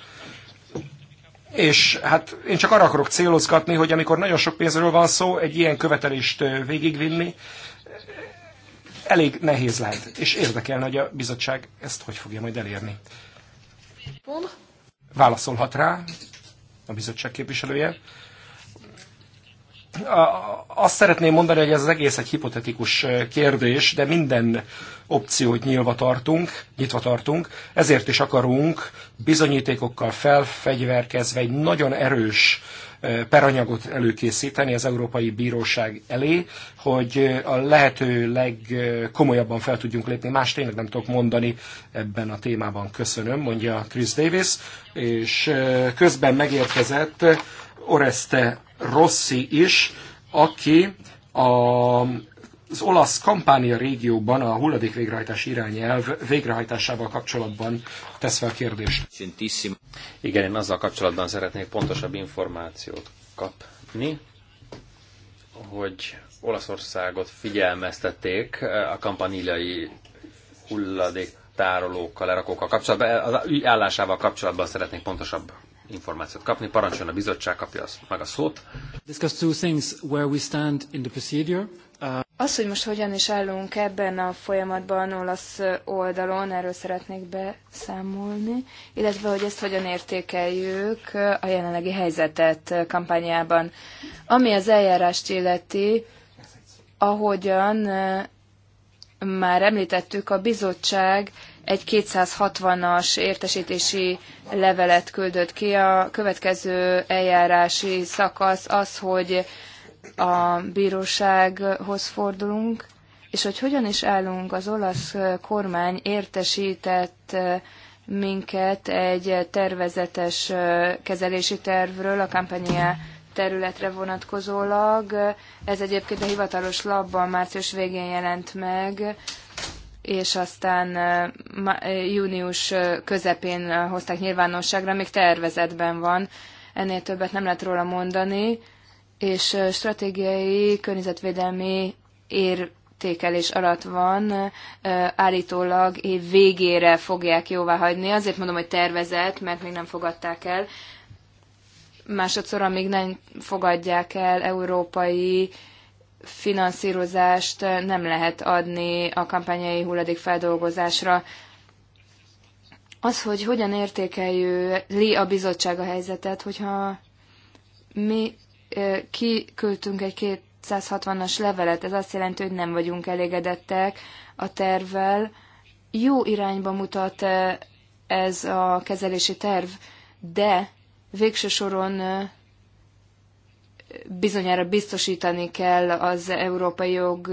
És hát én csak arra akarok célozgatni, hogy amikor nagyon sok pénzről van szó, egy ilyen követelést végigvinni elég nehéz lehet. És érdekelne, hogy a bizottság ezt hogy fogja majd elérni. Válaszolhat rá, a bizottság képviselője. Azt szeretném mondani, hogy ez az egész egy hipotetikus kérdés, de minden opciót nyilva tartunk, nyitva tartunk, ezért is akarunk bizonyítékokkal felfegyverkezve egy nagyon erős peranyagot előkészíteni az Európai Bíróság elé, hogy a lehető legkomolyabban fel tudjunk lépni. Más tényleg nem tudok mondani ebben a témában. Köszönöm, mondja Chris Davis, és közben megérkezett Oreste Rossi is, aki a az olasz kampánia régióban a hulladékvégrehajtás irányelv végrehajtásával kapcsolatban tesz fel kérdést. Igen, én azzal kapcsolatban szeretnék pontosabb információt kapni, hogy Olaszországot figyelmeztették a kampanilai hulladék tárolókkal, lerakókkal kapcsolatban. Az ügy állásával kapcsolatban szeretnék pontosabb információt kapni. Parancsoljon a bizottság, kapja meg a szót. Discuss two things where we stand in the procedure. Az, hogy most hogyan is állunk ebben a folyamatban olasz oldalon, erről szeretnék beszámolni, illetve hogy ezt hogyan értékeljük a jelenlegi helyzetet kampányában. Ami az eljárást illeti, ahogyan eh, már említettük, a bizottság egy 260-as értesítési levelet küldött ki. A következő eljárási szakasz az, hogy a bírósághoz fordulunk, és hogy hogyan is állunk, az olasz kormány értesített minket egy tervezetes kezelési tervről a kampányá területre vonatkozólag. Ez egyébként a hivatalos labban március végén jelent meg, és aztán június közepén hozták nyilvánosságra, még tervezetben van. Ennél többet nem lehet róla mondani és stratégiai környezetvédelmi értékelés alatt van, állítólag év végére fogják jóvá hagyni. Azért mondom, hogy tervezett, mert még nem fogadták el. Másodszor, amíg nem fogadják el európai finanszírozást nem lehet adni a kampányai hulladék feldolgozásra. Az, hogy hogyan értékeljük a bizottság a helyzetet, hogyha mi kiküldtünk egy 260-as levelet, ez azt jelenti, hogy nem vagyunk elégedettek a tervvel. Jó irányba mutat ez a kezelési terv, de végső soron bizonyára biztosítani kell az európai jog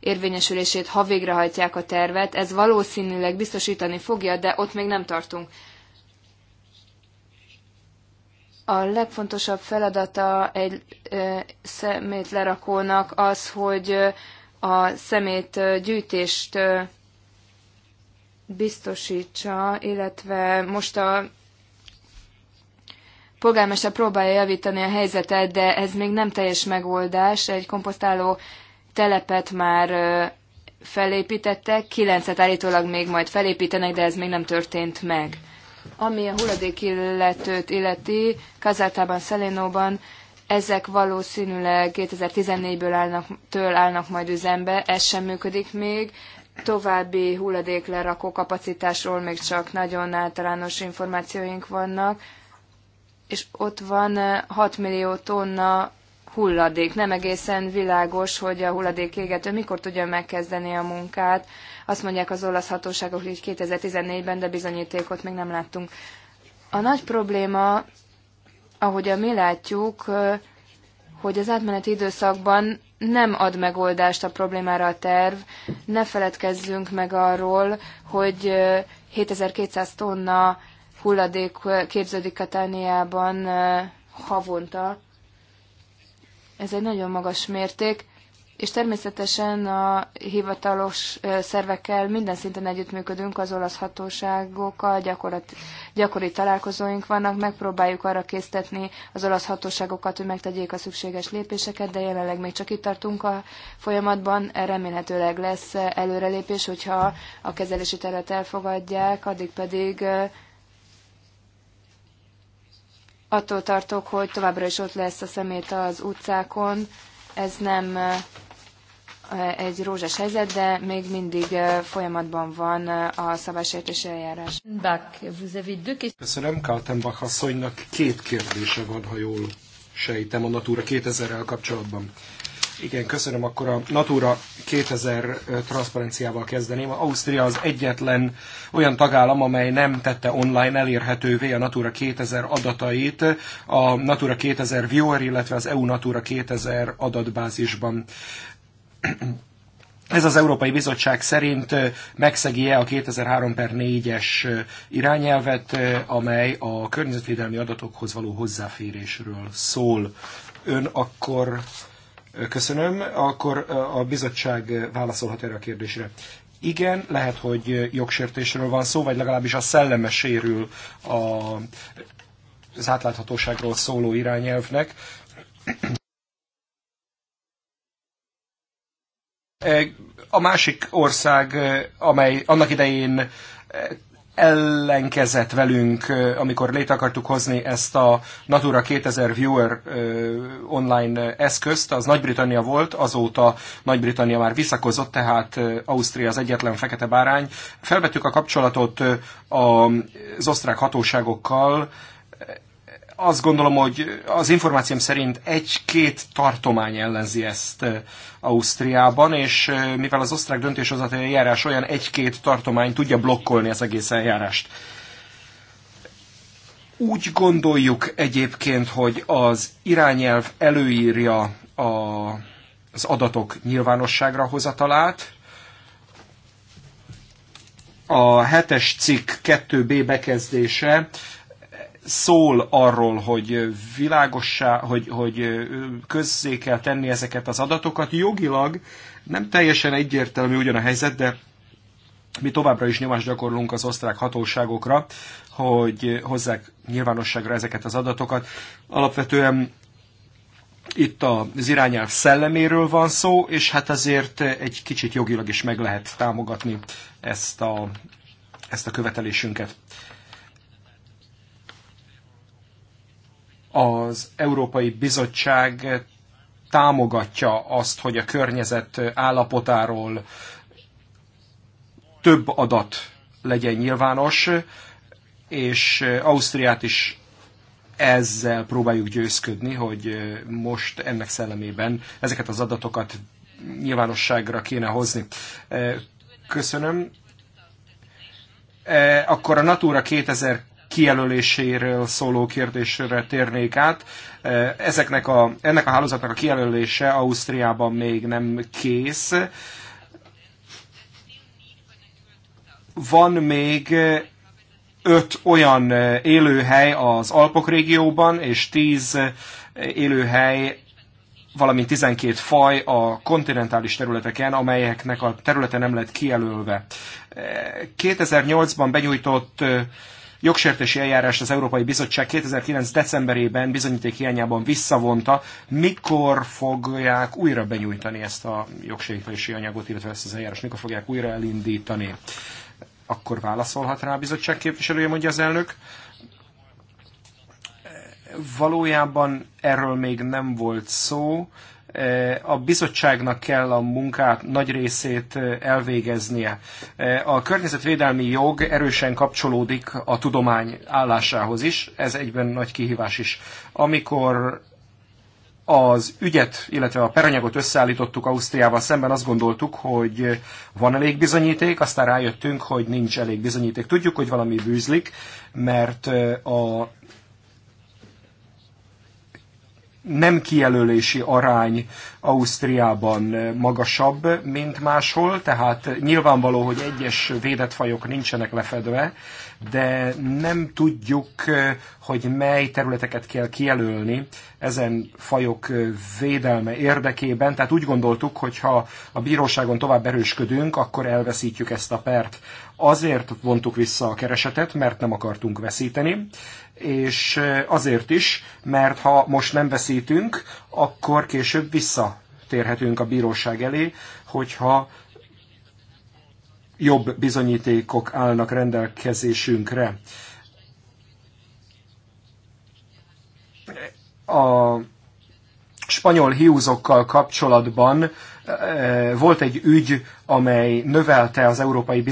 érvényesülését, ha végrehajtják a tervet. Ez valószínűleg biztosítani fogja, de ott még nem tartunk a legfontosabb feladata egy szemétlerakónak az, hogy a gyűjtést biztosítsa, illetve most a polgármester próbálja javítani a helyzetet, de ez még nem teljes megoldás. Egy komposztáló telepet már felépítettek, kilencet állítólag még majd felépítenek, de ez még nem történt meg. Ami a hulladék illetőt illeti, Kazátában, Szelénóban, ezek valószínűleg 2014-ből állnak, től állnak majd üzembe, ez sem működik még. További hulladéklerakó kapacitásról még csak nagyon általános információink vannak, és ott van 6 eh, millió tonna hulladék. Nem egészen világos, hogy a hulladék égető mikor tudja megkezdeni a munkát. Azt mondják az olasz hatóságok, hogy 2014-ben, de bizonyítékot még nem láttunk. A nagy probléma, ahogy a mi látjuk, hogy az átmeneti időszakban nem ad megoldást a problémára a terv. Ne feledkezzünk meg arról, hogy 7200 tonna hulladék képződik Katániában eh, havonta. Ez egy nagyon magas mérték és természetesen a hivatalos szervekkel minden szinten együttműködünk, az olasz hatóságokkal gyakori találkozóink vannak, megpróbáljuk arra késztetni az olasz hatóságokat, hogy megtegyék a szükséges lépéseket, de jelenleg még csak itt tartunk a folyamatban, e remélhetőleg lesz előrelépés, hogyha a kezelési teret elfogadják, addig pedig attól tartok, hogy továbbra is ott lesz a szemét az utcákon, ez nem Eh, egy rózsás helyzet, de még mindig eh, folyamatban van eh, a szabálysértési eljárás. Köszönöm, Kaltenbach asszonynak két kérdése van, ha jól sejtem a Natura 2000-rel kapcsolatban. Igen, köszönöm. Akkor a Natura 2000 transzparenciával kezdeném. Ausztria az egyetlen olyan tagállam, amely nem tette online elérhetővé a Natura 2000 adatait a Natura 2000 Viewer, illetve az EU Natura 2000 adatbázisban. Ez az Európai Bizottság szerint megszegi-e a 2003 per 4-es irányelvet, amely a környezetvédelmi adatokhoz való hozzáférésről szól. Ön akkor, köszönöm, akkor a bizottság válaszolhat erre a kérdésre. Igen, lehet, hogy jogsértésről van szó, vagy legalábbis a szelleme sérül a, az átláthatóságról szóló irányelvnek A másik ország, eh, amely annak idején eh, ellenkezett velünk, eh, amikor létre akartuk hozni ezt a Natura 2000 Viewer online eszközt, az Nagy-Britannia volt, azóta Nagy-Britannia már visszakozott, tehát Ausztria az egyetlen fekete bárány. Felvettük a kapcsolatot az osztrák hatóságokkal, azt gondolom, hogy az információm szerint egy-két tartomány ellenzi ezt eh, Ausztriában, és eh, mivel az osztrák döntéshozatali eljárás olyan, egy-két tartomány tudja blokkolni az egész eljárást. Úgy gondoljuk egyébként, hogy az irányelv előírja a, az adatok nyilvánosságra hozatalát, a hetes cikk 2b bekezdése szól arról, hogy világossá, hogy, hogy közzé kell tenni ezeket az adatokat. Jogilag nem teljesen egyértelmű ugyan a helyzet, de mi továbbra is nyomást gyakorlunk az osztrák hatóságokra, hogy hozzák nyilvánosságra ezeket az adatokat. Alapvetően itt az irányelv szelleméről van szó, és hát azért egy kicsit jogilag is meg lehet támogatni ezt a, ezt a követelésünket. Az Európai Bizottság támogatja azt, hogy a környezet állapotáról több adat legyen nyilvános, és Ausztriát is ezzel próbáljuk győzködni, hogy most ennek szellemében ezeket az adatokat nyilvánosságra kéne hozni. Köszönöm. E, akkor a Natura 2000 kijelöléséről szóló kérdésre térnék át. E, ezeknek a, ennek a hálózatnak a kijelölése Ausztriában még nem kész. Van még öt olyan élőhely az Alpok régióban, és tíz élőhely valamint 12 faj a kontinentális területeken, amelyeknek a területe nem lett kijelölve. 2008-ban e, benyújtott jogsértési eljárást az Európai Bizottság 2009. decemberében bizonyíték hiányában visszavonta. Mikor fogják újra benyújtani ezt a jogsértési anyagot, illetve ezt az eljárást? Mikor fogják újra elindítani? Akkor válaszolhat rá a bizottság képviselője, mondja az elnök valójában erről még nem volt szó. Eh, a bizottságnak kell a munkát nagy részét eh, elvégeznie. Eh, a környezetvédelmi jog erősen kapcsolódik a tudomány állásához is, ez egyben nagy kihívás is. Amikor az ügyet, illetve a peranyagot összeállítottuk Ausztriával szemben, azt gondoltuk, hogy van elég bizonyíték, aztán rájöttünk, hogy nincs elég bizonyíték. Tudjuk, hogy valami bűzlik, mert a nem kijelölési arány Ausztriában magasabb, mint máshol, tehát nyilvánvaló, hogy egyes védett fajok nincsenek lefedve, de nem tudjuk, hogy mely területeket kell kijelölni ezen fajok védelme érdekében. Tehát úgy gondoltuk, hogy ha a bíróságon tovább erősködünk, akkor elveszítjük ezt a pert. Azért vontuk vissza a keresetet, mert nem akartunk veszíteni, és azért is, mert ha most nem veszítünk, akkor később vissza térhetünk a bíróság elé, hogyha jobb bizonyítékok állnak rendelkezésünkre. A spanyol hiúzokkal kapcsolatban e, volt egy ügy, amely növelte az Európai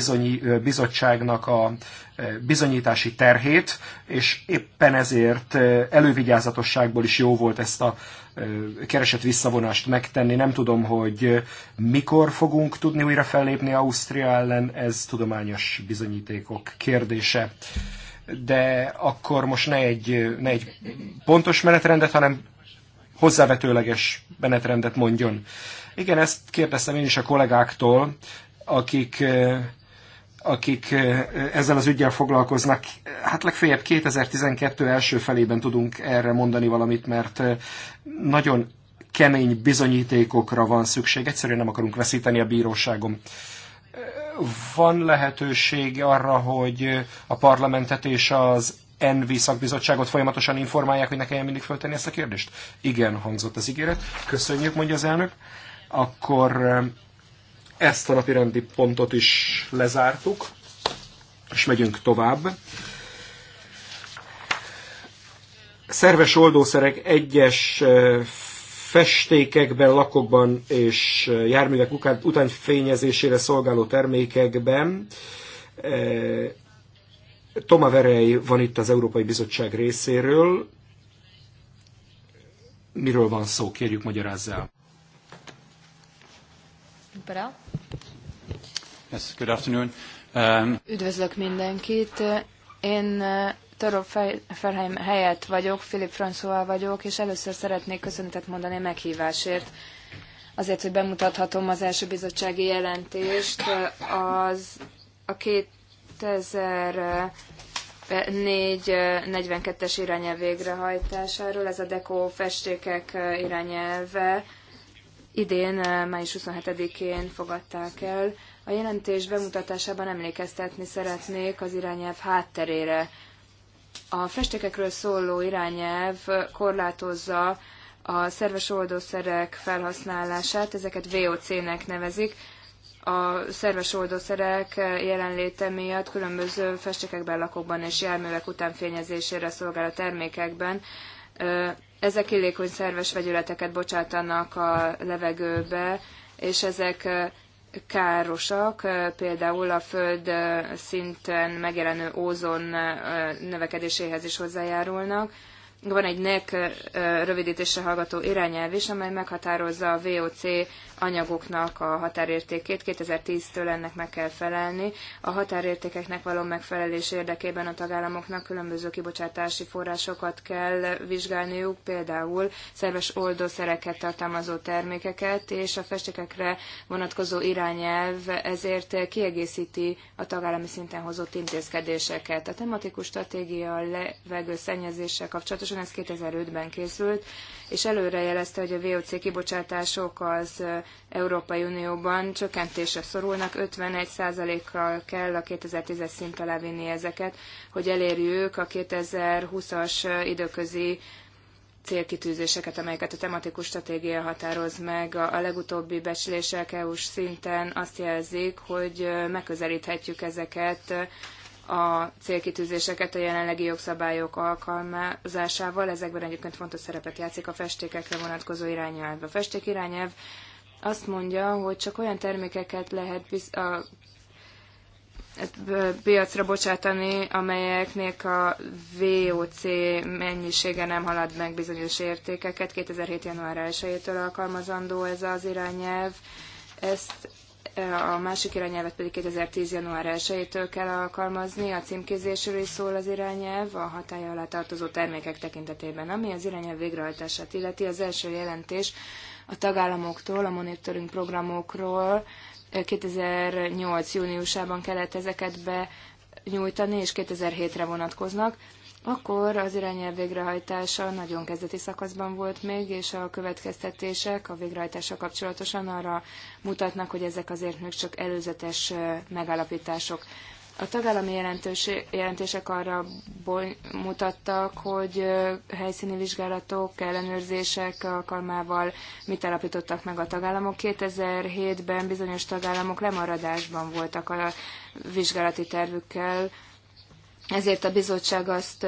Bizottságnak a e, bizonyítási terhét, és éppen ezért e, elővigyázatosságból is jó volt ezt a keresett visszavonást megtenni. Nem tudom, hogy mikor fogunk tudni újra fellépni Ausztria ellen, ez tudományos bizonyítékok kérdése de akkor most ne egy, ne egy pontos menetrendet, hanem hozzávetőleges menetrendet mondjon. Igen, ezt kérdeztem én is a kollégáktól, akik eh, akik eh, ezzel az ügyel foglalkoznak. Hát legfeljebb 2012 első felében tudunk erre mondani valamit, mert eh, nagyon kemény bizonyítékokra van szükség. Egyszerűen nem akarunk veszíteni a bíróságon. Van lehetőség arra, hogy a parlamentet és az NV szakbizottságot folyamatosan informálják, hogy ne kelljen mindig föltenni ezt a kérdést? Igen, hangzott az ígéret. Köszönjük, mondja az elnök. Akkor ezt a napi rendi pontot is lezártuk, és megyünk tovább. Szerves oldószerek egyes eh, festékekben, lakokban és eh, járművek fényezésére szolgáló termékekben eh, Toma Verej van itt az Európai Bizottság részéről. Miről van szó? Kérjük, magyarázza el. Yes, good afternoon. Um... Üdvözlök mindenkit. Én uh, Tarok Ferheim helyett vagyok, Filip François vagyok, és először szeretnék köszönetet mondani a meghívásért. Azért, hogy bemutathatom az első bizottsági jelentést, uh, az a két 2004 42 es irányelv végrehajtásáról, ez a DECO festékek irányelve idén, eh, május 27-én fogadták el. A jelentés bemutatásában emlékeztetni szeretnék az irányelv hátterére. A festékekről szóló irányelv korlátozza a szerves oldószerek felhasználását, ezeket VOC-nek nevezik, a szerves oldószerek jelenléte miatt különböző festékekben, lakókban és járművek szolgál szolgáló termékekben ezek illékony szerves vegyületeket bocsátanak a levegőbe, és ezek károsak, például a föld szinten megjelenő ózon növekedéséhez is hozzájárulnak. Van egy NEC rövidítésre hallgató irányelv is, amely meghatározza a VOC anyagoknak a határértékét. 2010-től ennek meg kell felelni. A határértékeknek való megfelelés érdekében a tagállamoknak különböző kibocsátási forrásokat kell vizsgálniuk, például szerves oldószereket tartalmazó termékeket, és a festékekre vonatkozó irányelv ezért kiegészíti a tagállami szinten hozott intézkedéseket. A tematikus stratégia a levegő szennyezéssel kapcsolatosan ez 2005-ben készült, és előrejelezte, hogy a VOC kibocsátások az Európai Unióban csökkentésre szorulnak, 51%-kal kell a 2010-es szint alá vinni ezeket, hogy elérjük a 2020-as időközi célkitűzéseket, amelyeket a tematikus stratégia határoz meg. A legutóbbi becslések EU-s szinten azt jelzik, hogy megközelíthetjük ezeket a célkitűzéseket a jelenlegi jogszabályok alkalmazásával. Ezekben egyébként fontos szerepet játszik a festékekre vonatkozó irányelv. A festék irányelv azt mondja, hogy csak olyan termékeket lehet biz- a hát, piacra bocsátani, amelyeknek a VOC mennyisége nem halad meg bizonyos értékeket. 2007. január 1-től alkalmazandó ez az irányelv. Ezt a másik irányelvet pedig 2010. január 1-től kell alkalmazni, a címkézésről is szól az irányelv, a hatája alá tartozó termékek tekintetében. Ami az irányelv végrehajtását illeti, az első jelentés a tagállamoktól, a monitoring programokról 2008. Eh, júniusában kellett ezeket be nyújtani, és 2007-re vonatkoznak. Akkor az irányelv végrehajtása nagyon kezdeti szakaszban volt még, és a következtetések a végrehajtása kapcsolatosan arra mutatnak, hogy ezek azért még csak előzetes megállapítások. A tagállami jelentések arra mutattak, hogy helyszíni vizsgálatok, ellenőrzések alkalmával mit alapítottak meg a tagállamok. 2007-ben bizonyos tagállamok lemaradásban voltak a vizsgálati tervükkel, ezért a bizottság azt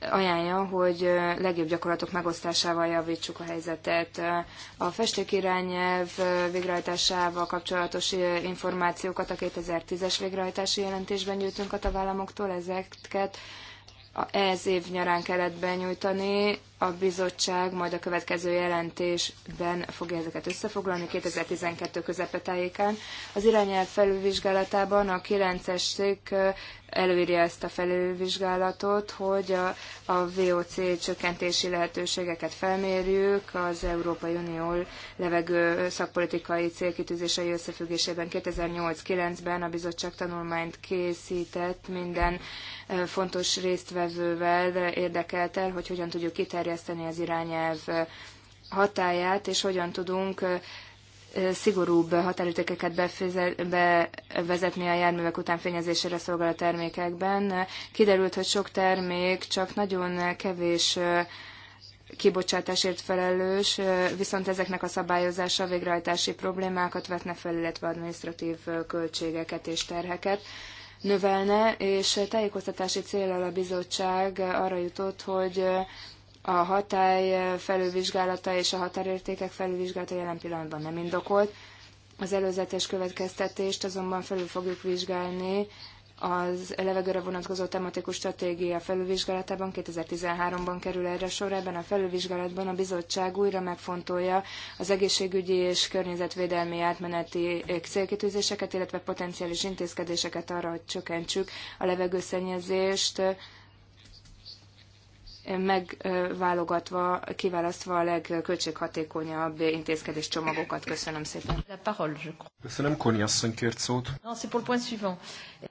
ajánlja, hogy legjobb gyakorlatok megosztásával javítsuk a helyzetet. A festékirányelv végrehajtásával kapcsolatos információkat a 2010-es végrehajtási jelentésben gyűjtünk a tagállamoktól, ezeket ez év nyarán kellett benyújtani, a bizottság majd a következő jelentésben fogja ezeket összefoglalni 2012 közepe tájéken. Az irányelv felülvizsgálatában a 9-es szék előírja ezt a felülvizsgálatot, hogy a, a VOC csökkentési lehetőségeket felmérjük az Európai Unió levegő szakpolitikai célkitűzései összefüggésében 2008-9-ben a bizottság tanulmányt készített minden fontos résztvevővel érdekelt el, hogy hogyan tudjuk kiterjedni kiterjeszteni az irányelv hatáját, és hogyan tudunk szigorúbb határütékeket bevezetni a járművek után fényezésére szolgáló termékekben. Kiderült, hogy sok termék csak nagyon kevés kibocsátásért felelős, viszont ezeknek a szabályozása végrehajtási problémákat vetne fel, illetve administratív költségeket és terheket növelne, és tájékoztatási célral a bizottság arra jutott, hogy a hatály felülvizsgálata és a határértékek felülvizsgálata jelen pillanatban nem indokolt. Az előzetes következtetést azonban felül fogjuk vizsgálni az levegőre vonatkozó tematikus stratégia felülvizsgálatában 2013-ban kerül erre sor. Ebben a felülvizsgálatban a bizottság újra megfontolja az egészségügyi és környezetvédelmi átmeneti célkitűzéseket, illetve potenciális intézkedéseket arra, hogy csökkentsük a levegőszennyezést megválogatva, kiválasztva a legköltséghatékonyabb intézkedés csomagokat. Köszönöm szépen. Köszönöm, Koni asszony kért szót.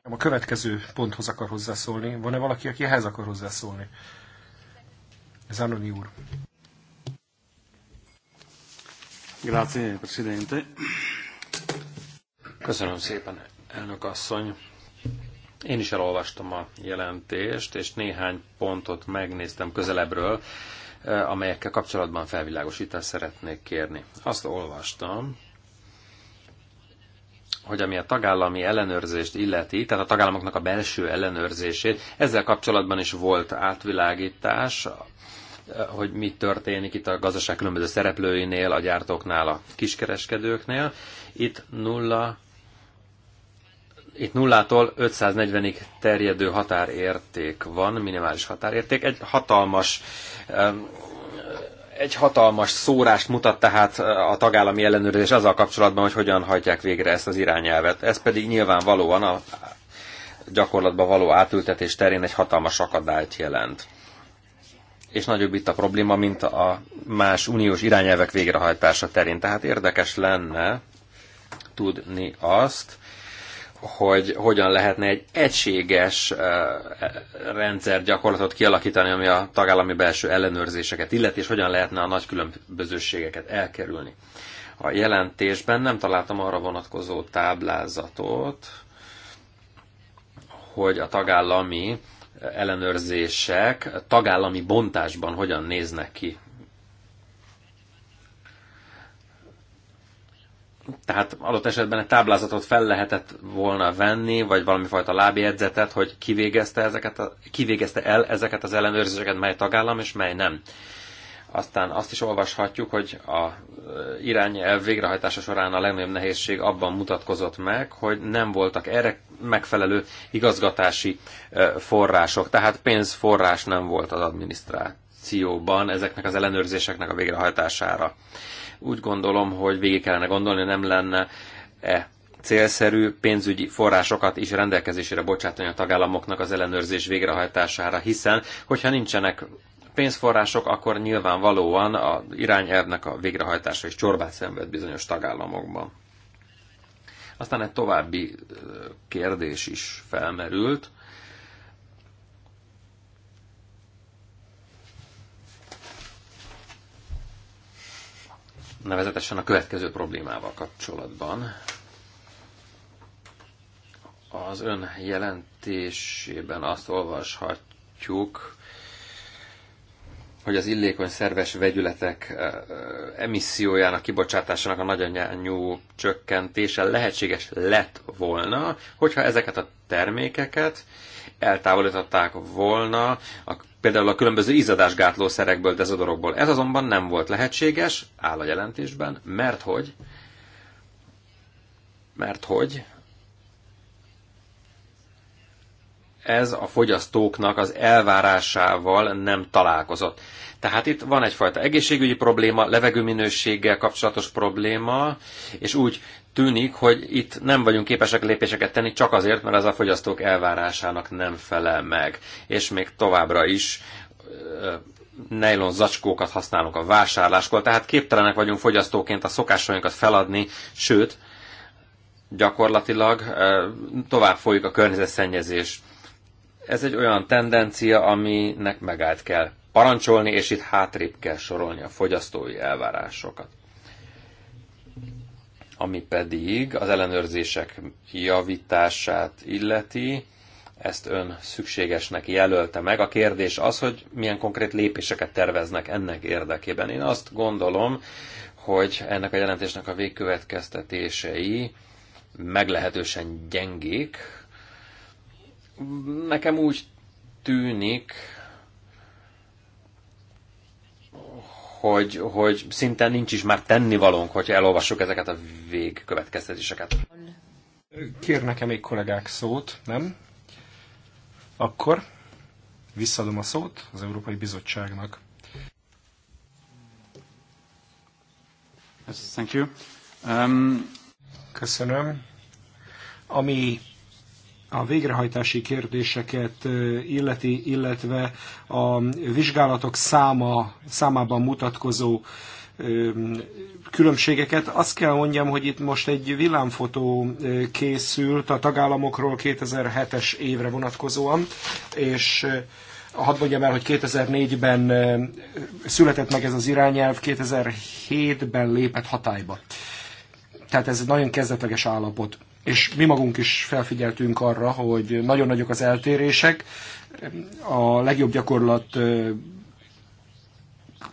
A következő ponthoz akar hozzászólni. Van-e valaki, aki ehhez akar hozzászólni? Zanoni úr. Grazie, Presidente. Köszönöm szépen, elnök asszony. Én is elolvastam a jelentést, és néhány pontot megnéztem közelebbről, eh, amelyekkel kapcsolatban felvilágosítást szeretnék kérni. Azt olvastam, hogy ami a tagállami ellenőrzést illeti, tehát a tagállamoknak a belső ellenőrzését, ezzel kapcsolatban is volt átvilágítás, eh, hogy mi történik itt a gazdaság különböző szereplőinél, a gyártóknál, a kiskereskedőknél. Itt nulla itt nullától 540-ig terjedő határérték van, minimális határérték. Egy hatalmas egy hatalmas szórást mutat tehát a tagállami ellenőrzés azzal kapcsolatban, hogy hogyan hajtják végre ezt az irányelvet. Ez pedig nyilvánvalóan a gyakorlatban való átültetés terén egy hatalmas akadályt jelent. És nagyobb itt a probléma, mint a más uniós irányelvek végrehajtása terén. Tehát érdekes lenne tudni azt, hogy hogyan lehetne egy egységes rendszer gyakorlatot kialakítani, ami a tagállami belső ellenőrzéseket illeti, és hogyan lehetne a nagy különbözőségeket elkerülni. A jelentésben nem találtam arra vonatkozó táblázatot, hogy a tagállami ellenőrzések tagállami bontásban hogyan néznek ki. tehát adott esetben egy táblázatot fel lehetett volna venni, vagy valami fajta lábjegyzetet, hogy kivégezte, ezeket a, kivégezte el ezeket az ellenőrzéseket, mely tagállam és mely nem. Aztán azt is olvashatjuk, hogy a irány végrehajtása során a legnagyobb nehézség abban mutatkozott meg, hogy nem voltak erre megfelelő igazgatási források, tehát pénzforrás nem volt az adminisztrációban ezeknek az ellenőrzéseknek a végrehajtására. Úgy gondolom, hogy végig kellene gondolni, nem lenne -e célszerű pénzügyi forrásokat is rendelkezésére bocsátani a tagállamoknak az ellenőrzés végrehajtására, hiszen hogyha nincsenek pénzforrások, akkor nyilvánvalóan a irányelvnek a végrehajtása is csorbát szenved bizonyos tagállamokban. Aztán egy további kérdés is felmerült. nevezetesen a következő problémával kapcsolatban. Az ön jelentésében azt olvashatjuk, hogy az illékony szerves vegyületek emissziójának, kibocsátásának a nagyanyú csökkentése lehetséges lett volna, hogyha ezeket a termékeket eltávolították volna a például a különböző izzadásgátló szerekből, dezodorokból. Ez azonban nem volt lehetséges, áll a jelentésben, mert hogy mert hogy ez a fogyasztóknak az elvárásával nem találkozott. Tehát itt van egyfajta egészségügyi probléma, levegőminőséggel kapcsolatos probléma, és úgy tűnik, hogy itt nem vagyunk képesek lépéseket tenni csak azért, mert ez a fogyasztók elvárásának nem felel meg. És még továbbra is nejlon zacskókat használunk a vásárláskor, tehát képtelenek vagyunk fogyasztóként a szokásainkat feladni, sőt, gyakorlatilag tovább folyik a környezetszennyezés. Ez egy olyan tendencia, aminek megállt kell parancsolni, és itt hátrébb kell sorolni a fogyasztói elvárásokat. Ami pedig az ellenőrzések javítását illeti, ezt ön szükségesnek jelölte meg. A kérdés az, hogy milyen konkrét lépéseket terveznek ennek érdekében. Én azt gondolom, hogy ennek a jelentésnek a végkövetkeztetései meglehetősen gyengék. Nekem úgy tűnik, hogy, hogy szinte nincs is már tennivalónk, hogyha elolvassuk ezeket a végkövetkeztetéseket. Kér nekem még kollégák szót, nem? Akkor visszadom a szót az Európai Bizottságnak. thank you. Um... Köszönöm. Ami a végrehajtási kérdéseket illeti, illetve a vizsgálatok száma, számában mutatkozó különbségeket. Azt kell mondjam, hogy itt most egy villámfotó készült a tagállamokról 2007-es évre vonatkozóan, és hadd mondjam el, hogy 2004-ben született meg ez az irányelv, 2007-ben lépett hatályba. Tehát ez egy nagyon kezdetleges állapot és mi magunk is felfigyeltünk arra, hogy nagyon nagyok az eltérések. A legjobb gyakorlat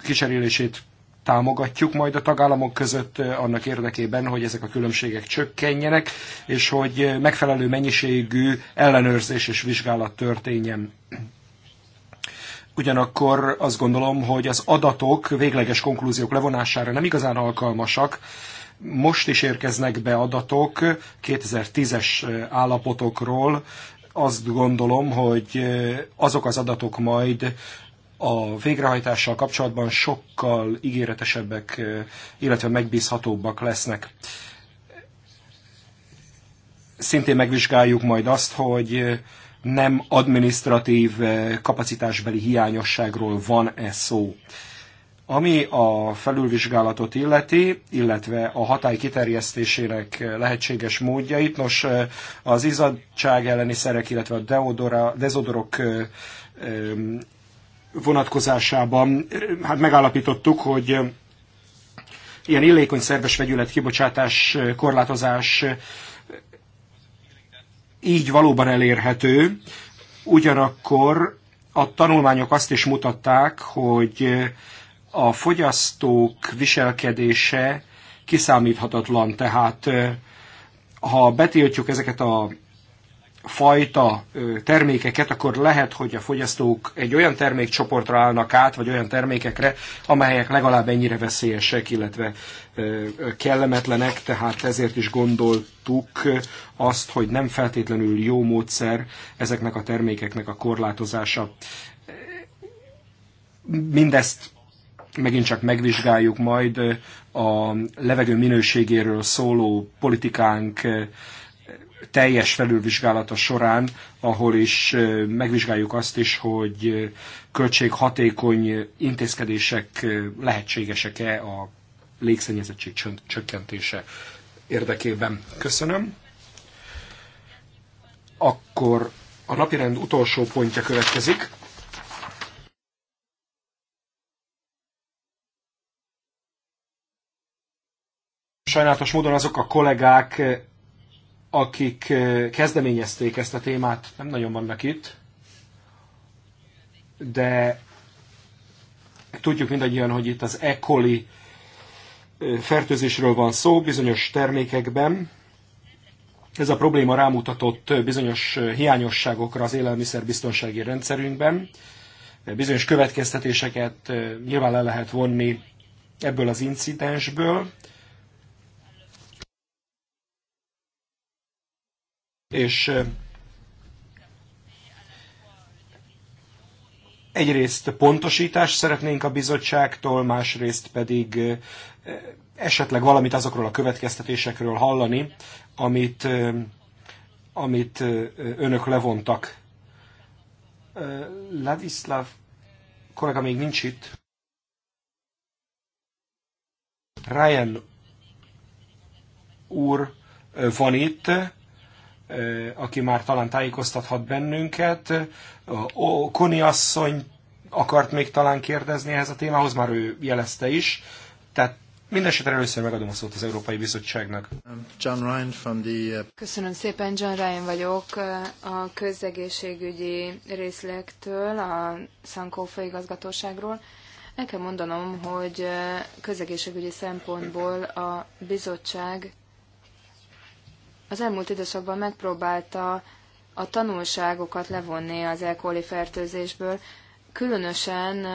kicserélését támogatjuk majd a tagállamok között annak érdekében, hogy ezek a különbségek csökkenjenek, és hogy megfelelő mennyiségű ellenőrzés és vizsgálat történjen. Ugyanakkor azt gondolom, hogy az adatok végleges konklúziók levonására nem igazán alkalmasak, most is érkeznek be adatok 2010-es eh, állapotokról. Azt gondolom, hogy eh, azok az adatok majd a végrehajtással kapcsolatban sokkal ígéretesebbek, eh, illetve megbízhatóbbak lesznek. Szintén megvizsgáljuk majd azt, hogy nem administratív kapacitásbeli hiányosságról van-e szó. Ami a felülvizsgálatot illeti, illetve a hatály kiterjesztésének lehetséges módjait, nos, az izadság elleni szerek, illetve a deodora, dezodorok vonatkozásában hát megállapítottuk, hogy ilyen illékony szerves vegyület kibocsátás korlátozás így valóban elérhető, ugyanakkor a tanulmányok azt is mutatták, hogy a fogyasztók viselkedése kiszámíthatatlan, tehát ha betiltjuk ezeket a fajta termékeket, akkor lehet, hogy a fogyasztók egy olyan termékcsoportra állnak át, vagy olyan termékekre, amelyek legalább ennyire veszélyesek, illetve kellemetlenek, tehát ezért is gondoltuk azt, hogy nem feltétlenül jó módszer ezeknek a termékeknek a korlátozása. Mindezt megint csak megvizsgáljuk majd a levegő minőségéről szóló politikánk teljes felülvizsgálata során, ahol is megvizsgáljuk azt is, hogy költséghatékony intézkedések lehetségesek-e a légszennyezettség csökkentése érdekében. Köszönöm. Akkor a napirend utolsó pontja következik. sajnálatos módon azok a kollégák, eh, akik eh, kezdeményezték ezt a témát, nem nagyon vannak itt, de tudjuk mindannyian, hogy itt az E. coli eh, fertőzésről van szó bizonyos termékekben. Ez a probléma rámutatott bizonyos hiányosságokra az élelmiszerbiztonsági rendszerünkben. Bizonyos következtetéseket nyilván le lehet vonni ebből az incidensből. és egyrészt pontosítást szeretnénk a bizottságtól, másrészt pedig esetleg valamit azokról a következtetésekről hallani, amit, amit önök levontak. Ladislav kollega még nincs itt. Ryan úr van itt, aki már talán tájékoztathat bennünket. Koni asszony akart még talán kérdezni ehhez a témához, már ő jelezte is. Tehát Mindenesetre először megadom a szót az Európai Bizottságnak. Um, John Ryan from the... Uh, Köszönöm szépen, John Ryan vagyok a közegészségügyi részlektől, a Szankófa igazgatóságról. El kell mondanom, hogy közegészségügyi szempontból a bizottság az elmúlt időszakban megpróbálta a tanulságokat levonni az elkóli fertőzésből. Különösen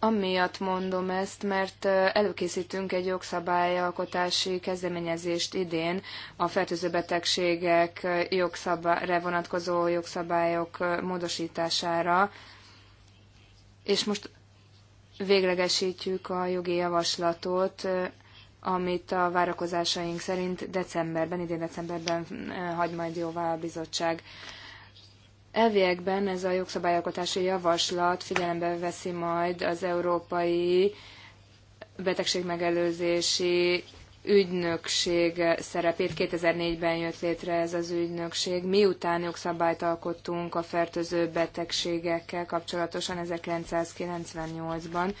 amiatt mondom ezt, mert előkészítünk egy jogszabályalkotási kezdeményezést idén a fertőző betegségek jogszabályra vonatkozó jogszabályok módosítására, és most véglegesítjük a jogi javaslatot, amit a várakozásaink szerint decemberben, idén decemberben eh, hagy majd jóvá a bizottság. Elviekben ez a jogszabályalkotási javaslat figyelembe veszi majd az európai betegségmegelőzési ügynökség szerepét. 2004-ben jött létre ez az ügynökség. Miután jogszabályt alkottunk a fertőző betegségekkel kapcsolatosan 1998-ban,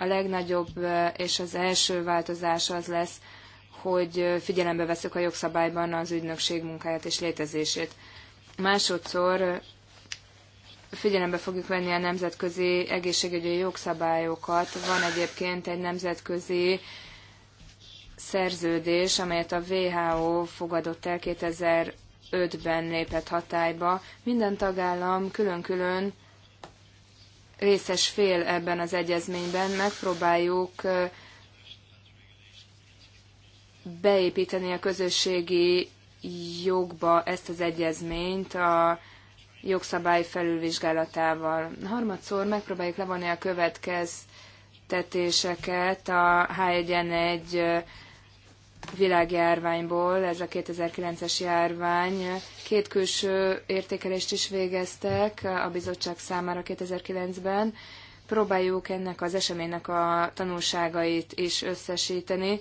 a legnagyobb és az első változás az lesz, hogy figyelembe veszük a jogszabályban az ügynökség munkáját és létezését. Másodszor figyelembe fogjuk venni a nemzetközi egészségügyi jogszabályokat. Van egyébként egy nemzetközi szerződés, amelyet a WHO fogadott el 2005-ben lépett hatályba. Minden tagállam külön-külön részes fél ebben az egyezményben, megpróbáljuk beépíteni a közösségi jogba ezt az egyezményt a jogszabály felülvizsgálatával. Harmadszor megpróbáljuk levonni a következtetéseket a H1N1 világjárványból, ez a 2009-es járvány. Két külső értékelést is végeztek a bizottság számára 2009-ben. Próbáljuk ennek az eseménynek a tanulságait is összesíteni,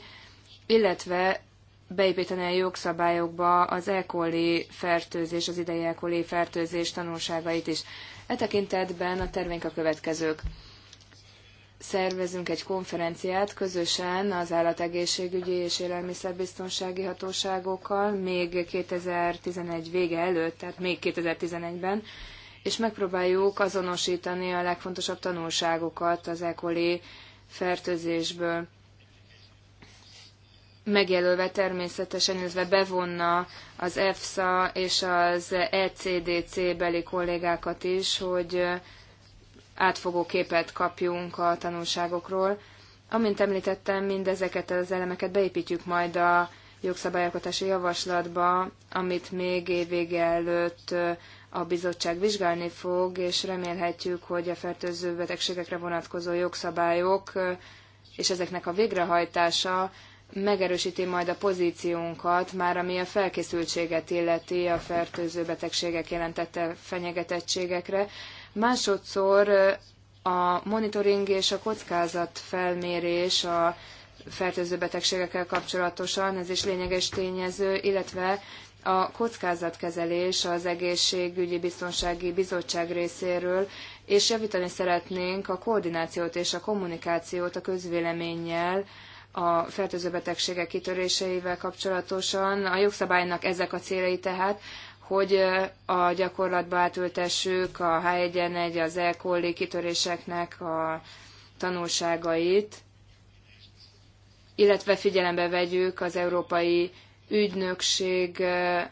illetve beépíteni a jogszabályokba az E. fertőzés, az idei E. fertőzés tanulságait is. E tekintetben a tervénk a következők szervezünk egy konferenciát közösen az állategészségügyi és élelmiszerbiztonsági hatóságokkal még 2011 vége előtt, tehát még 2011-ben, és megpróbáljuk azonosítani a legfontosabb tanulságokat az ekoli fertőzésből. Megjelölve természetesen, illetve bevonna az EFSA és az ECDC beli kollégákat is, hogy átfogó képet kapjunk a tanulságokról. Amint említettem, mindezeket az elemeket beépítjük majd a jogszabályalkotási javaslatba, amit még évvége előtt a bizottság vizsgálni fog, és remélhetjük, hogy a fertőző betegségekre vonatkozó jogszabályok és ezeknek a végrehajtása megerősíti majd a pozíciónkat, már ami a felkészültséget illeti a fertőző betegségek jelentette fenyegetettségekre, Másodszor a monitoring és a kockázatfelmérés a fertőző betegségekkel kapcsolatosan, ez is lényeges tényező, illetve a kockázatkezelés az Egészségügyi Biztonsági Bizottság részéről, és javítani szeretnénk a koordinációt és a kommunikációt a közvéleménnyel, a fertőző betegségek kitöréseivel kapcsolatosan. A jogszabálynak ezek a célei tehát hogy a gyakorlatba átültessük a h 1 n az e coli kitöréseknek a tanulságait, illetve figyelembe vegyük az európai ügynökség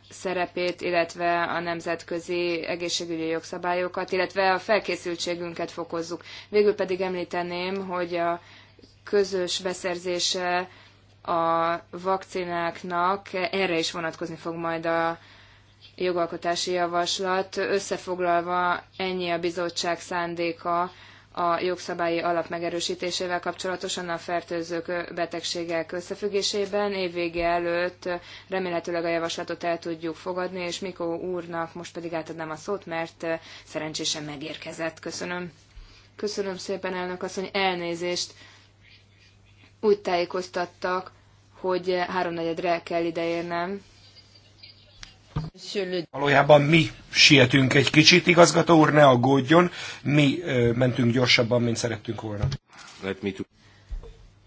szerepét, illetve a nemzetközi egészségügyi jogszabályokat, illetve a felkészültségünket fokozzuk. Végül pedig említeném, hogy a közös beszerzése a vakcináknak erre is vonatkozni fog majd a jogalkotási javaslat. Összefoglalva ennyi a bizottság szándéka a jogszabályi alap megerősítésével kapcsolatosan a fertőzők betegségek összefüggésében. Évvége előtt remélhetőleg a javaslatot el tudjuk fogadni, és Mikó úrnak most pedig átadnám a szót, mert szerencsésen megérkezett. Köszönöm. Köszönöm szépen, elnök asszony, elnézést. Úgy tájékoztattak, hogy háromnegyedre kell ideérnem, Valójában mi sietünk egy kicsit, igazgató úr, ne aggódjon, mi mentünk gyorsabban, mint szerettünk volna.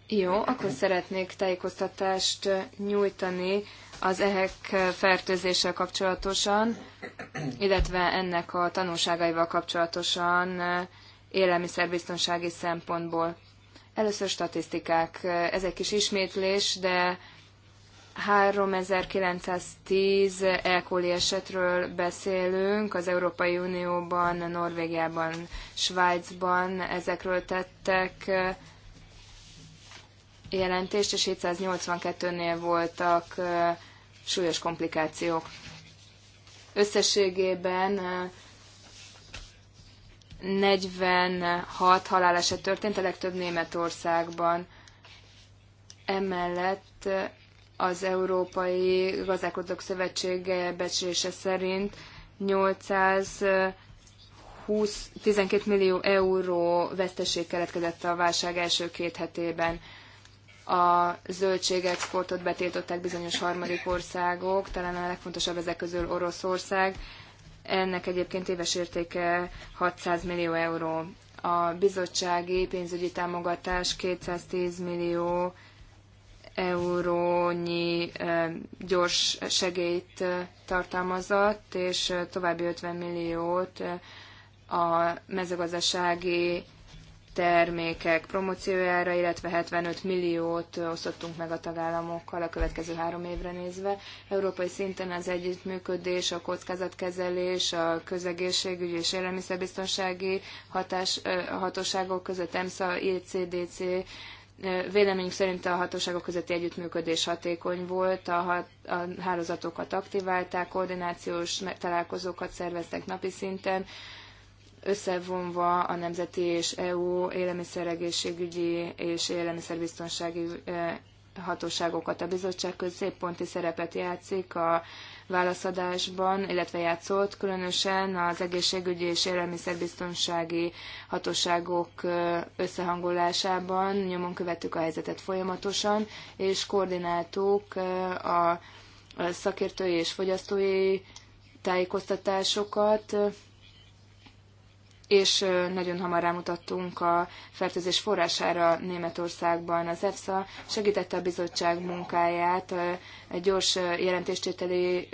Jó, akkor szeretnék tájékoztatást nyújtani az ehek fertőzéssel kapcsolatosan, illetve ennek a tanulságaival kapcsolatosan élelmiszerbiztonsági szempontból. Először statisztikák. Ez egy kis ismétlés, de 3910 elkóli esetről beszélünk az Európai Unióban, Norvégiában, Svájcban. Ezekről tettek jelentést, és 782-nél voltak súlyos komplikációk. Összességében 46 haláleset történt, a legtöbb Németországban. Emellett az Európai Gazdálkodók Szövetsége becslése szerint 800 20, 12 millió euró veszteség keletkezett a válság első két hetében. A zöldségexportot betiltották bizonyos harmadik országok, talán a legfontosabb ezek közül Oroszország. Ennek egyébként éves értéke 600 millió euró. A bizottsági pénzügyi támogatás 210 millió eurónyi gyors segélyt tartalmazott, és további 50 milliót a mezőgazdasági termékek promóciójára, illetve 75 milliót osztottunk meg a tagállamokkal a következő három évre nézve. Európai szinten az együttműködés, a kockázatkezelés, a közegészségügyi és élelmiszerbiztonsági hatás, hatóságok között EMSA, ICDC, Véleményünk szerint a hatóságok közötti együttműködés hatékony volt, a, hat, a hálózatokat aktiválták, koordinációs találkozókat szerveztek napi szinten, összevonva a nemzeti és EU élelmiszeregészségügyi és élelmiszerbiztonsági hatóságokat. A bizottság középponti szerepet játszik a válaszadásban, illetve játszott, különösen az egészségügyi és élelmiszerbiztonsági hatóságok összehangolásában nyomon követtük a helyzetet folyamatosan, és koordináltuk a szakértői és fogyasztói tájékoztatásokat, és nagyon hamar rámutattunk a fertőzés forrására Németországban. Az EFSA segítette a bizottság munkáját egy gyors jelentéstételi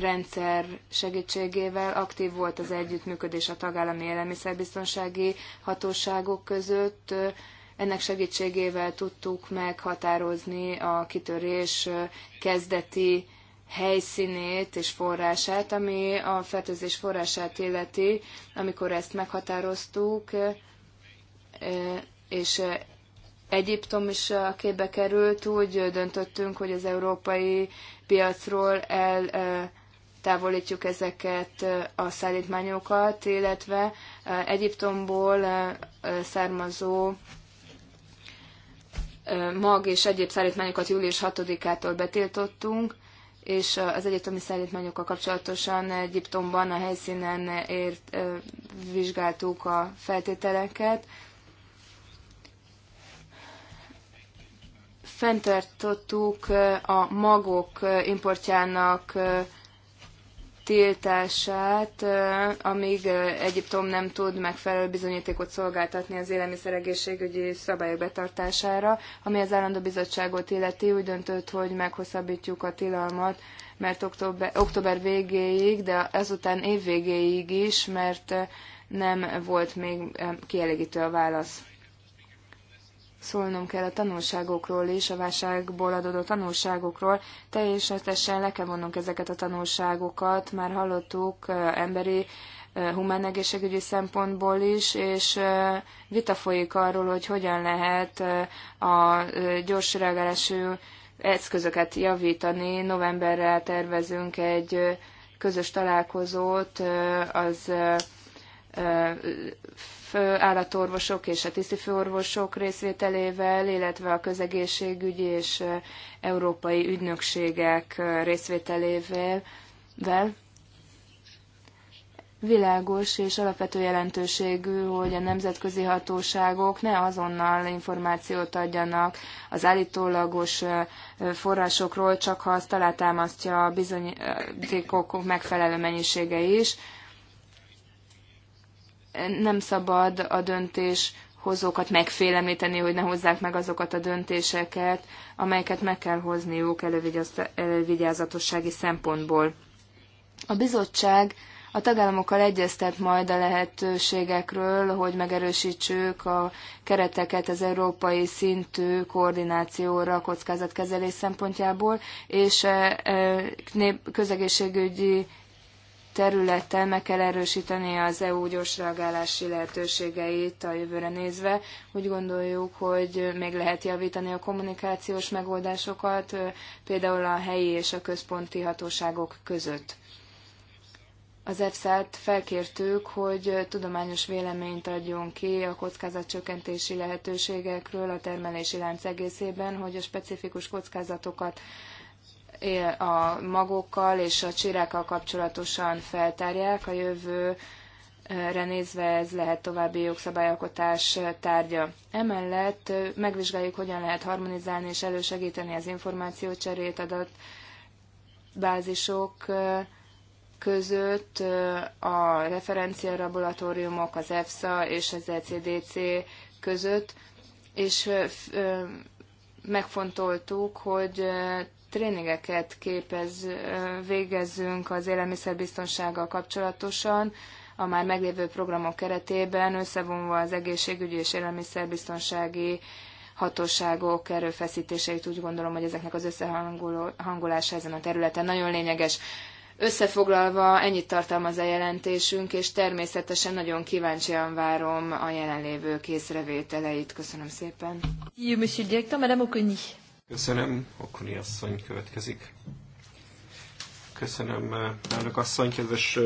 rendszer segítségével. Aktív volt az együttműködés a tagállami élelmiszerbiztonsági hatóságok között. Ennek segítségével tudtuk meghatározni a kitörés kezdeti helyszínét és forrását, ami a fertőzés forrását illeti, amikor ezt meghatároztuk, és Egyiptom is a képbe került, úgy döntöttünk, hogy az európai piacról el távolítjuk ezeket a szállítmányokat, illetve Egyiptomból származó mag és egyéb szállítmányokat július 6-ától betiltottunk, és az egyetemi szállítmányokkal kapcsolatosan Egyiptomban a helyszínen ért, vizsgáltuk a feltételeket. Fentartottuk a magok importjának tiltását, amíg Egyiptom nem tud megfelelő bizonyítékot szolgáltatni az élelmiszeregészségügyi szabályok betartására, ami az állandó bizottságot illeti, úgy döntött, hogy meghosszabbítjuk a tilalmat, mert október, október végéig, de ezután év végéig is, mert nem volt még kielégítő a válasz szólnom kell a tanulságokról és a válságból adódó tanulságokról. Teljesen le kell vonnunk ezeket a tanulságokat, már hallottuk emberi humán egészségügyi szempontból is, és vita folyik arról, hogy hogyan lehet a gyors reagálású eszközöket javítani. Novemberre tervezünk egy közös találkozót az állatorvosok és a tisztifőorvosok részvételével, illetve a közegészségügyi és európai ügynökségek részvételével világos és alapvető jelentőségű, hogy a nemzetközi hatóságok ne azonnal információt adjanak az állítólagos forrásokról, csak ha azt alátámasztja a bizonyítékok megfelelő mennyisége is nem szabad a döntés hozókat megfélemlíteni, hogy ne hozzák meg azokat a döntéseket, amelyeket meg kell hozniuk elővigyázatossági szempontból. A bizottság a tagállamokkal egyeztet majd a lehetőségekről, hogy megerősítsük a kereteket az európai szintű koordinációra kockázatkezelés szempontjából, és e, e, közegészségügyi területen meg kell erősíteni az EU gyors reagálási lehetőségeit a jövőre nézve. Úgy gondoljuk, hogy még lehet javítani a kommunikációs megoldásokat, például a helyi és a központi hatóságok között. Az EFSA-t felkértük, hogy tudományos véleményt adjon ki a kockázatcsökkentési lehetőségekről a termelési lánc egészében, hogy a specifikus kockázatokat a magokkal és a csirákkal kapcsolatosan feltárják. A jövő, renézve ez lehet további jogszabályalkotás tárgya. Emellett megvizsgáljuk, hogyan lehet harmonizálni és elősegíteni az információcserét bázisok között a laboratóriumok, az EFSA és az ECDC között, és megfontoltuk, hogy tréningeket képez, végezzünk az élelmiszerbiztonsággal kapcsolatosan, a már meglévő programok keretében, összevonva az egészségügyi és élelmiszerbiztonsági hatóságok erőfeszítéseit, úgy gondolom, hogy ezeknek az összehangolása ezen a területen nagyon lényeges. Összefoglalva ennyit tartalmaz a jelentésünk, és természetesen nagyon kíváncsian várom a jelenlévő készrevételeit. Köszönöm szépen. Monsieur le Directeur, Madame Oconi. Köszönöm, Okuni asszony következik. Köszönöm, eh, elnök asszony, kedves eh,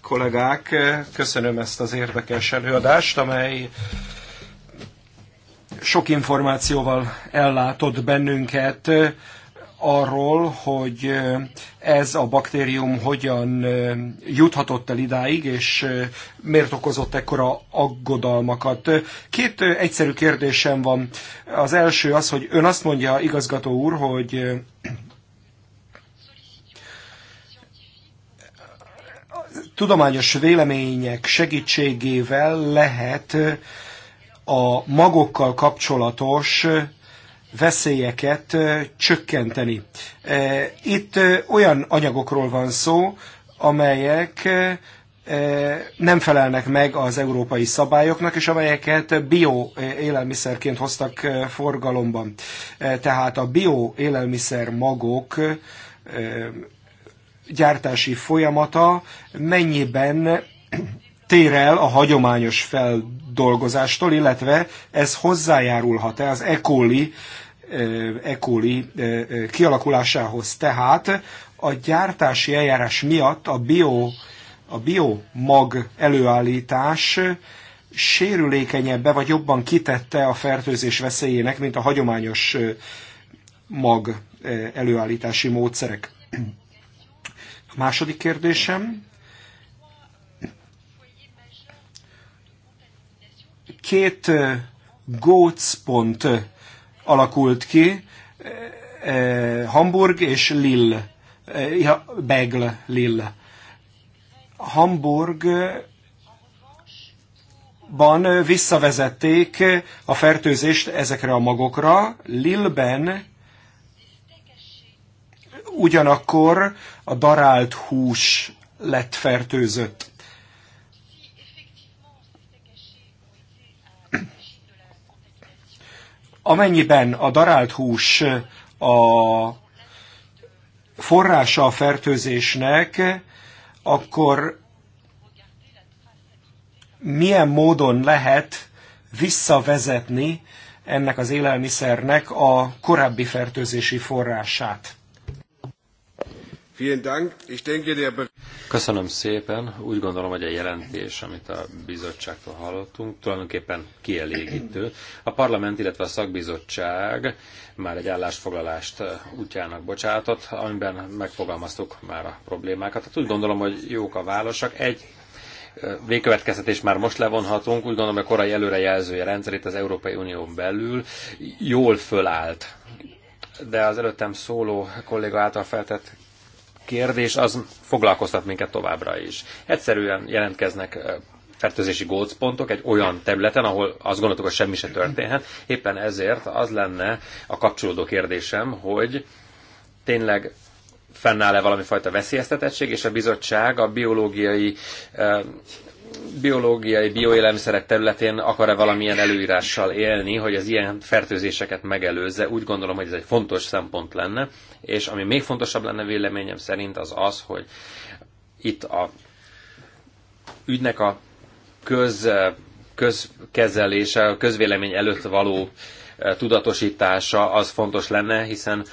kollégák, köszönöm ezt az érdekes előadást, amely sok információval ellátott bennünket arról, hogy ez a baktérium hogyan juthatott el idáig, és miért okozott ekkora aggodalmakat. Két egyszerű kérdésem van. Az első az, hogy ön azt mondja, igazgató úr, hogy tudományos vélemények segítségével lehet a magokkal kapcsolatos veszélyeket csökkenteni. Itt olyan anyagokról van szó, amelyek nem felelnek meg az európai szabályoknak, és amelyeket bio élelmiszerként hoztak forgalomban. Tehát a bio élelmiszer magok gyártási folyamata mennyiben tér el a hagyományos feldolgozástól, illetve ez hozzájárulhat-e az ekoli, ekoli e. e, e, kialakulásához. Tehát a gyártási eljárás miatt a bio a biomag előállítás sérülékenyebbe vagy jobban kitette a fertőzés veszélyének, mint a hagyományos mag előállítási módszerek. A második kérdésem két gócpont alakult ki, Hamburg és Lille, Begl, Lille. Hamburgban visszavezették a fertőzést ezekre a magokra, Lilleben ugyanakkor a darált hús lett fertőzött. Amennyiben a darált hús a forrása a fertőzésnek, akkor milyen módon lehet visszavezetni ennek az élelmiszernek a korábbi fertőzési forrását. Köszönöm szépen. Úgy gondolom, hogy a jelentés, amit a bizottságtól hallottunk, tulajdonképpen kielégítő. A parlament, illetve a szakbizottság már egy állásfoglalást eh, útjának bocsátott, amiben megfogalmaztuk már a problémákat. Hát úgy gondolom, hogy jók a válaszok. Egy eh, végkövetkeztetést már most levonhatunk, úgy gondolom, hogy a korai előrejelzője rendszer itt az Európai Unión belül jól fölállt de az előttem szóló kolléga által feltett kérdés az foglalkoztat minket továbbra is. Egyszerűen jelentkeznek fertőzési gócpontok egy olyan területen, ahol azt gondoltuk, hogy semmi se történhet. Éppen ezért az lenne a kapcsolódó kérdésem, hogy tényleg fennáll-e valami fajta veszélyeztetettség, és a bizottság a biológiai biológiai, bioélelmiszerek területén akar-e valamilyen előírással élni, hogy az ilyen fertőzéseket megelőzze. Úgy gondolom, hogy ez egy fontos szempont lenne, és ami még fontosabb lenne véleményem szerint az az, hogy itt a ügynek a köz, közkezelése, a közvélemény előtt való e, tudatosítása az fontos lenne, hiszen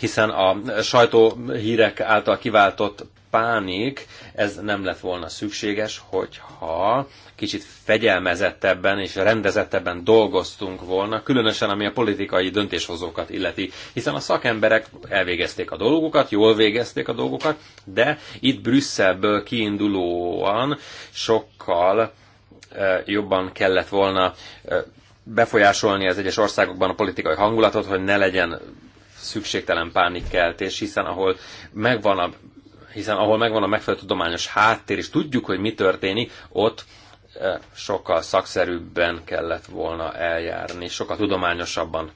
hiszen a sajtóhírek által kiváltott pánik, ez nem lett volna szükséges, hogyha kicsit fegyelmezettebben és rendezettebben dolgoztunk volna, különösen ami a politikai döntéshozókat illeti. Hiszen a szakemberek elvégezték a dolgukat, jól végezték a dolgukat, de itt Brüsszelből kiindulóan sokkal jobban kellett volna befolyásolni az egyes országokban a politikai hangulatot, hogy ne legyen szükségtelen pánikkeltés, hiszen ahol megvan a hiszen ahol megvan a megfelelő tudományos háttér, és tudjuk, hogy mi történik, ott eh, sokkal szakszerűbben kellett volna eljárni, sokkal tudományosabban.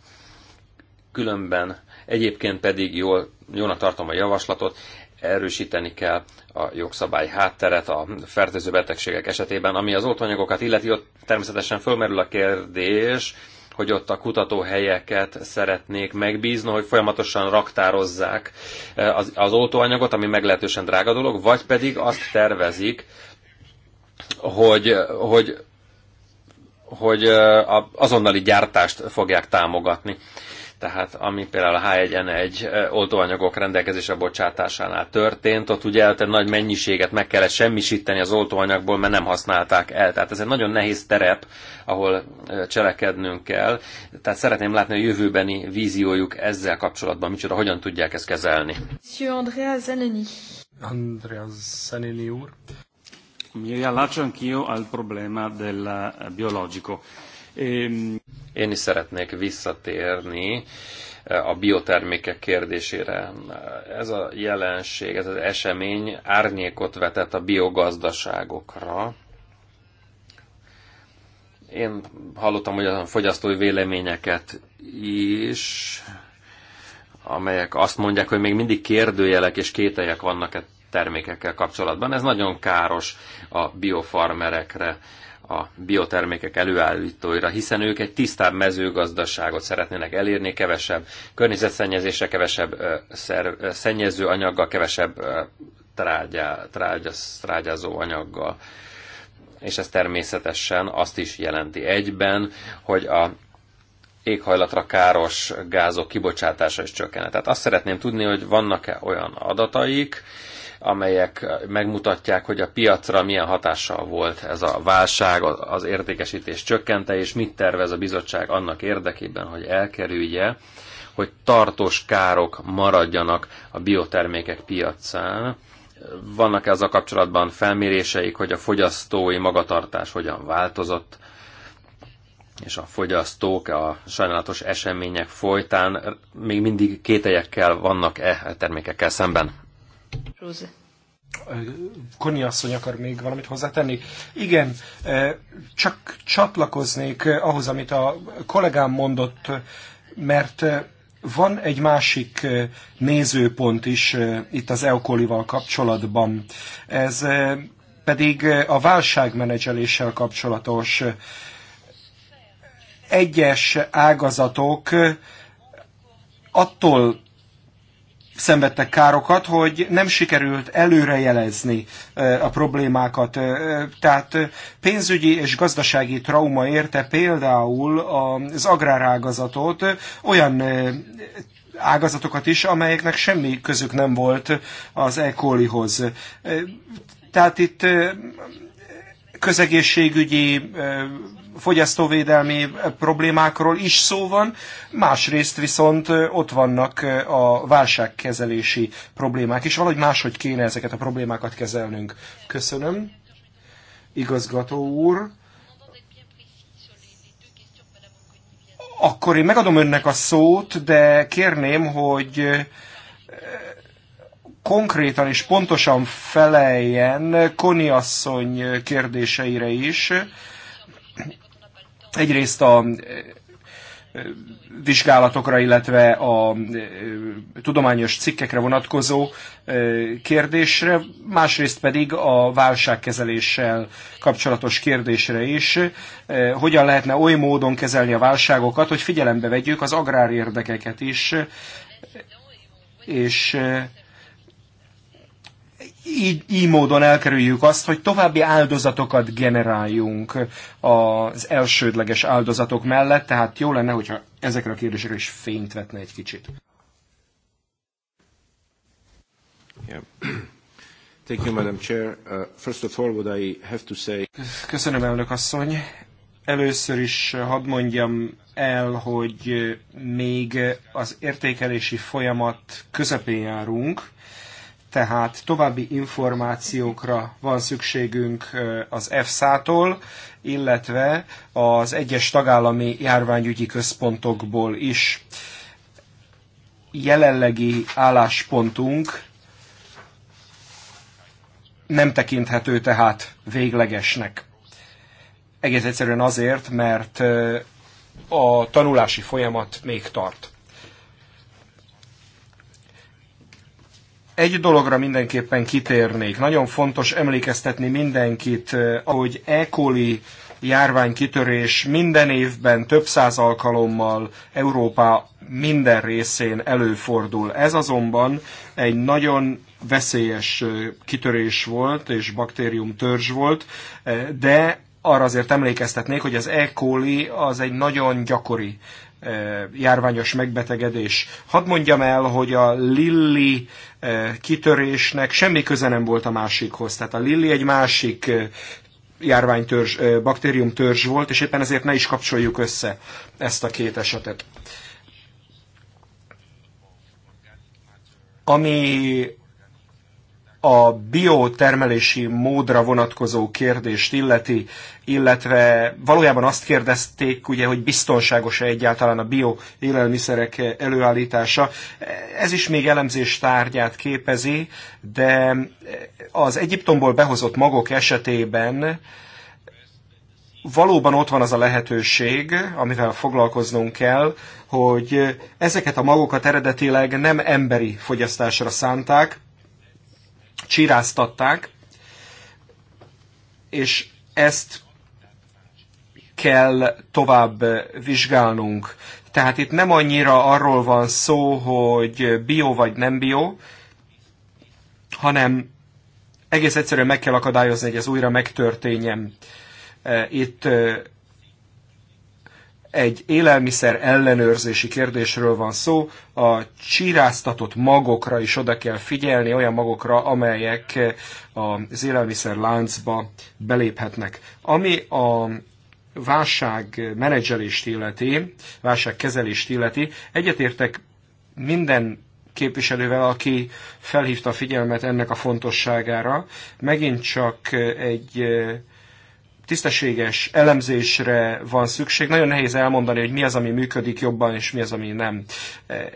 Különben egyébként pedig jól, jónak tartom a javaslatot, erősíteni kell a jogszabály hátteret a fertőző betegségek esetében, ami az oltóanyagokat illeti, ott természetesen fölmerül a kérdés, hogy ott a kutatóhelyeket szeretnék megbízni, hogy folyamatosan raktározzák eh, az, az oltóanyagot, ami meglehetősen drága dolog, vagy pedig azt tervezik, hogy, hogy, hogy eh, azonnali gyártást fogják támogatni. Tehát ami például a H1N1 oltóanyagok rendelkezésre bocsátásánál történt, ott ugye egy nagy mennyiséget meg kellett semmisíteni az oltóanyagból, mert nem használták el. Tehát ez egy nagyon nehéz terep, ahol cselekednünk kell. Tehát szeretném látni a jövőbeni víziójuk ezzel kapcsolatban, micsoda, hogyan tudják ezt kezelni. Andrea Zeneni. Andrea Zeneni úr. Mi riallaccio anch'io al problema del biologico. Én is szeretnék visszatérni eh, a biotermékek kérdésére. Ez a jelenség, ez az esemény árnyékot vetett a biogazdaságokra. Én hallottam hogy a fogyasztói véleményeket is, amelyek azt mondják, hogy még mindig kérdőjelek és kételyek vannak e termékekkel kapcsolatban. Ez nagyon káros a biofarmerekre a biotermékek előállítóira, hiszen ők egy tisztább mezőgazdaságot szeretnének elérni, kevesebb környezetszennyezésre, kevesebb szer, szennyező anyaggal, kevesebb trágyá, trágya, trágyázó anyaggal. És ez természetesen azt is jelenti egyben, hogy a éghajlatra káros gázok kibocsátása is csökkenne. Tehát azt szeretném tudni, hogy vannak-e olyan adataik, amelyek megmutatják, hogy a piacra milyen hatással volt ez a válság, az értékesítés csökkente, és mit tervez a bizottság annak érdekében, hogy elkerülje, hogy tartós károk maradjanak a biotermékek piacán. Vannak a kapcsolatban felméréseik, hogy a fogyasztói magatartás hogyan változott, és a fogyasztók a sajnálatos események folytán még mindig kételyekkel vannak-e termékekkel szemben? Róze. Koni asszony akar még valamit hozzátenni? Igen, e, csak csatlakoznék e, ahhoz, amit a kollégám mondott, mert e, van egy másik nézőpont is itt az Eukolival kapcsolatban. Ez pedig a válságmenedzseléssel kapcsolatos egyes ágazatok attól szenvedtek károkat, hogy nem sikerült előrejelezni a problémákat. Tehát pénzügyi és gazdasági trauma érte például az agrárágazatot, olyan ágazatokat is, amelyeknek semmi közük nem volt az E. coli-hoz. Tehát itt közegészségügyi fogyasztóvédelmi problémákról is szó van, másrészt viszont ott vannak a válságkezelési problémák, és valahogy máshogy kéne ezeket a problémákat kezelnünk. Köszönöm. Igazgató úr. Akkor én megadom önnek a szót, de kérném, hogy konkrétan és pontosan feleljen Koni asszony kérdéseire is egyrészt a vizsgálatokra, illetve a tudományos cikkekre vonatkozó kérdésre, másrészt pedig a válságkezeléssel kapcsolatos kérdésre is. Hogyan lehetne oly módon kezelni a válságokat, hogy figyelembe vegyük az agrárérdekeket is, és így, így módon elkerüljük azt, hogy további áldozatokat generáljunk az elsődleges áldozatok mellett, tehát jó lenne, hogyha ezekre a kérdésekre is fényt vetne egy kicsit. Yeah. Thank you, Madam Chair. Uh, first of all, what I have to say... Köszönöm, elnök asszony. Először is hadd mondjam el, hogy még az értékelési folyamat közepén járunk, tehát további információkra van szükségünk az EFSA-tól, illetve az egyes tagállami járványügyi központokból is. Jelenlegi álláspontunk nem tekinthető tehát véglegesnek. Egész egyszerűen azért, mert a tanulási folyamat még tart. Egy dologra mindenképpen kitérnék. Nagyon fontos emlékeztetni mindenkit, eh, ahogy E. coli járványkitörés minden évben több száz alkalommal Európa minden részén előfordul. Ez azonban egy nagyon veszélyes eh, kitörés volt, és baktérium törzs volt, eh, de arra azért emlékeztetnék, hogy az E. coli az egy nagyon gyakori járványos megbetegedés. Hadd mondjam el, hogy a Lilli kitörésnek semmi köze nem volt a másikhoz. Tehát a Lilli egy másik járványtörzs, baktériumtörzs volt, és éppen ezért ne is kapcsoljuk össze ezt a két esetet. Ami a biotermelési módra vonatkozó kérdést illeti, illetve valójában azt kérdezték, ugye, hogy biztonságos-e egyáltalán a bio élelmiszerek előállítása. Ez is még elemzés tárgyát képezi, de az Egyiptomból behozott magok esetében valóban ott van az a lehetőség, amivel foglalkoznunk kell, hogy ezeket a magokat eredetileg nem emberi fogyasztásra szánták, csiráztatták, és ezt kell tovább vizsgálnunk. Tehát itt nem annyira arról van szó, hogy bio vagy nem bio, hanem egész egyszerűen meg kell akadályozni, hogy ez újra megtörténjen. Itt egy élelmiszer ellenőrzési kérdésről van szó, a csiráztatott magokra is oda kell figyelni, olyan magokra, amelyek eh, az élelmiszer láncba beléphetnek. Ami a válság menedzselést illeti, kezelést illeti, egyetértek minden képviselővel, aki felhívta a figyelmet ennek a fontosságára. Megint csak eh, egy eh, tisztességes elemzésre van szükség. Nagyon nehéz elmondani, hogy mi az, ami működik jobban, és mi az, ami nem. E,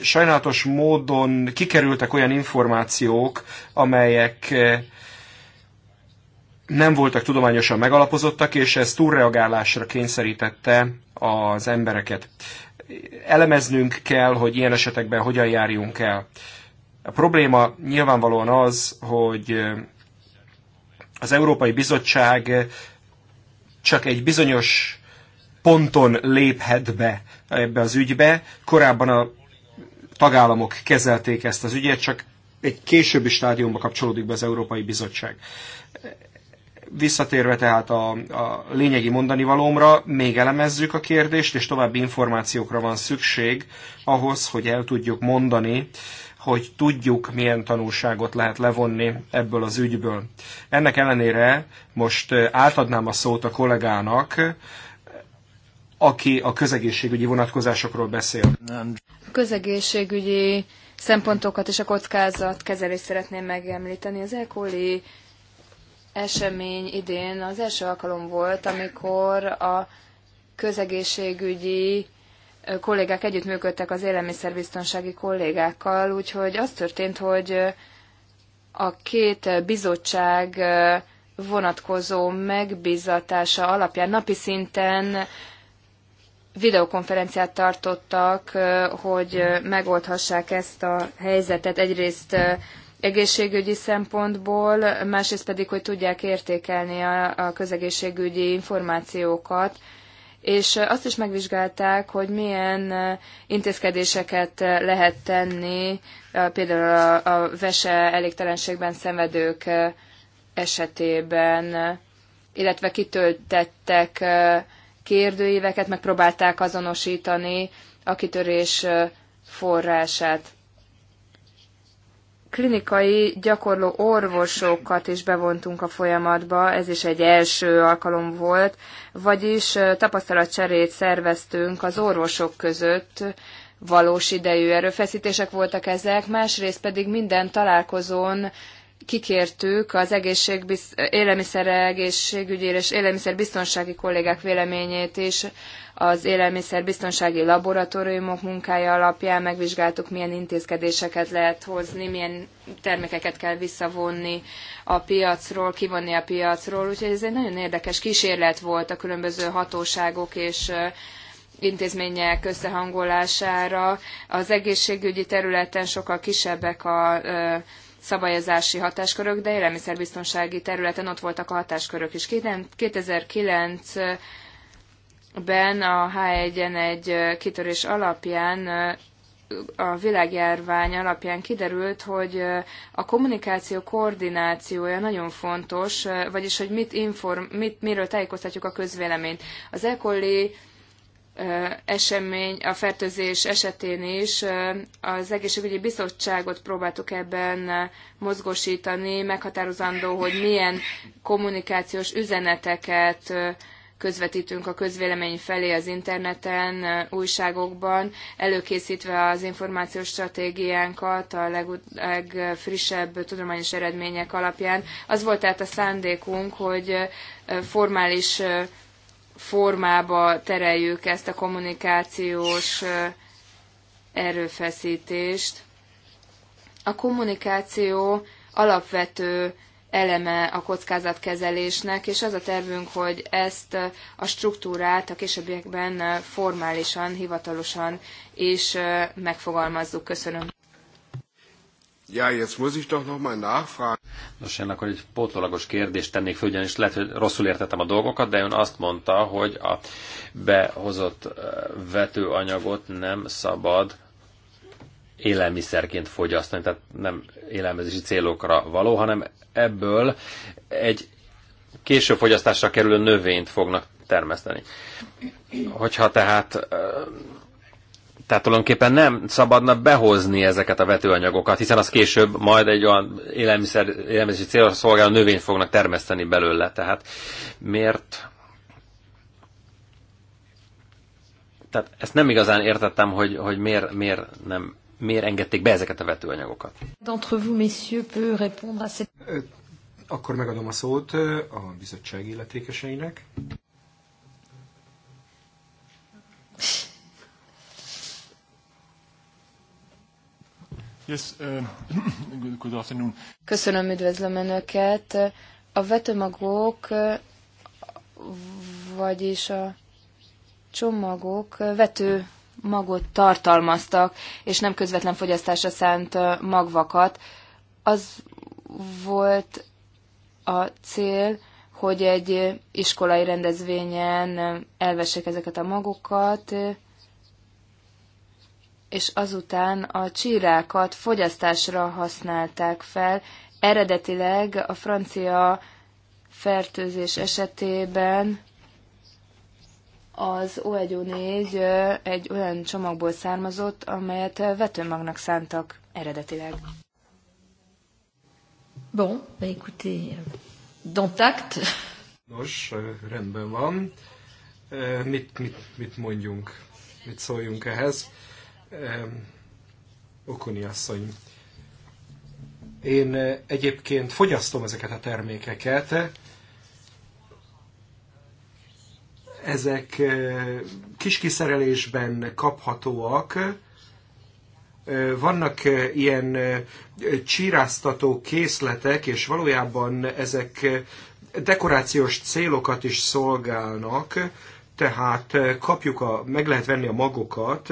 sajnálatos módon kikerültek olyan információk, amelyek e, nem voltak tudományosan megalapozottak, és ez túlreagálásra kényszerítette az embereket. Elemeznünk kell, hogy ilyen esetekben hogyan járjunk el. A probléma nyilvánvalóan az, hogy az Európai Bizottság csak egy bizonyos ponton léphet be ebbe az ügybe. Korábban a tagállamok kezelték ezt az ügyet, csak egy későbbi stádiumba kapcsolódik be az Európai Bizottság. Visszatérve tehát a, a lényegi mondani valómra, még elemezzük a kérdést, és további információkra van szükség ahhoz, hogy el tudjuk mondani hogy tudjuk, milyen tanulságot lehet levonni ebből az ügyből. Ennek ellenére most átadnám a szót a kollégának, aki a közegészségügyi vonatkozásokról beszél. A közegészségügyi szempontokat és a kezelést szeretném megemlíteni. Az ECOLI esemény idén az első alkalom volt, amikor a közegészségügyi kollégák együttműködtek az élelmiszerbiztonsági kollégákkal, úgyhogy az történt, hogy a két bizottság vonatkozó megbizatása alapján napi szinten videokonferenciát tartottak, hogy megoldhassák ezt a helyzetet. Egyrészt egészségügyi szempontból, másrészt pedig, hogy tudják értékelni a, közegészségügyi információkat, és azt is megvizsgálták, hogy milyen intézkedéseket lehet tenni például a vese elégtelenségben szenvedők esetében, illetve kitöltettek kérdőíveket, megpróbálták azonosítani a kitörés forrását. Klinikai gyakorló orvosokat is bevontunk a folyamatba, ez is egy első alkalom volt, vagyis tapasztalatcserét szerveztünk az orvosok között, valós idejű erőfeszítések voltak ezek, másrészt pedig minden találkozón kikértük az egészségbiz... élelmiszerre egészségügyére és élelmiszerbiztonsági kollégák véleményét is, az élelmiszerbiztonsági laboratóriumok munkája alapján megvizsgáltuk, milyen intézkedéseket lehet hozni, milyen termékeket kell visszavonni a piacról, kivonni a piacról. Úgyhogy ez egy nagyon érdekes kísérlet volt a különböző hatóságok és intézmények összehangolására. Az egészségügyi területen sokkal kisebbek a szabályozási hatáskörök, de élelmiszerbiztonsági területen ott voltak a hatáskörök is. 2009 ben a H1N1 kitörés alapján a világjárvány alapján kiderült, hogy a kommunikáció koordinációja nagyon fontos, vagyis hogy mit inform, mit, miről tájékoztatjuk a közvéleményt. Az ECOLI esemény, a fertőzés esetén is az egészségügyi bizottságot próbáltuk ebben mozgósítani, meghatározandó, hogy milyen kommunikációs üzeneteket közvetítünk a közvélemény felé az interneten, újságokban, előkészítve az információs stratégiánkat a legfrissebb tudományos eredmények alapján. Az volt tehát a szándékunk, hogy formális formába tereljük ezt a kommunikációs erőfeszítést. A kommunikáció alapvető eleme a kockázatkezelésnek, és az a tervünk, hogy ezt a struktúrát a későbbiekben formálisan, hivatalosan is megfogalmazzuk. Köszönöm. Ja, jetzt muss ich doch noch mal nachfragen. Nos, én akkor egy pótlólagos kérdést tennék föl, ugyanis lehet, hogy rosszul értettem a dolgokat, de ön azt mondta, hogy a behozott vetőanyagot nem szabad élelmiszerként fogyasztani, tehát nem élelmezési célokra való, hanem ebből egy később fogyasztásra kerülő növényt fognak termeszteni. Hogyha tehát tehát tulajdonképpen nem szabadna behozni ezeket a vetőanyagokat, hiszen az később majd egy olyan élelmiszer, élelmiszer célra szolgáló növényt fognak termeszteni belőle. Tehát miért tehát ezt nem igazán értettem, hogy, hogy miért, miért nem miért engedték be ezeket a vetőanyagokat. D'entre vous, messieurs, peut répondre à cette... Akkor megadom a szót a bizottság illetékeseinek. Yes, uh, good afternoon. Köszönöm, üdvözlöm Önöket. A vetőmagok, vagyis a csomagok vető magot tartalmaztak, és nem közvetlen fogyasztásra szánt uh, magvakat. Az volt a cél, hogy egy iskolai rendezvényen uh, elvessék ezeket a magokat, és azután a csírákat fogyasztásra használták fel. Eredetileg a francia fertőzés esetében az o 1 4 egy olyan csomagból származott, amelyet vetőmagnak szántak eredetileg. Bon, bah écoutez, dans Nos, rendben van. Mit, mit, mit mondjunk? Mit szóljunk ehhez? Okoni asszony. Én eh, egyébként fogyasztom ezeket a termékeket. Ezek eh, kis kiszerelésben kaphatóak. Eh, vannak ilyen csíráztató készletek, és valójában ezek dekorációs célokat is szolgálnak, tehát kapjuk a, meg lehet venni a magokat,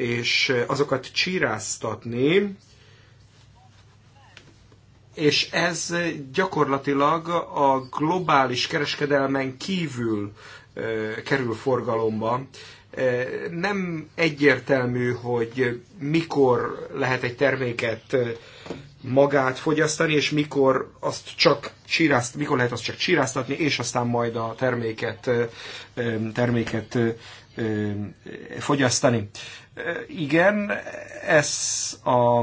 és azokat csíráztatni, és ez gyakorlatilag a globális kereskedelmen kívül kerül forgalomba. Nem egyértelmű, hogy mikor lehet egy terméket magát fogyasztani, és mikor azt csak csírázt, mikor lehet azt csak csíráztatni, és aztán majd a terméket, terméket fogyasztani. Igen, ez a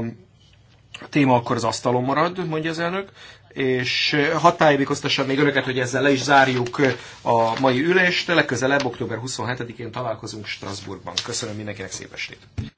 téma akkor az asztalon marad, mondja az elnök, és hadd tájékoztassam még önöket, hogy ezzel le is zárjuk a mai ülést. Legközelebb, október 27-én találkozunk Strasbourgban. Köszönöm mindenkinek szép estét!